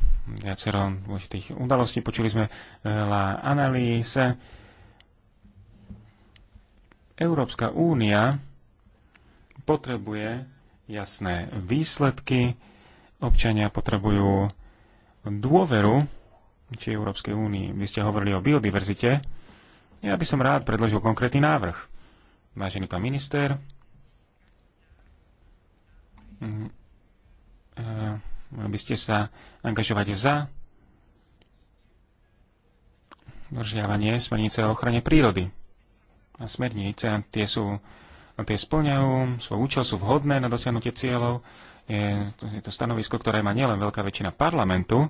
viacero dôležitých udalostí. Počuli sme veľa eh, analýz. Európska únia potrebuje jasné výsledky, občania potrebujú dôveru či Európskej únii. Vy ste hovorili o biodiverzite. Ja by som rád predložil konkrétny návrh. Vážený pán minister, Mali mhm. e, by ste sa angažovať za dodržiavanie smernice o ochrane prírody. A smernice, tie sú tie splňajú svoj účel, sú vhodné na dosiahnutie cieľov. Je to, je to stanovisko, ktoré má nielen veľká väčšina parlamentu,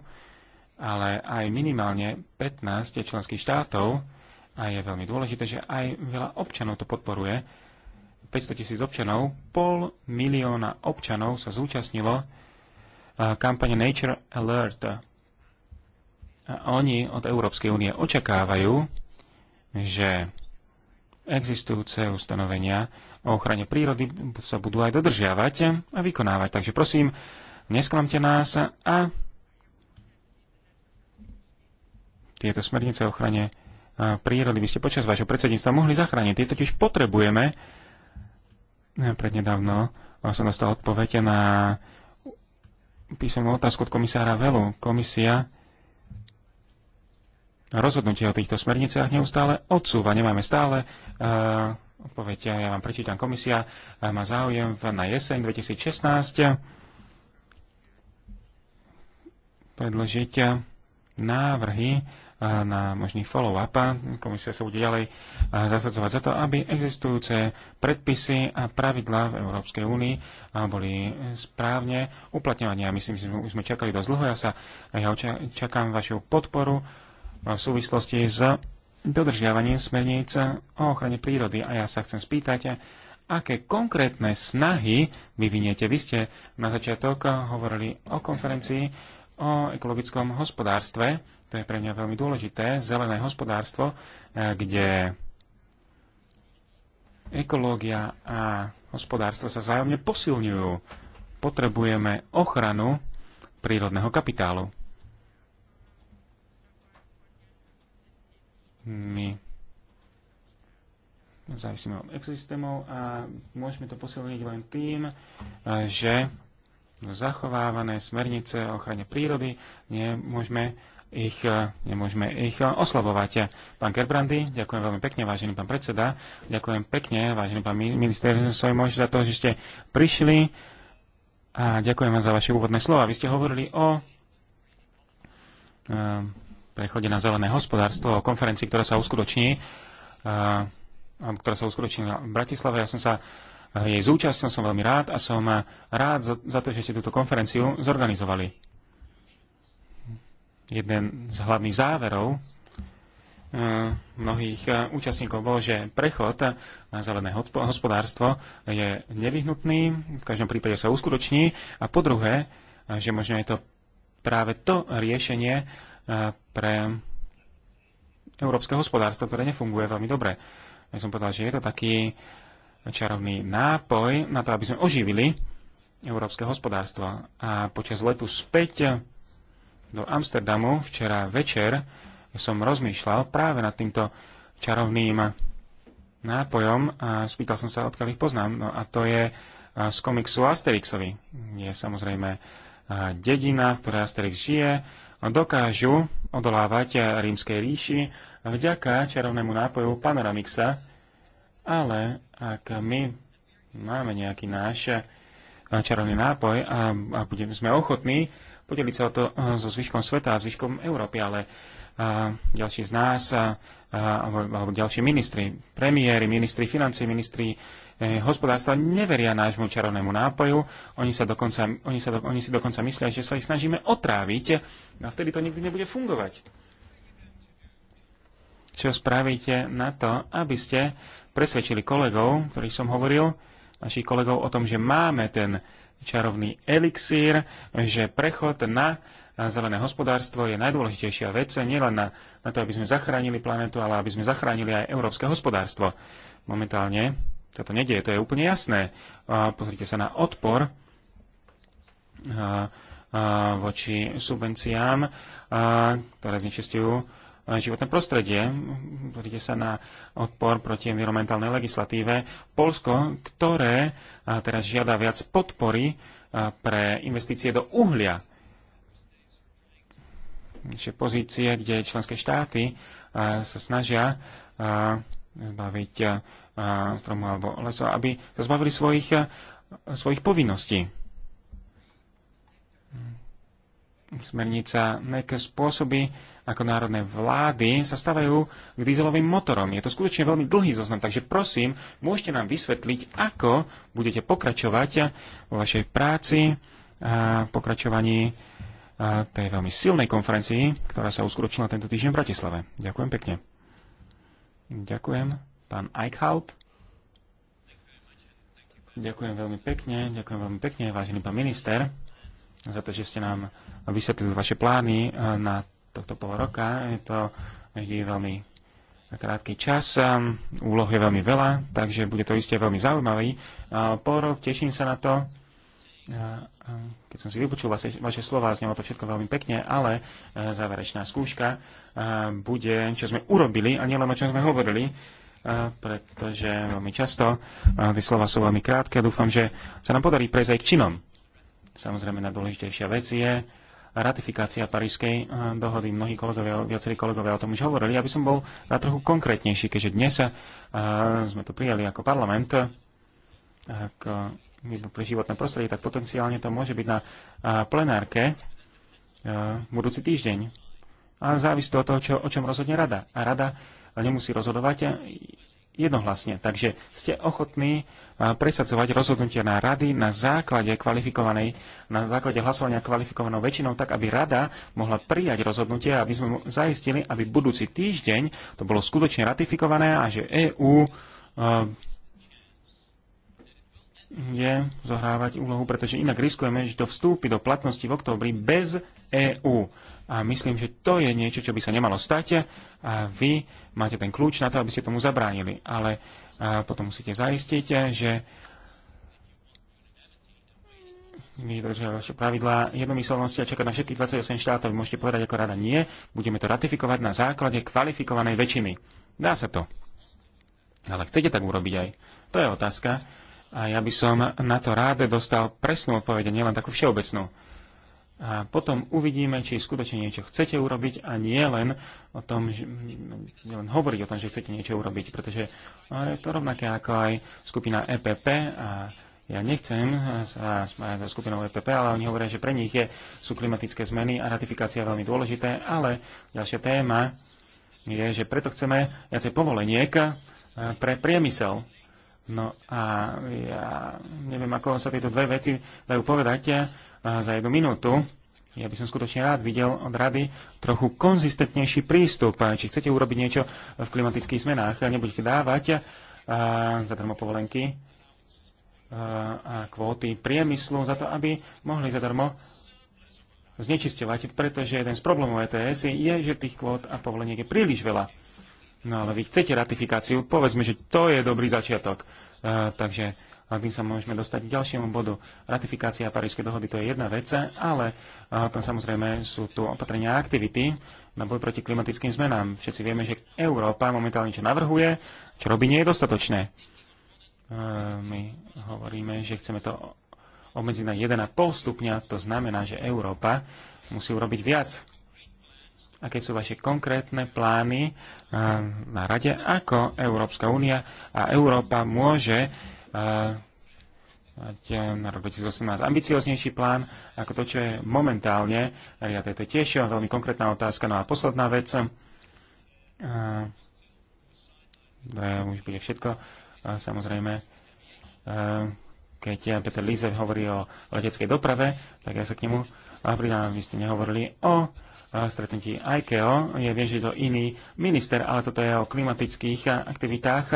ale aj minimálne 15 členských štátov a je veľmi dôležité, že aj veľa občanov to podporuje 500 tisíc občanov, pol milióna občanov sa zúčastnilo eh, kampane Nature Alert. A oni od Európskej únie očakávajú, že existujúce ustanovenia o ochrane prírody sa budú aj dodržiavať a vykonávať. Takže prosím, nesklamte nás a tieto smernice o ochrane eh, prírody by ste počas vášho predsedníctva mohli zachrániť. Tie totiž potrebujeme, prednedávno som dostal odpoveď na písomnú otázku od komisára Velu. Komisia rozhodnutie o týchto smerniciach neustále odsúva. Nemáme stále uh, eh, odpovede. Ja vám prečítam. Komisia eh, má záujem na jeseň 2016 predložiť eh, návrhy na možný follow-up. Komisia sa bude ďalej zasadzovať za to, aby existujúce predpisy a pravidlá v Európskej únii boli správne uplatňované. Ja myslím, že už sme čakali dosť dlho. Ja, sa, ja čakám vašu podporu v súvislosti s dodržiavaním smerníc o ochrane prírody. A ja sa chcem spýtať, aké konkrétne snahy vyviniete. Vy ste na začiatok hovorili o konferencii o ekologickom hospodárstve. To je pre mňa veľmi dôležité. Zelené hospodárstvo, e, kde ekológia a hospodárstvo sa vzájomne posilňujú. Potrebujeme ochranu prírodného kapitálu. My závisíme od ekosystémov a môžeme to posilniť len tým, e, že zachovávané smernice o ochrane prírody, nemôžeme ich, e, nemôžeme ich e, oslabovať. Pán Gerbrandy, ďakujem veľmi pekne, vážený pán predseda, ďakujem pekne, vážený pán minister Sojmoš, za to, že ste prišli a ďakujem vám za vaše úvodné slova. Vy ste hovorili o e, prechode na zelené hospodárstvo, o konferencii, ktorá sa uskutoční, ktorá sa uskutočnila v Bratislave. Ja som sa jej zúčastnil Som veľmi rád a som rád za to, že ste túto konferenciu zorganizovali. Jeden z hlavných záverov eh, mnohých eh, účastníkov bolo, že prechod na zelené hospodárstvo je nevyhnutný, v každom prípade sa uskutoční a po druhé, eh, že možno je to práve to riešenie pre európske hospodárstvo, ktoré nefunguje veľmi dobre. Ja som povedal, že je to taký čarovný nápoj na to, aby sme oživili európske hospodárstvo. A počas letu späť do Amsterdamu včera večer som rozmýšľal práve nad týmto čarovným nápojom a spýtal som sa, odkiaľ ich poznám. No a to je z komiksu Asterixovi. Je samozrejme dedina, v ktorej Asterix žije. Dokážu odolávať rímskej ríši vďaka čarovnému nápoju Panoramixa, ale ak my máme nejaký náš eh, čarovný nápoj a, a budem, sme ochotní podeliť sa o to eh, so zvyškom sveta a zvyškom Európy, ale a, eh, ďalší z nás, a, a, alebo ďalší ministri, premiéry, ministri financí, ministri e, hospodárstva neveria nášmu čarovnému nápoju. Oni, sa dokonca, oni, sa do, oni si dokonca myslia, že sa ich snažíme otráviť a vtedy to nikdy nebude fungovať. Čo spravíte na to, aby ste presvedčili kolegov, ktorých som hovoril, našich kolegov o tom, že máme ten čarovný elixír, že prechod na zelené hospodárstvo je najdôležitejšia vec, nielen na, na to, aby sme zachránili planetu, ale aby sme zachránili aj európske hospodárstvo. Momentálne sa to nedieje, to je úplne jasné. Pozrite sa na odpor voči subvenciám, ktoré znečistujú Eh, životné prostredie. Pozrite sa na odpor proti environmentálnej legislatíve. Polsko, ktoré eh, teraz žiada viac podpory eh, pre investície do uhlia. Čiže pozície, kde členské štáty sa snažia zbaviť stromu alebo leso, aby sa zbavili svojich, svojich povinností smernica NEC spôsoby, ako národné vlády sa stavajú k dieselovým motorom. Je to skutočne veľmi dlhý zoznam, takže prosím, môžete nám vysvetliť, ako budete pokračovať vo vašej práci a pokračovaní tej veľmi silnej konferencii, ktorá sa uskutočnila tento týždeň v Bratislave. Ďakujem pekne. Ďakujem. Pán Eichhout. Ďakujem veľmi pekne, ďakujem veľmi pekne, vážený pán minister za to, že ste nám vysvetlili vaše plány eh, na tohto pol roka. Je to vždy veľmi krátky čas, eh, úloh je veľmi veľa, takže bude to iste veľmi zaujímavý. Pol rok teším sa na to, keď som si vypočul vaše, vaše slova, znelo to všetko veľmi pekne, ale eh, záverečná skúška bude, čo sme urobili a nielen o čom sme hovorili, pretože veľmi často tie slova sú veľmi krátke a dúfam, že sa nám podarí prejsť aj k činom. Samozrejme, najdôležitejšia vec je ratifikácia Parížskej eh, dohody. Mnohí kolegovia, viacerí kolegovia o tom už hovorili. Aby som bol na trochu konkrétnejší, keďže dnes eh, sme to prijali ako parlament, eh, ako pre životné prostredie, tak potenciálne to môže byť na plenárke budúci týždeň. A závisí to od toho, čo, o čom rozhodne rada. A rada nemusí rozhodovať jednohlasne. Takže ste ochotní eh, presadzovať rozhodnutia na rady na základe kvalifikovanej, na základe hlasovania kvalifikovanou väčšinou, tak aby rada mohla prijať rozhodnutie, aby sme zaistili, aby budúci týždeň to bolo skutočne ratifikované a že EÚ je zohrávať úlohu, pretože inak riskujeme, že to vstúpi do platnosti v októbri bez EÚ. A myslím, že to je niečo, čo by sa nemalo stať a vy máte ten kľúč na to, aby ste tomu zabránili. Ale potom musíte zaistiť, že vydržia vaše pravidlá jednomyselnosti a čakať na všetkých 28 štátov. Vy môžete povedať ako rada nie, budeme to ratifikovať na základe kvalifikovanej väčšiny. Dá sa to. Ale chcete tak urobiť aj? To je otázka a ja by som na to rád dostal presnú odpoveď, nielen takú všeobecnú. A potom uvidíme, či skutočne niečo chcete urobiť a nie len o tom, že, len hovoriť o tom, že chcete niečo urobiť, pretože je to rovnaké ako aj skupina EPP a ja nechcem sa spájať so skupinou EPP, ale oni hovoria, že pre nich je, sú klimatické zmeny a ratifikácia veľmi dôležité, ale ďalšia téma je, že preto chceme viacej povoleniek pre priemysel. No a ja neviem, ako sa tieto dve veci dajú povedať eh, za jednu minútu. Ja by som skutočne rád videl od rady trochu konzistentnejší prístup. Eh, či chcete urobiť niečo v klimatických zmenách, nebudete dávať eh, zadarmo povolenky a kvóty priemyslu za to, aby mohli zadarmo znečisťovať, pretože jeden z problémov ETS je, že tých kvót a povoleniek je príliš veľa. No ale vy chcete ratifikáciu, povedzme, že to je dobrý začiatok. Uh, takže a tým sa môžeme dostať k ďalšiemu bodu. Ratifikácia Parížskej dohody to je jedna vec, ale uh, tam samozrejme sú tu opatrenia a aktivity na boj proti klimatickým zmenám. Všetci vieme, že Európa momentálne čo navrhuje, čo robí, nie je dostatočné. Uh, my hovoríme, že chceme to obmedziť na 1,5 stupňa, to znamená, že Európa musí urobiť viac aké sú vaše konkrétne plány eh, na rade, ako Európska únia a Európa môže eh, mať eh, na rok 2018 ambicioznejší plán ako to, čo je momentálne. Ja to je to tiež veľmi konkrétna otázka. No a posledná vec, to už bude všetko, samozrejme, keď Peter Líze hovorí o leteckej doprave, tak ja sa k nemu pridám, aby ste nehovorili o stretnutí IKEO, Ja viem, že je to iný minister, ale toto je o klimatických aktivitách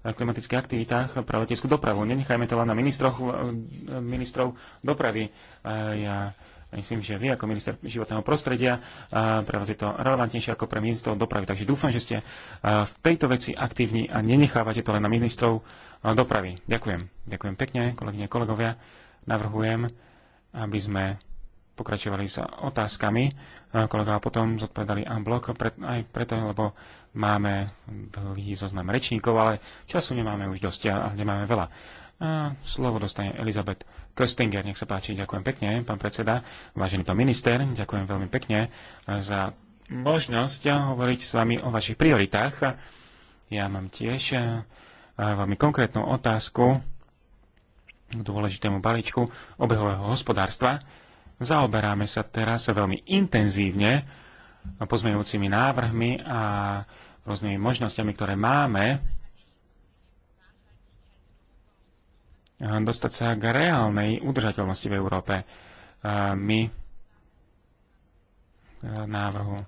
a klimatických aktivitách pre leteckú dopravu. Nenechajme to len na ministroch, ministrov dopravy. Ja myslím, že vy ako minister životného prostredia, pre vás je to relevantnejšie ako pre ministrov dopravy. Takže dúfam, že ste v tejto veci aktívni a nenechávate to len na ministrov dopravy. Ďakujem. Ďakujem pekne, kolegyne, kolegovia. Navrhujem, aby sme pokračovali sa otázkami. Kolega a potom zodpovedali blok aj preto, lebo máme dlhý zoznam rečníkov, ale času nemáme už dosť a nemáme veľa. A slovo dostane Elizabeth Köstinger. Nech sa páči, ďakujem pekne, pán predseda, vážený pán minister, ďakujem veľmi pekne za možnosť hovoriť s vami o vašich prioritách. Ja mám tiež e, veľmi konkrétnu otázku k dôležitému balíčku obehového hospodárstva. Zaoberáme sa teraz veľmi intenzívne pozmeňujúcimi návrhmi a rôznymi možnosťami, ktoré máme, dostať sa k reálnej udržateľnosti v Európe. My e, návrhu e,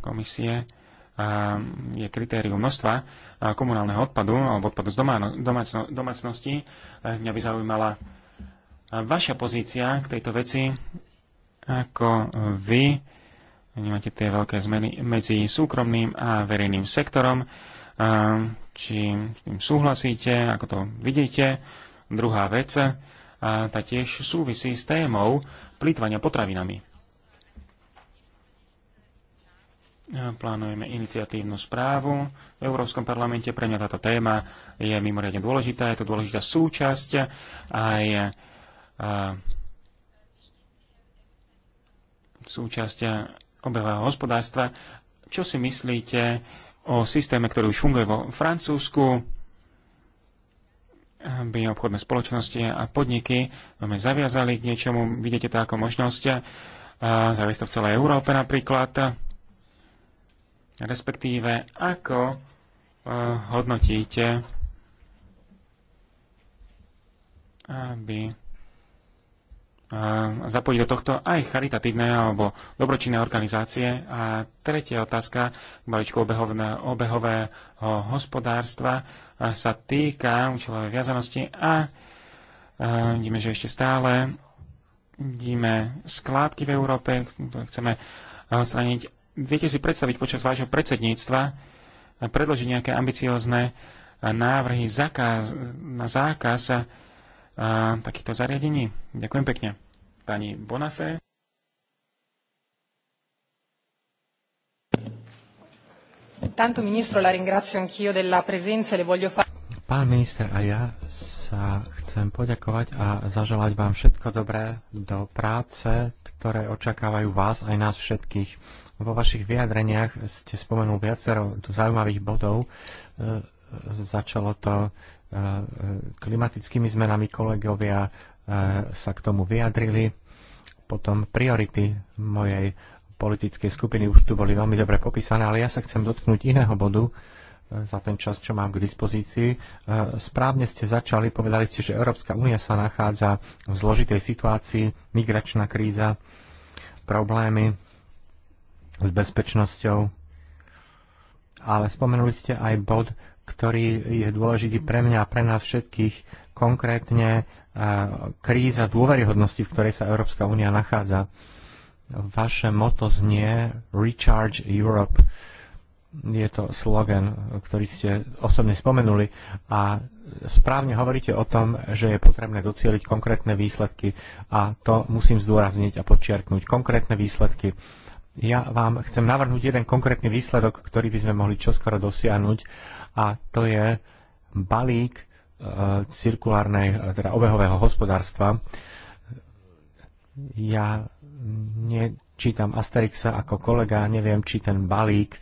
komisie e, je kritérium množstva komunálneho odpadu alebo odpadu z domácnosti. Mňa by zaujímala vaša pozícia k tejto veci, ako vy vnímate tie veľké zmeny medzi súkromným a verejným sektorom, či s tým súhlasíte, ako to vidíte. Druhá vec, a tá tiež súvisí s témou plýtvania potravinami. Plánujeme iniciatívnu správu. V Európskom parlamente pre mňa táto téma je mimoriadne dôležitá. Je to dôležitá súčasť aj a súčasť obehového hospodárstva. Čo si myslíte o systéme, ktorý už funguje vo Francúzsku, aby obchodné spoločnosti a podniky máme zaviazali k niečomu, vidíte to ako možnosť, zaviesť to v celej Európe napríklad, respektíve ako e, hodnotíte, aby zapojiť do tohto aj charitatívne alebo dobročinné organizácie. A tretia otázka, maličko obehovné, obehového hospodárstva sa týka účelovej viazanosti a vidíme, že ešte stále vidíme skládky v Európe, ktoré chceme odstraniť. Viete si predstaviť počas vášho predsedníctva predložiť nejaké ambiciozne návrhy zakaz, na zákaz a takýchto zariadení. Ďakujem pekne. Pani Bonafé. Tanto ministro, la ringrazio anch'io della presenza, e le voglio fare... Pán minister, a ja sa chcem poďakovať a zaželať vám všetko dobré do práce, ktoré očakávajú vás aj nás všetkých. Vo vašich vyjadreniach ste spomenul viacero zaujímavých bodov. E, e začalo to E, klimatickými zmenami. Kolegovia e, sa k tomu vyjadrili. Potom priority mojej politickej skupiny už tu boli veľmi dobre popísané, ale ja sa chcem dotknúť iného bodu e, za ten čas, čo mám k dispozícii. Správne ste začali, povedali ste, že Európska únia sa nachádza v zložitej situácii, migračná kríza, problémy s bezpečnosťou, ale spomenuli ste aj bod, ktorý je dôležitý pre mňa a pre nás všetkých, konkrétne e, kríza dôveryhodnosti, v ktorej sa Európska únia nachádza. Vaše moto znie Recharge Europe. Je to slogan, ktorý ste osobne spomenuli a správne hovoríte o tom, že je potrebné docieliť konkrétne výsledky a to musím zdôrazniť a podčiarknúť. Konkrétne výsledky. Ja vám chcem navrhnúť jeden konkrétny výsledok, ktorý by sme mohli čoskoro dosiahnuť a to je balík e, cirkulárnej, e, teda obehového hospodárstva. Ja nečítam Asterixa ako kolega, neviem, či ten balík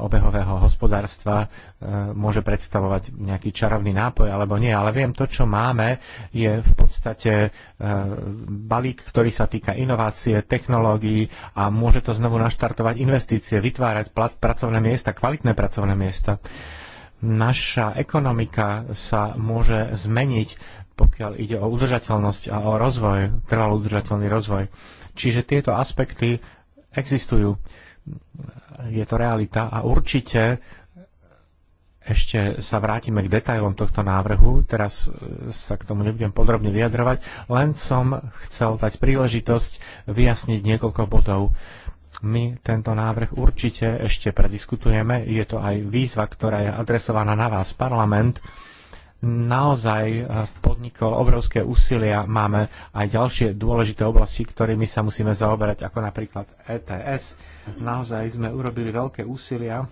obehového hospodárstva e, môže predstavovať nejaký čarovný nápoj alebo nie, ale viem, to, čo máme, je v podstate e, balík, ktorý sa týka inovácie, technológií a môže to znovu naštartovať investície, vytvárať pracovné miesta, kvalitné pracovné miesta. Naša ekonomika sa môže zmeniť, pokiaľ ide o udržateľnosť a o rozvoj, trvalý udržateľný rozvoj. Čiže tieto aspekty existujú je to realita a určite ešte sa vrátime k detailom tohto návrhu, teraz e, sa k tomu nebudem podrobne vyjadrovať, len som chcel dať príležitosť vyjasniť niekoľko bodov. My tento návrh určite ešte prediskutujeme, je to aj výzva, ktorá je adresovaná na vás, parlament, naozaj eh, podnikol obrovské úsilia. Máme aj ďalšie dôležité oblasti, ktorými sa musíme zaoberať, ako napríklad ETS. Naozaj sme urobili veľké úsilia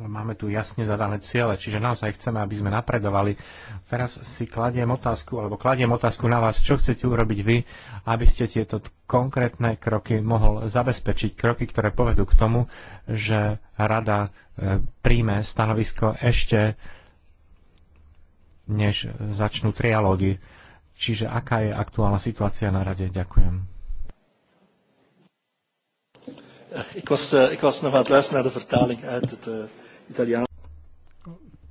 No, máme tu jasne zadané ciele, čiže naozaj chceme, aby sme napredovali. Teraz si kladiem otázku, alebo kladiem otázku na vás, čo chcete urobiť vy, aby ste tieto konkrétne kroky mohol zabezpečiť. Kroky, ktoré povedú k tomu, že rada e, príjme stanovisko ešte než začnú trialógy. Čiže aká je aktuálna situácia na rade? Ďakujem. Ik was, eh, ik was nog aan het luisteren naar de vertaling uit het eh, italiano.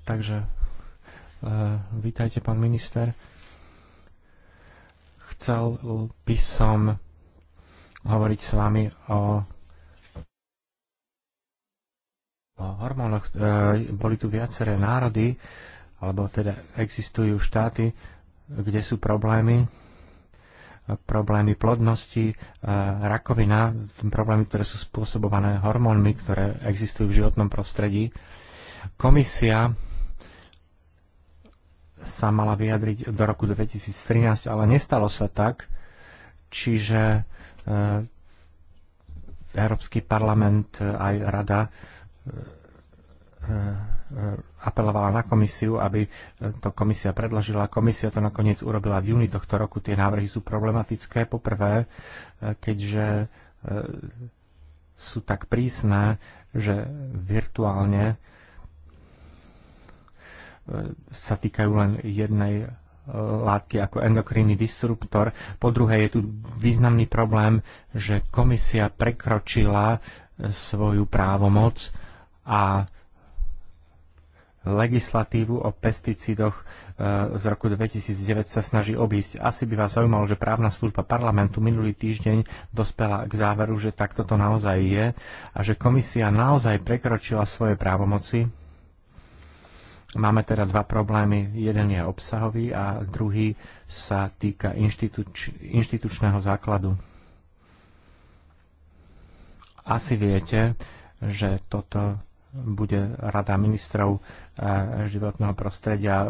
Takže uh, vítajte, pán minister. Chcel by som hovoriť s vami o, o hormónoch. Uh, boli tu viaceré národy, alebo teda existujú štáty, kde sú problémy problémy plodnosti, e, rakovina, problémy, ktoré sú spôsobované hormónmi, ktoré existujú v životnom prostredí. Komisia sa mala vyjadriť do roku 2013, ale nestalo sa tak, čiže e, Európsky parlament aj rada e, Eh, apelovala na komisiu, aby eh, to komisia predložila. Komisia to nakoniec urobila v júni tohto roku. Tie návrhy sú problematické. Poprvé, eh, keďže sú tak prísne, že virtuálne sa týkajú len jednej látky ako endokrinný disruptor. Po druhé je tu významný problém, že komisia prekročila svoju právomoc a legislatívu o pesticídoch eh, z roku 2009 sa snaží obísť. Asi by vás zaujímalo, že právna služba parlamentu minulý týždeň dospela k záveru, že takto to naozaj je a že komisia naozaj prekročila svoje právomoci. Máme teda dva problémy. Jeden je obsahový a druhý sa týka inštituč- inštitučného základu. Asi viete, že toto bude Rada ministrov eh, životného prostredia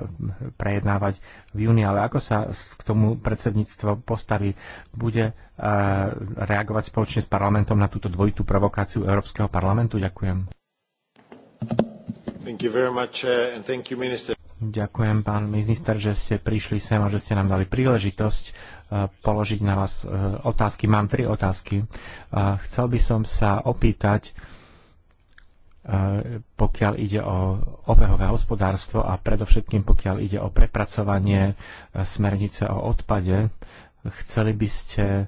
prejednávať v júni, ale ako sa k tomu predsedníctvo postaví? Bude eh, reagovať spoločne s parlamentom na túto dvojitú provokáciu Európskeho parlamentu? Ďakujem. Much, eh, you, Ďakujem, pán minister, že ste prišli sem a že ste nám dali príležitosť položiť na vás otázky. Mám tri otázky. Chcel by som sa opýtať, E, pokiaľ ide o obehové hospodárstvo a predovšetkým pokiaľ ide o prepracovanie e, smernice o odpade, chceli by ste e,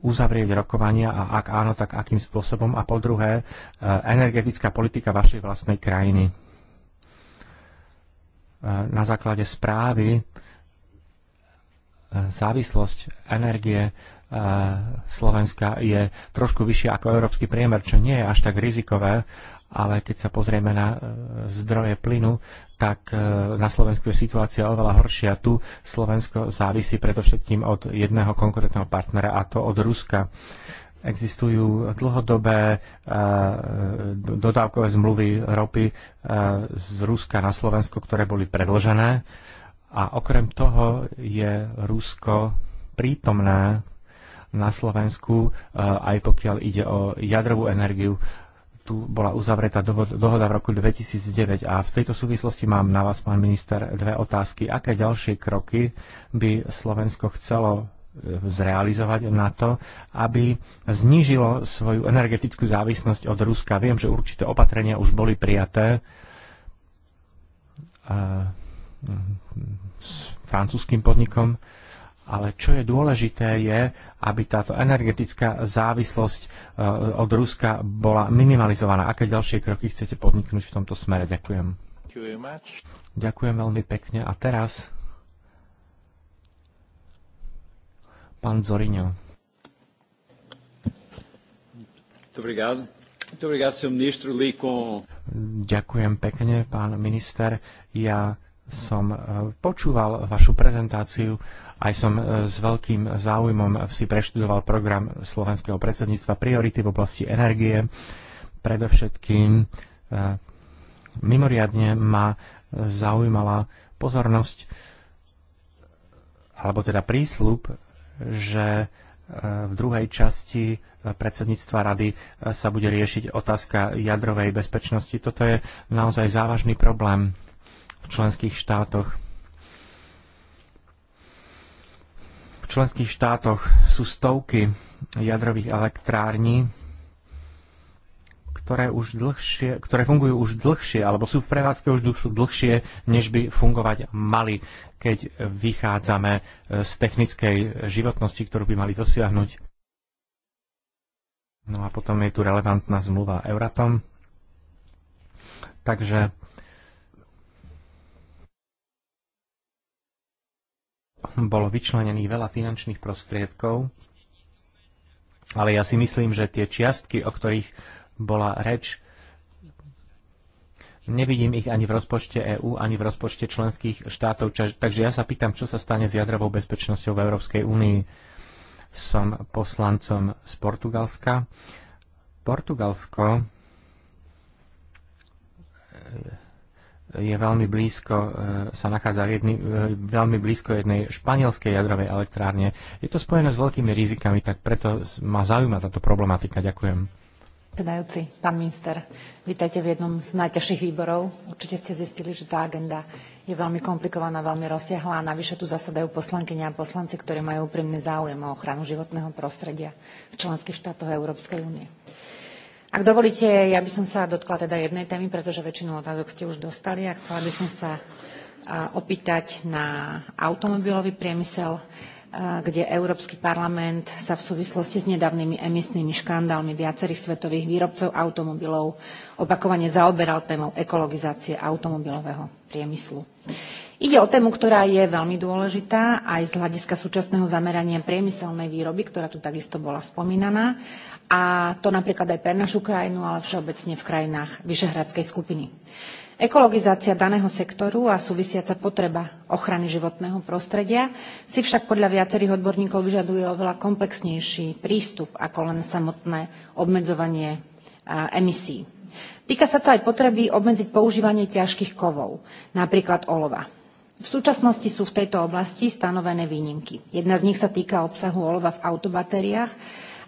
uzavrieť rokovania a ak áno, tak akým spôsobom? A po druhé, energetická politika vašej vlastnej krajiny. Na základe správy závislosť energie Slovenska je trošku vyššia ako európsky priemer, čo nie je až tak rizikové, ale keď sa pozrieme na e, zdroje plynu, tak e, na Slovensku je situácia oveľa horšia. Tu Slovensko závisí predovšetkým od jedného konkrétneho partnera, a to od Ruska. Existujú dlhodobé e, dodávkové zmluvy ropy z Ruska na Slovensko, ktoré boli predlžené. A okrem toho je Rusko prítomné na Slovensku, e, aj pokiaľ ide o jadrovú energiu. Tu bola uzavretá dohoda v roku 2009 a v tejto súvislosti mám na vás, pán minister, dve otázky. Aké ďalšie kroky by Slovensko chcelo e, zrealizovať na to, aby znížilo svoju energetickú závislosť od Ruska. Viem, že určité opatrenia už boli prijaté e, s francúzským podnikom ale čo je dôležité je, aby táto energetická závislosť eh, od Ruska bola minimalizovaná. Aké ďalšie kroky chcete podniknúť v tomto smere? Ďakujem. Ďakujem veľmi pekne. A teraz pán Zoriňo. Ďakujem pekne, pán minister. Ja som eh, počúval vašu prezentáciu aj som e, s veľkým záujmom si preštudoval program slovenského predsedníctva priority v oblasti energie. Predovšetkým e, mimoriadne ma zaujímala pozornosť alebo teda prísľub, že e, v druhej časti predsedníctva rady sa bude riešiť otázka jadrovej bezpečnosti. Toto je naozaj závažný problém v členských štátoch členských štátoch sú stovky jadrových elektrární, ktoré, už dlhšie, ktoré fungujú už dlhšie, alebo sú v prevádzke už dlhšie, než by fungovať mali, keď vychádzame e, z technickej životnosti, ktorú by mali dosiahnuť. No a potom je tu relevantná zmluva Euratom. Takže bolo vyčlenených veľa finančných prostriedkov, ale ja si myslím, že tie čiastky, o ktorých bola reč, nevidím ich ani v rozpočte EÚ, ani v rozpočte členských štátov. Takže ja sa pýtam, čo sa stane s jadrovou bezpečnosťou v Európskej únii. Som poslancom z Portugalska. Portugalsko je veľmi blízko, e, sa nachádza jedný, e, veľmi blízko jednej španielskej jadrovej elektrárne. Je to spojené s veľkými rizikami, tak preto ma zaujíma táto problematika. Ďakujem. Predsedajúci, pán minister, vítajte v jednom z najťažších výborov. Určite ste zistili, že tá agenda je veľmi komplikovaná, veľmi rozsiahla a navyše tu zasadajú poslankyne a poslanci, ktorí majú úprimný záujem o ochranu životného prostredia v členských štátoch Európskej únie. Ak dovolíte, ja by som sa dotkla teda jednej témy, pretože väčšinu otázok ste už dostali a chcela by som sa opýtať na automobilový priemysel, kde Európsky parlament sa v súvislosti s nedávnymi emisnými škandálmi viacerých svetových výrobcov automobilov opakovane zaoberal témou ekologizácie automobilového priemyslu. Ide o tému, ktorá je veľmi dôležitá aj z hľadiska súčasného zamerania priemyselnej výroby, ktorá tu takisto bola spomínaná. A to napríklad aj pre našu krajinu, ale všeobecne v krajinách Vyšehradskej skupiny. Ekologizácia daného sektoru a súvisiaca potreba ochrany životného prostredia si však podľa viacerých odborníkov vyžaduje oveľa komplexnejší prístup ako len samotné obmedzovanie emisí. Týka sa to aj potreby obmedziť používanie ťažkých kovov, napríklad olova. V súčasnosti sú v tejto oblasti stanovené výnimky. Jedna z nich sa týka obsahu olova v autobatériách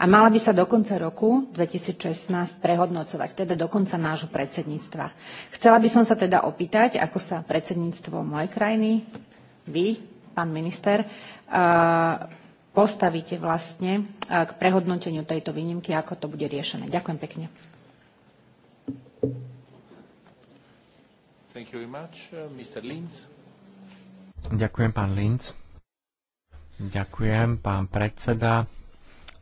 a mala by sa do konca roku 2016 prehodnocovať, teda do konca nášho predsedníctva. Chcela by som sa teda opýtať, ako sa predsedníctvo mojej krajiny, vy, pán minister, postavíte vlastne k prehodnoteniu tejto výnimky, ako to bude riešené. Ďakujem pekne. Thank you very much. Uh, Mr. Linz. Ďakujem, pán Linc. Ďakujem, pán predseda.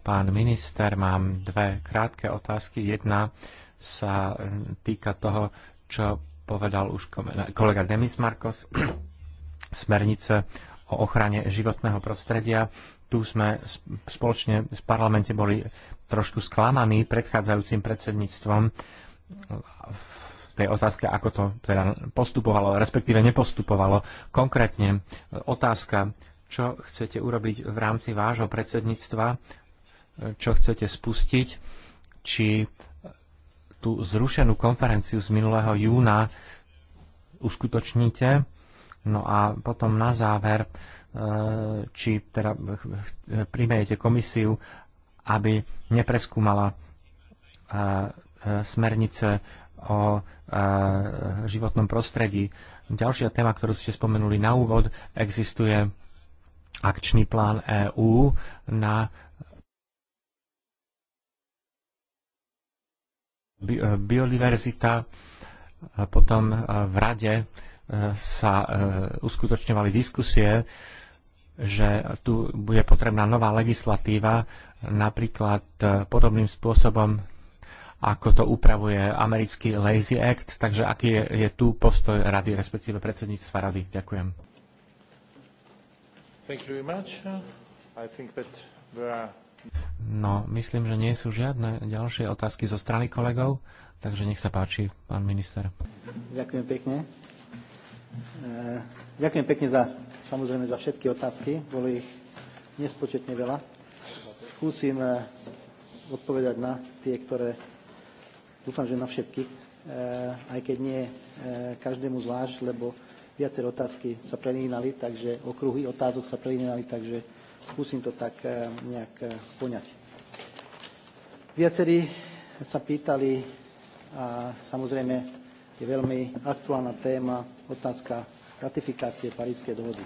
Pán minister, mám dve krátke otázky. Jedna sa týka toho, čo povedal už kolega Demis Markos, smernice o ochrane životného prostredia. Tu sme spoločne v parlamente boli trošku sklamaní predchádzajúcim predsedníctvom v tej otázke, ako to teda postupovalo, respektíve nepostupovalo. Konkrétne e, otázka, čo chcete urobiť v rámci vášho predsedníctva, e, čo chcete spustiť, či tú zrušenú konferenciu z minulého júna uskutočníte. No a potom na záver, e, či teda primejete komisiu, aby nepreskúmala smernice o životnom prostredí. Ďalšia téma, ktorú ste spomenuli na úvod, existuje akčný plán EÚ na e, biodiverzita. Potom e, v rade e, sa uskutočňovali diskusie, že tu bude potrebná nová legislatíva, napríklad podobným spôsobom ako to upravuje americký Lazy Act. Takže aký je, je tu postoj rady, respektíve predsedníctva rady? Ďakujem. Are... No, myslím, že nie sú žiadne ďalšie otázky zo strany kolegov, takže nech sa páči, pán minister. Ďakujem pekne. Eh, ďakujem pekne za, samozrejme, za všetky otázky. Boli ich nespočetne veľa. Skúsim eh, odpovedať na tie, ktoré dúfam, že na všetky, eh, aj keď nie eh, každému zvlášť, lebo viacer otázky sa prelínali, takže okruhy otázok sa prelínali, takže skúsim to tak eh, nejak poňať. Viacerí sa pýtali a samozrejme je veľmi aktuálna téma otázka ratifikácie Parískej dohody.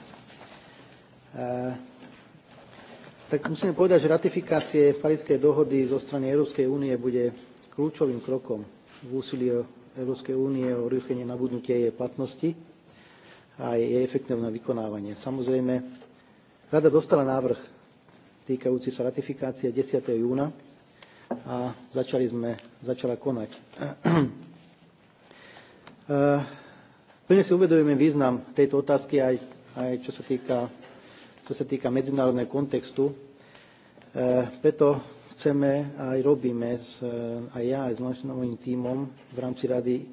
Tak musíme povedať, že ratifikácie Parískej dohody zo strany Európskej únie bude kľúčovým krokom v úsilí Európskej únie o rýchlenie nabudnutia jej platnosti a jej efektívne vykonávanie. Samozrejme, rada dostala návrh týkajúci sa ratifikácie 10. júna a začali sme, začala konať. E, plne si uvedujeme význam tejto otázky aj, aj čo, sa týka, čo sa týka medzinárodného kontextu. E, preto chceme aj robíme, s, e, aj ja, aj s mojím tímom v rámci rady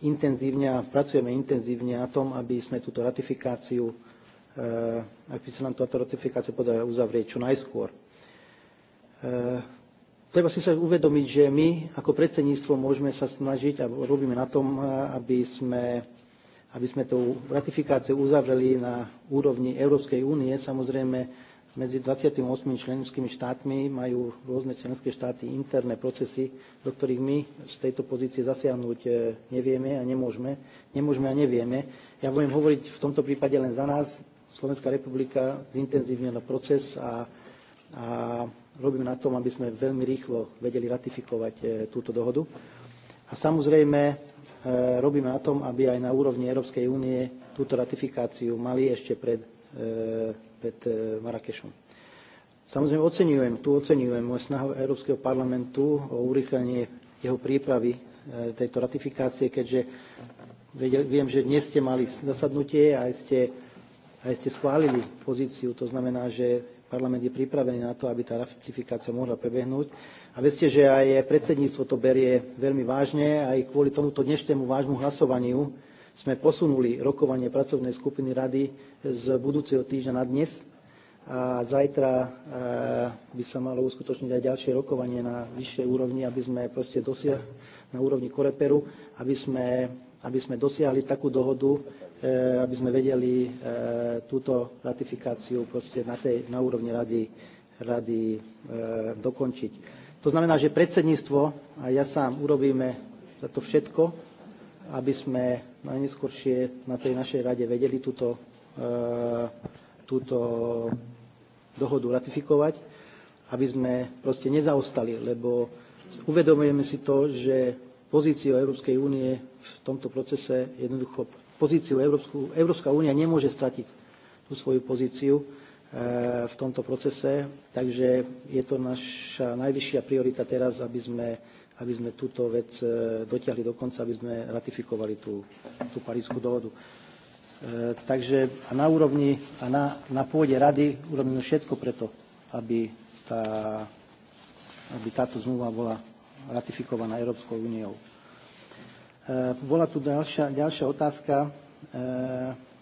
intenzívne a pracujeme intenzívne na tom, aby sme túto ratifikáciu, e, aby sa nám táto ratifikácia podarila uzavrieť čo najskôr. E, treba si sa uvedomiť, že my ako predsedníctvo môžeme sa snažiť a robíme na tom, aby sme, aby sme tú ratifikáciu uzavreli na úrovni Európskej únie. Samozrejme, medzi 28 členskými štátmi majú rôzne členské štáty interné procesy, do ktorých my z tejto pozície zasiahnuť e, nevieme a nemôžeme. Nemôžeme a nevieme. Ja budem hovoriť v tomto prípade len za nás. Slovenská republika zintenzívnila proces a, a robíme na tom, aby sme veľmi rýchlo vedeli ratifikovať e, túto dohodu. A samozrejme, e, robíme na tom, aby aj na úrovni Európskej únie túto ratifikáciu mali ešte pred pred eh, Marrakešom. Samozrejme ocenujem, tu moje snahu Európskeho parlamentu o urychlenie jeho prípravy eh, tejto ratifikácie, keďže viem, že dnes ste mali zasadnutie a aj ste, aj ste schválili pozíciu. To znamená, že parlament je pripravený na to, aby tá ratifikácia mohla prebehnúť. A veste, že aj predsedníctvo to berie veľmi vážne, aj kvôli tomuto dnešnému vážmu hlasovaniu sme posunuli rokovanie pracovnej skupiny rady z budúceho týždňa na dnes. A zajtra e, by sa malo uskutočniť aj ďalšie rokovanie na vyššej úrovni, aby sme proste dosiahli na úrovni Koreperu, aby sme, aby sme dosiahli takú dohodu, e, aby sme vedeli e, túto ratifikáciu proste na, tej, na úrovni rady, rady dokončiť. To znamená, že predsedníctvo a ja sám urobíme za to všetko, aby sme najneskôršie na tej našej rade vedeli túto, e, túto dohodu ratifikovať, aby sme proste nezaostali, lebo uvedomujeme si to, že pozíciu Európskej únie v tomto procese jednoducho pozíciu Európsku, Európska únia nemôže stratiť tú svoju pozíciu e, v tomto procese, takže je to naša najvyššia priorita teraz, aby sme aby sme túto vec e, dotiahli do konca, aby sme ratifikovali tú, tú parísku dohodu. E, takže a na úrovni a na, na pôde rady urobíme všetko preto, aby, tá, aby táto zmluva bola ratifikovaná Európskou úniou. E, bola tu ďalšia, ďalšia otázka. E,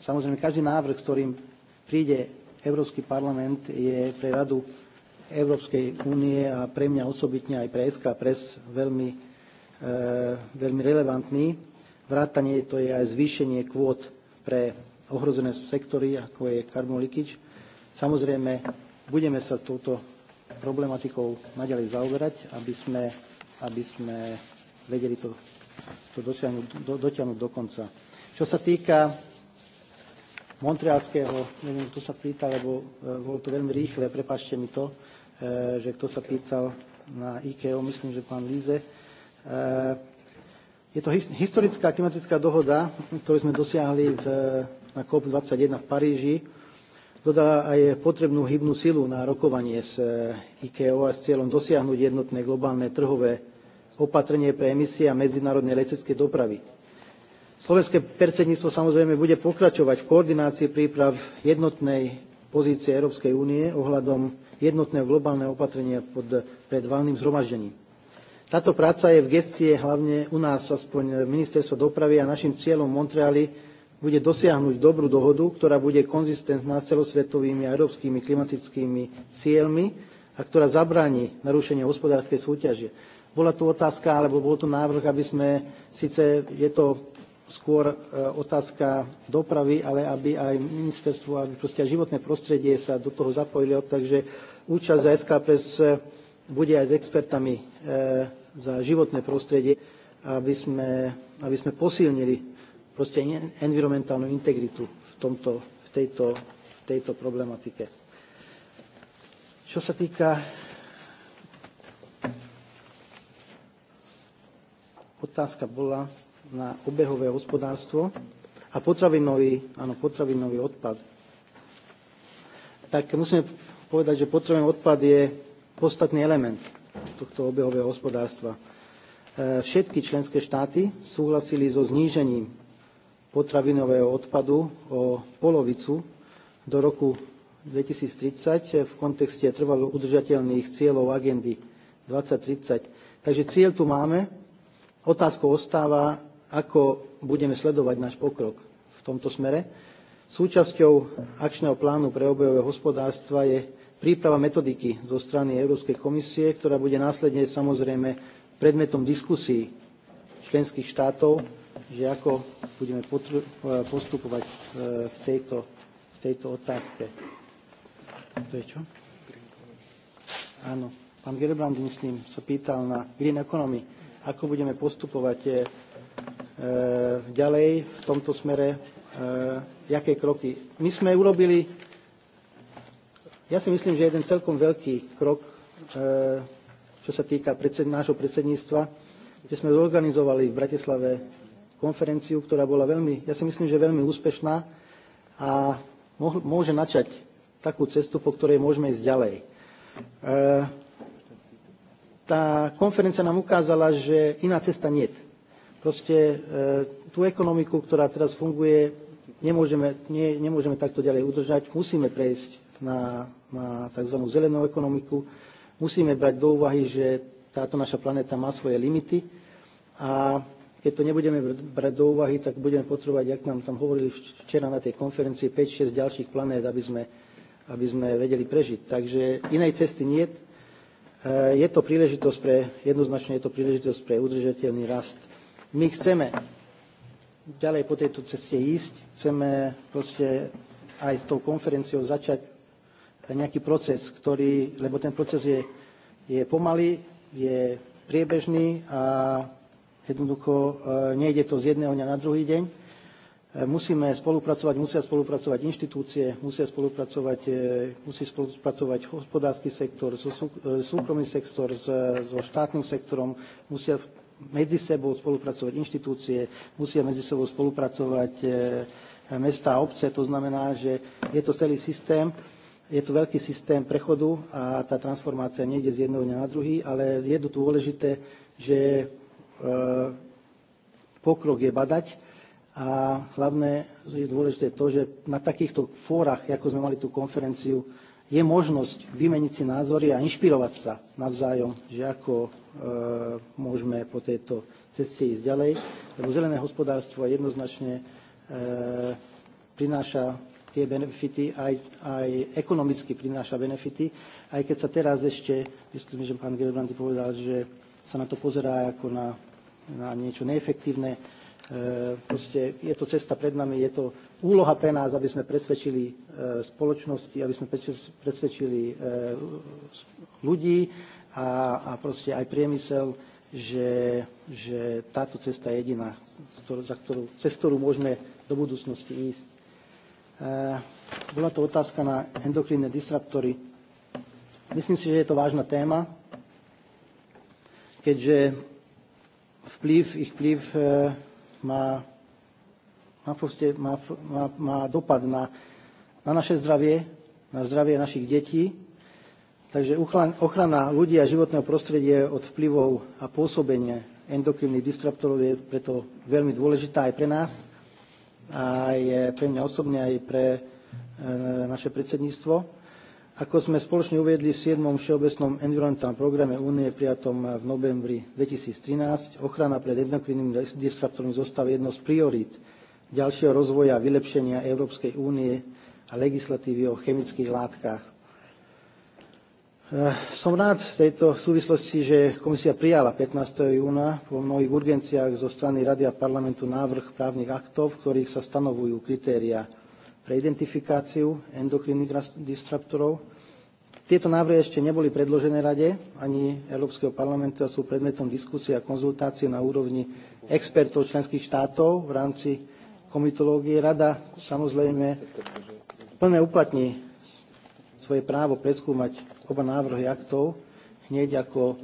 samozrejme, každý návrh, s ktorým príde Európsky parlament, je pre radu Európskej únie a pre mňa osobitne aj pre SK Press veľmi, e, veľmi relevantný. Vrátanie to je aj zvýšenie kvót pre ohrozené sektory, ako je leakage. Samozrejme, budeme sa touto problematikou naďalej zaoberať, aby sme, aby sme vedeli to, to dosiahnuť, do, dotiahnuť do konca. Čo sa týka montrealského, neviem, kto sa pýta, lebo e, bolo to veľmi rýchle, prepašte mi to, Eh, že kto sa pýtal na IKEO, myslím, že pán Líze. Eh, je to historická klimatická dohoda, ktorú sme dosiahli v, na COP21 v Paríži. Dodala aj potrebnú hybnú silu na rokovanie s eh, IKEO a s cieľom dosiahnuť jednotné globálne trhové opatrenie pre emisie a medzinárodnej leteckej dopravy. Slovenské predsedníctvo samozrejme bude pokračovať v koordinácii príprav jednotnej pozície Európskej únie ohľadom jednotného globálneho opatrenia pod, pred valným zhromaždením. Táto práca je v gestie hlavne u nás, aspoň ministerstvo dopravy a našim cieľom v Montreali bude dosiahnuť dobrú dohodu, ktorá bude konzistentná s celosvetovými a európskymi klimatickými cieľmi a ktorá zabráni narušenie hospodárskej súťaže. Bola tu otázka, alebo bol tu návrh, aby sme, síce je to skôr e, otázka dopravy, ale aby aj ministerstvo, aby proste životné prostredie sa do toho zapojili, takže účasť za Press eh, bude aj s expertami eh, za životné prostredie, aby sme, aby sme posilnili proste environmentálnu integritu v, tomto, v, tejto, v tejto problematike. Čo sa týka otázka bola na obehové hospodárstvo a potravinový, áno, potravinový odpad. Tak musíme povedať, že potrebný odpad je podstatný element tohto obehového hospodárstva. E, všetky členské štáty súhlasili so znížením potravinového odpadu o polovicu do roku 2030 v kontexte trvalo udržateľných cieľov agendy 2030. Takže cieľ tu máme. Otázka ostáva, ako budeme sledovať náš pokrok v tomto smere. Súčasťou akčného plánu pre obehové hospodárstva je príprava metodiky zo strany Európskej komisie, ktorá bude následne samozrejme predmetom diskusí členských štátov, že ako budeme eh, postupovať eh, v tejto, v tejto otázke. To je čo? Áno. Pán Gerbrand, myslím, sa pýtal na green economy, ako budeme postupovať e, ďalej v tomto smere, e, aké kroky. My sme urobili ja si myslím, že jeden celkom veľký krok, e, čo sa týka predsed, nášho predsedníctva, že sme zorganizovali v Bratislave konferenciu, ktorá bola veľmi, ja si myslím, že veľmi úspešná a môže načať takú cestu, po ktorej môžeme ísť ďalej. E, tá konferencia nám ukázala, že iná cesta nie. Proste e, tú ekonomiku, ktorá teraz funguje, nemôžeme, nie, nemôžeme takto ďalej udržať. Musíme prejsť na na tzv. zelenú ekonomiku. Musíme brať do úvahy, že táto naša planéta má svoje limity a keď to nebudeme brať do úvahy, tak budeme potrebovať, jak nám tam hovorili včera na tej konferencii, 5-6 ďalších planét, aby sme, aby sme vedeli prežiť. Takže inej cesty nie. E, je to príležitosť pre, jednoznačne je to príležitosť pre udržateľný rast. My chceme ďalej po tejto ceste ísť, chceme proste aj s tou konferenciou začať nejaký proces, ktorý, lebo ten proces je, je pomalý, je priebežný a jednoducho e, nejde to z jedného dňa na druhý deň. E, musíme spolupracovať, musia spolupracovať inštitúcie, musia spolupracovať, e, musí spolupracovať hospodársky sektor, so súkromný sektor, so štátnym sektorom, musia medzi sebou spolupracovať inštitúcie, musia medzi sebou spolupracovať mesta a obce. To znamená, že je to celý systém, je to veľký systém prechodu a tá transformácia nejde z jedného dňa na druhý, ale je to dôležité, že e, pokrok je badať a hlavné je dôležité to, že na takýchto fórach, ako sme mali tú konferenciu, je možnosť vymeniť si názory a inšpirovať sa navzájom, že ako e, môžeme po tejto ceste ísť ďalej. Lebo zelené hospodárstvo je jednoznačne e, prináša tie benefity, aj, aj ekonomicky prináša benefity, aj keď sa teraz ešte, myslím, že pán Gerbrandy povedal, že sa na to pozerá ako na, na niečo neefektívne. E, proste je to cesta pred nami, je to úloha pre nás, aby sme presvedčili e, spoločnosti, aby sme presvedčili e, ľudí a, a proste aj priemysel, že, že táto cesta je jediná, za ktorú, cez ktorú môžeme do budúcnosti ísť. Eh, bola to otázka na endokrínne disruptory. Myslím si, že je to vážna téma, keďže vplyv, ich vplyv eh, má, má, proste, má, má, má dopad na, na naše zdravie, na zdravie našich detí. Takže ochrana ľudí a životného prostredia od vplyvov a pôsobenia endokrinných disruptorov je preto veľmi dôležitá aj pre nás a je pre mňa osobne aj pre e, naše predsedníctvo. Ako sme spoločne uviedli v 7. Všeobecnom environmentálnom programe únie prijatom v novembri 2013, ochrana pred endokrinnými disruptormi zostáva jednou z priorít ďalšieho rozvoja a vylepšenia Európskej únie a legislatívy o chemických látkach. Eh, som rád v tejto súvislosti, že komisia prijala 15. júna vo mnohých urgenciách zo strany Rady a parlamentu návrh právnych aktov, v ktorých sa stanovujú kritéria pre identifikáciu endokrinných disruptorov. Tieto návrhy ešte neboli predložené Rade ani Európskeho parlamentu a sú predmetom diskusie a konzultácie na úrovni expertov členských štátov v rámci komitológie. Rada samozrejme plne uplatní svoje právo preskúmať oba návrhy aktov hneď ako,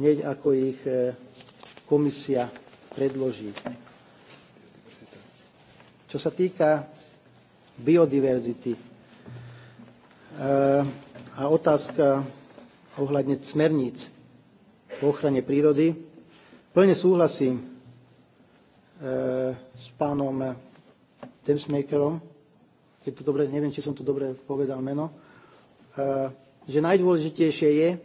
hneď ako ich e, komisia predloží. Čo sa týka biodiverzity e, a otázka ohľadne smerníc v ochrane prírody, plne súhlasím e, s pánom Demsmakerom, keď to dobre, neviem, či som to dobre povedal meno, Eh, že najdôležitejšie je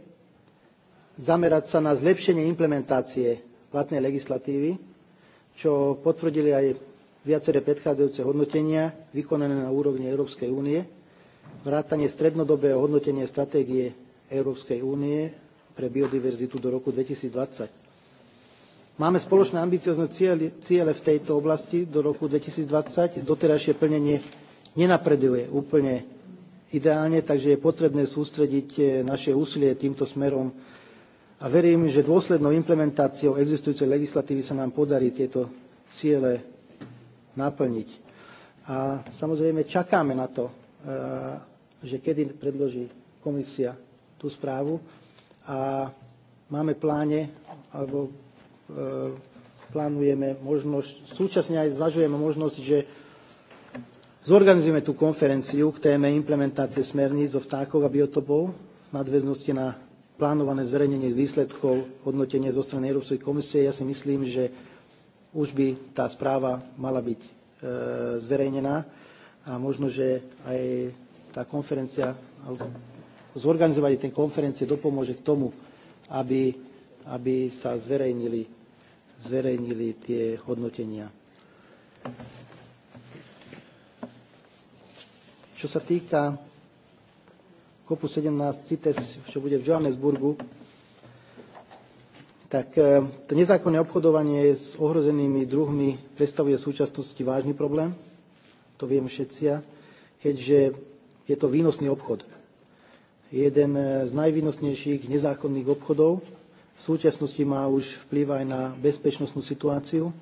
zamerať sa na zlepšenie implementácie platnej legislatívy, čo potvrdili aj viaceré predchádzajúce hodnotenia vykonané na úrovni Európskej únie, vrátanie strednodobého hodnotenia stratégie Európskej únie pre biodiverzitu do roku 2020. Máme spoločné ambiciozne ciele v tejto oblasti do roku 2020. Doterajšie plnenie nenapreduje úplne ideálne, takže je potrebné sústrediť eh, naše úsilie týmto smerom a verím, že dôslednou implementáciou existujúcej legislatívy sa nám podarí tieto ciele naplniť. A samozrejme čakáme na to, eh, že kedy predloží komisia tú správu a máme pláne, alebo eh, plánujeme možnosť, súčasne aj zvažujeme možnosť, že Zorganizujeme tú konferenciu k téme implementácie smerníc o vtákoch a biotopov v nadväznosti na plánované zverejnenie výsledkov hodnotenia zo strany Európskej komisie. Ja si myslím, že už by tá správa mala byť e, zverejnená a možno, že aj tá konferencia, zorganizovanie tej konferencie dopomôže k tomu, aby, aby sa zverejnili, zverejnili tie hodnotenia. Čo sa týka kopu 17 CITES, čo bude v Johannesburgu, tak e, to nezákonné obchodovanie s ohrozenými druhmi predstavuje v súčasnosti vážny problém, to viem všetci, keďže je to výnosný obchod. Jeden e, z najvýnosnejších nezákonných obchodov v súčasnosti má už vplyv aj na bezpečnostnú situáciu e,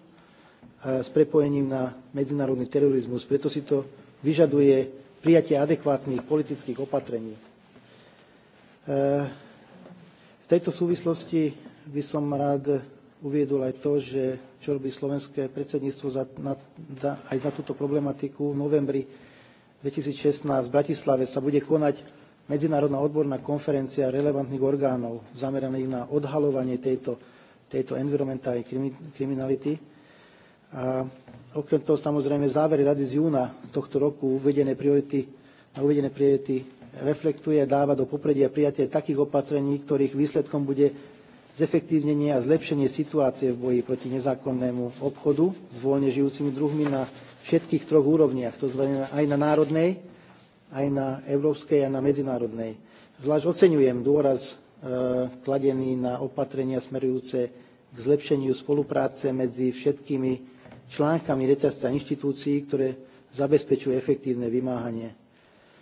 s prepojením na medzinárodný terorizmus. Preto si to vyžaduje prijatie adekvátnych politických opatrení. E, v tejto súvislosti by som rád uviedol aj to, že čo robí slovenské predsedníctvo za, na, za, aj za túto problematiku. V novembri 2016 v Bratislave sa bude konať medzinárodná odborná konferencia relevantných orgánov zameraných na odhalovanie tejto, tejto environmentálnej kriminality a okrem toho samozrejme závery rady z júna tohto roku uvedené priority, na uvedené priority reflektuje a dáva do popredia prijatie takých opatrení, ktorých výsledkom bude zefektívnenie a zlepšenie situácie v boji proti nezákonnému obchodu s voľne žijúcimi druhmi na všetkých troch úrovniach, to znamená aj na národnej, aj na európskej a na medzinárodnej. Zvlášť oceňujem dôraz e, kladený na opatrenia smerujúce k zlepšeniu spolupráce medzi všetkými článkami reťazca inštitúcií, ktoré zabezpečujú efektívne vymáhanie.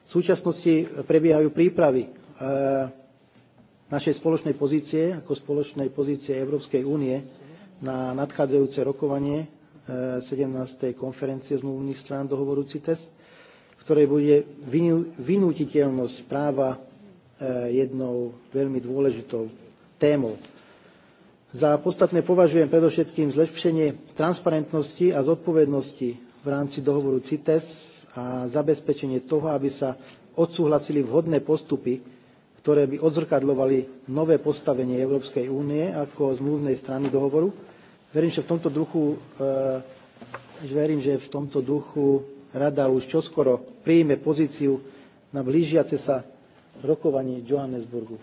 V súčasnosti prebiehajú prípravy e, našej spoločnej pozície, ako spoločnej pozície Európskej únie na nadchádzajúce rokovanie 17. E, konferencie zmluvných strán dohovoru CITES, v ktorej bude vynútiteľnosť práva e, jednou veľmi dôležitou témou. Za podstatné považujem predovšetkým zlepšenie transparentnosti a zodpovednosti v rámci dohovoru CITES a zabezpečenie toho, aby sa odsúhlasili vhodné postupy, ktoré by odzrkadľovali nové postavenie Európskej únie ako zmluvnej strany dohovoru. Verím, že v tomto duchu, e, verím, že v tomto duchu Rada už čoskoro príjme pozíciu na blížiace sa rokovanie Johannesburgu.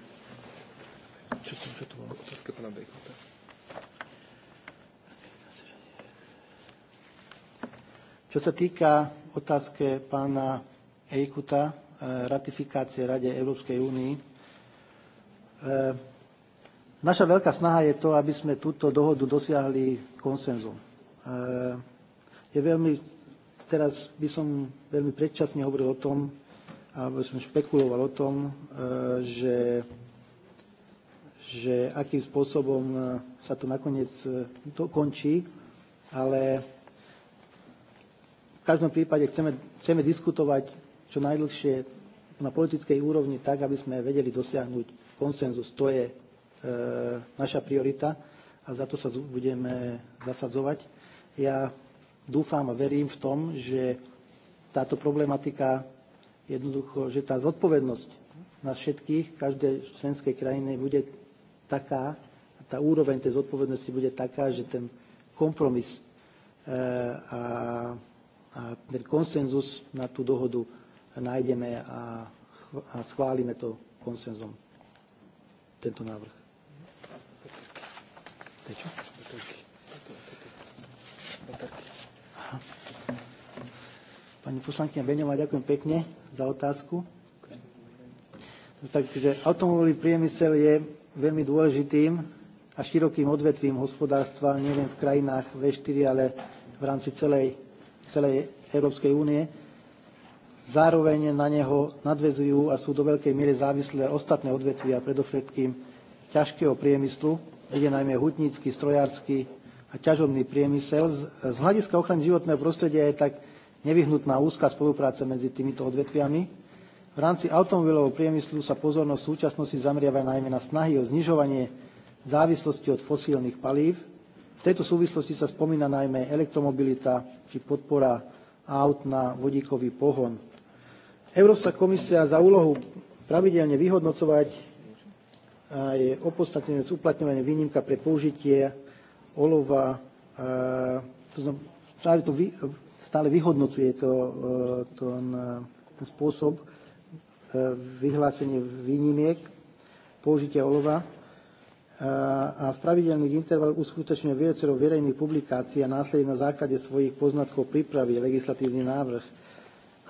Čo, čo, čo to bolo? Čo sa týka otázke pána Ejkuta, e, ratifikácie Rade Európskej únii, e, naša veľká snaha je to, aby sme túto dohodu dosiahli konsenzom. E, je veľmi, teraz by som veľmi predčasne hovoril o tom, alebo som špekuloval o tom, že že akým spôsobom sa to nakoniec dokončí, ale v každom prípade chceme, chceme diskutovať čo najdlhšie na politickej úrovni tak, aby sme vedeli dosiahnuť konsenzus. To je e, naša priorita a za to sa budeme zasadzovať. Ja dúfam a verím v tom, že táto problematika jednoducho, že tá zodpovednosť nás všetkých, každej členskej krajine bude taká, tá úroveň tej zodpovednosti bude taká, že ten kompromis e, a a ten konsenzus na tú dohodu nájdeme a, a schválime to konsenzom, tento návrh. Tečo? Pani poslankyňa Beňová, ďakujem pekne za otázku. Takže automobilový priemysel je veľmi dôležitým a širokým odvetvím hospodárstva, neviem v krajinách V4, ale v rámci celej celej Európskej únie. Zároveň na neho nadvezujú a sú do veľkej miery závislé ostatné odvetvia, predovšetkým ťažkého priemyslu, ide najmä hutnícky, strojársky a ťažobný priemysel. Z hľadiska ochrany životného prostredia je tak nevyhnutná úzka spolupráca medzi týmito odvetviami. V rámci automobilového priemyslu sa pozornosť súčasnosti zameriava najmä na snahy o znižovanie závislosti od fosílnych palív, v tejto súvislosti sa spomína najmä elektromobilita či podpora aut na vodíkový pohon. Európska komisia za úlohu pravidelne vyhodnocovať e, je opodstatnené uplatňovanie výnimka pre použitie olova, e, to stále, to stále vyhodnocuje to, e, ten, ten spôsob vyhlásenie výnimiek použitia olova a v pravidelných intervaloch uskutočňuje viacero verejných publikácií a následne na základe svojich poznatkov pripraví legislatívny návrh.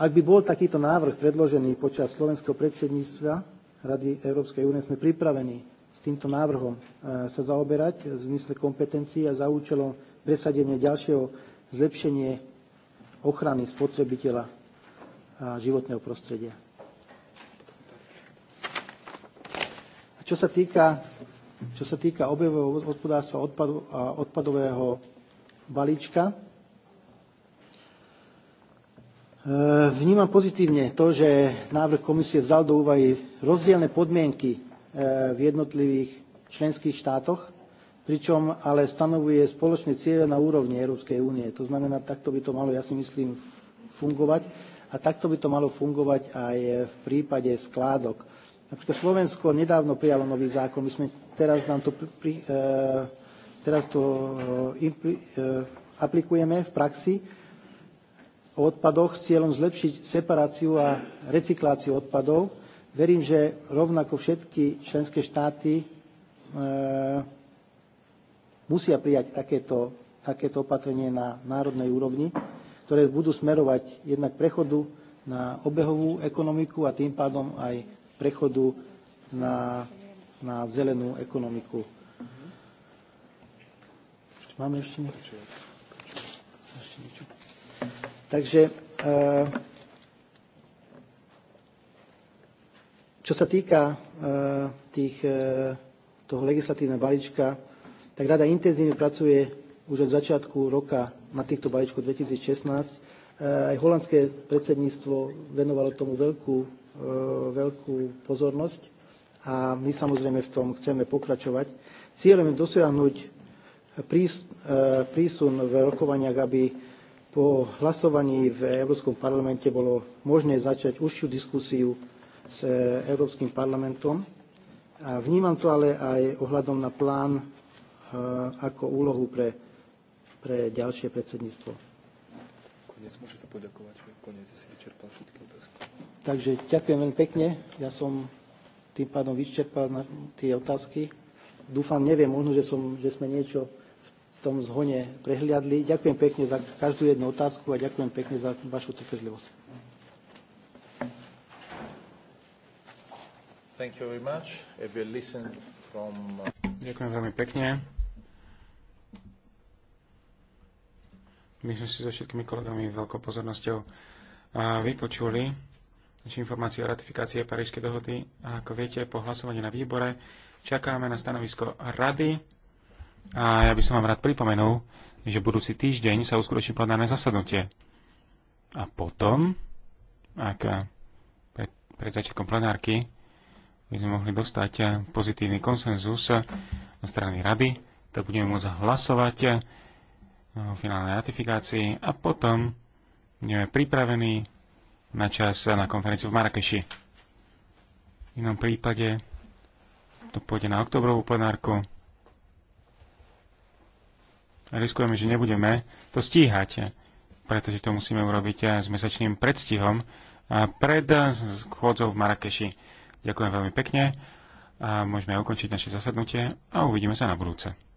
Ak by bol takýto návrh predložený počas slovenského predsedníctva Rady Európskej únie, sme pripravení s týmto návrhom e, sa zaoberať v zmysle kompetencií a za účelom presadenia ďalšieho zlepšenie ochrany spotrebiteľa a životného prostredia. A čo sa týka čo sa týka objevového hospodárstva odpadu a odpadového balíčka. E, vnímam pozitívne to, že návrh komisie vzal do úvahy rozdielne podmienky e, v jednotlivých členských štátoch, pričom ale stanovuje spoločné cieľe na úrovni Európskej únie. To znamená, takto by to malo, ja si myslím, fungovať a takto by to malo fungovať aj v prípade skládok. Napríklad Slovensko nedávno prijalo nový zákon, my sme teraz nám to, pri, e, teraz to e, impli, e, aplikujeme v praxi o odpadoch s cieľom zlepšiť separáciu a recykláciu odpadov. Verím, že rovnako všetky členské štáty e, musia prijať takéto, takéto opatrenie na národnej úrovni, ktoré budú smerovať jednak prechodu na obehovú ekonomiku a tým pádom aj prechodu na, na zelenú ekonomiku. Máme ešte niečo? Ešte niečo. Takže eh, čo sa týka eh, tých, eh, toho legislatívneho balíčka, tak rada intenzívne pracuje už od začiatku roka na týchto balíčku 2016. Aj holandské predsedníctvo venovalo tomu veľkú E, veľkú pozornosť a my samozrejme v tom chceme pokračovať. Cieľom je dosiahnuť e, prísun v rokovaniach, aby po hlasovaní v Európskom parlamente bolo možné začať užšiu diskusiu s e, Európskym parlamentom. A vnímam to ale aj ohľadom na plán ako úlohu pre, pre ďalšie predsedníctvo. Koniec, môže sa poďakovať, koniec si vyčerpal všetky otázky. Takže ďakujem veľmi pekne. Ja som tým pádom vyčerpal na tie otázky. Dúfam, neviem, možno, že, som, že sme niečo v tom zhone prehliadli. Ďakujem pekne za každú jednu otázku a ďakujem pekne za vašu trpezlivosť. Thank you very much. listen from... Uh, ďakujem veľmi pekne. My sme si so všetkými kolegami veľkou pozornosťou uh, vypočuli Naši informácie o ratifikácie Parížskej dohody. A ako viete, po hlasovaní na výbore čakáme na stanovisko rady. A ja by som vám rád pripomenul, že budúci týždeň sa uskutoční plenárne zasadnutie. A potom, ak pred, pred začiatkom plenárky by sme mohli dostať pozitívny konsenzus zo strany rady, tak budeme môcť hlasovať o finálnej ratifikácii a potom budeme pripravení na čas na konferenciu v Marrakeši. V inom prípade to pôjde na oktobrovú plenárku. A riskujeme, že nebudeme to stíhať, pretože to musíme urobiť s mesačným predstihom a pred schôdzou v Marrakeši. Ďakujem veľmi pekne a môžeme ukončiť naše zasadnutie a uvidíme sa na budúce.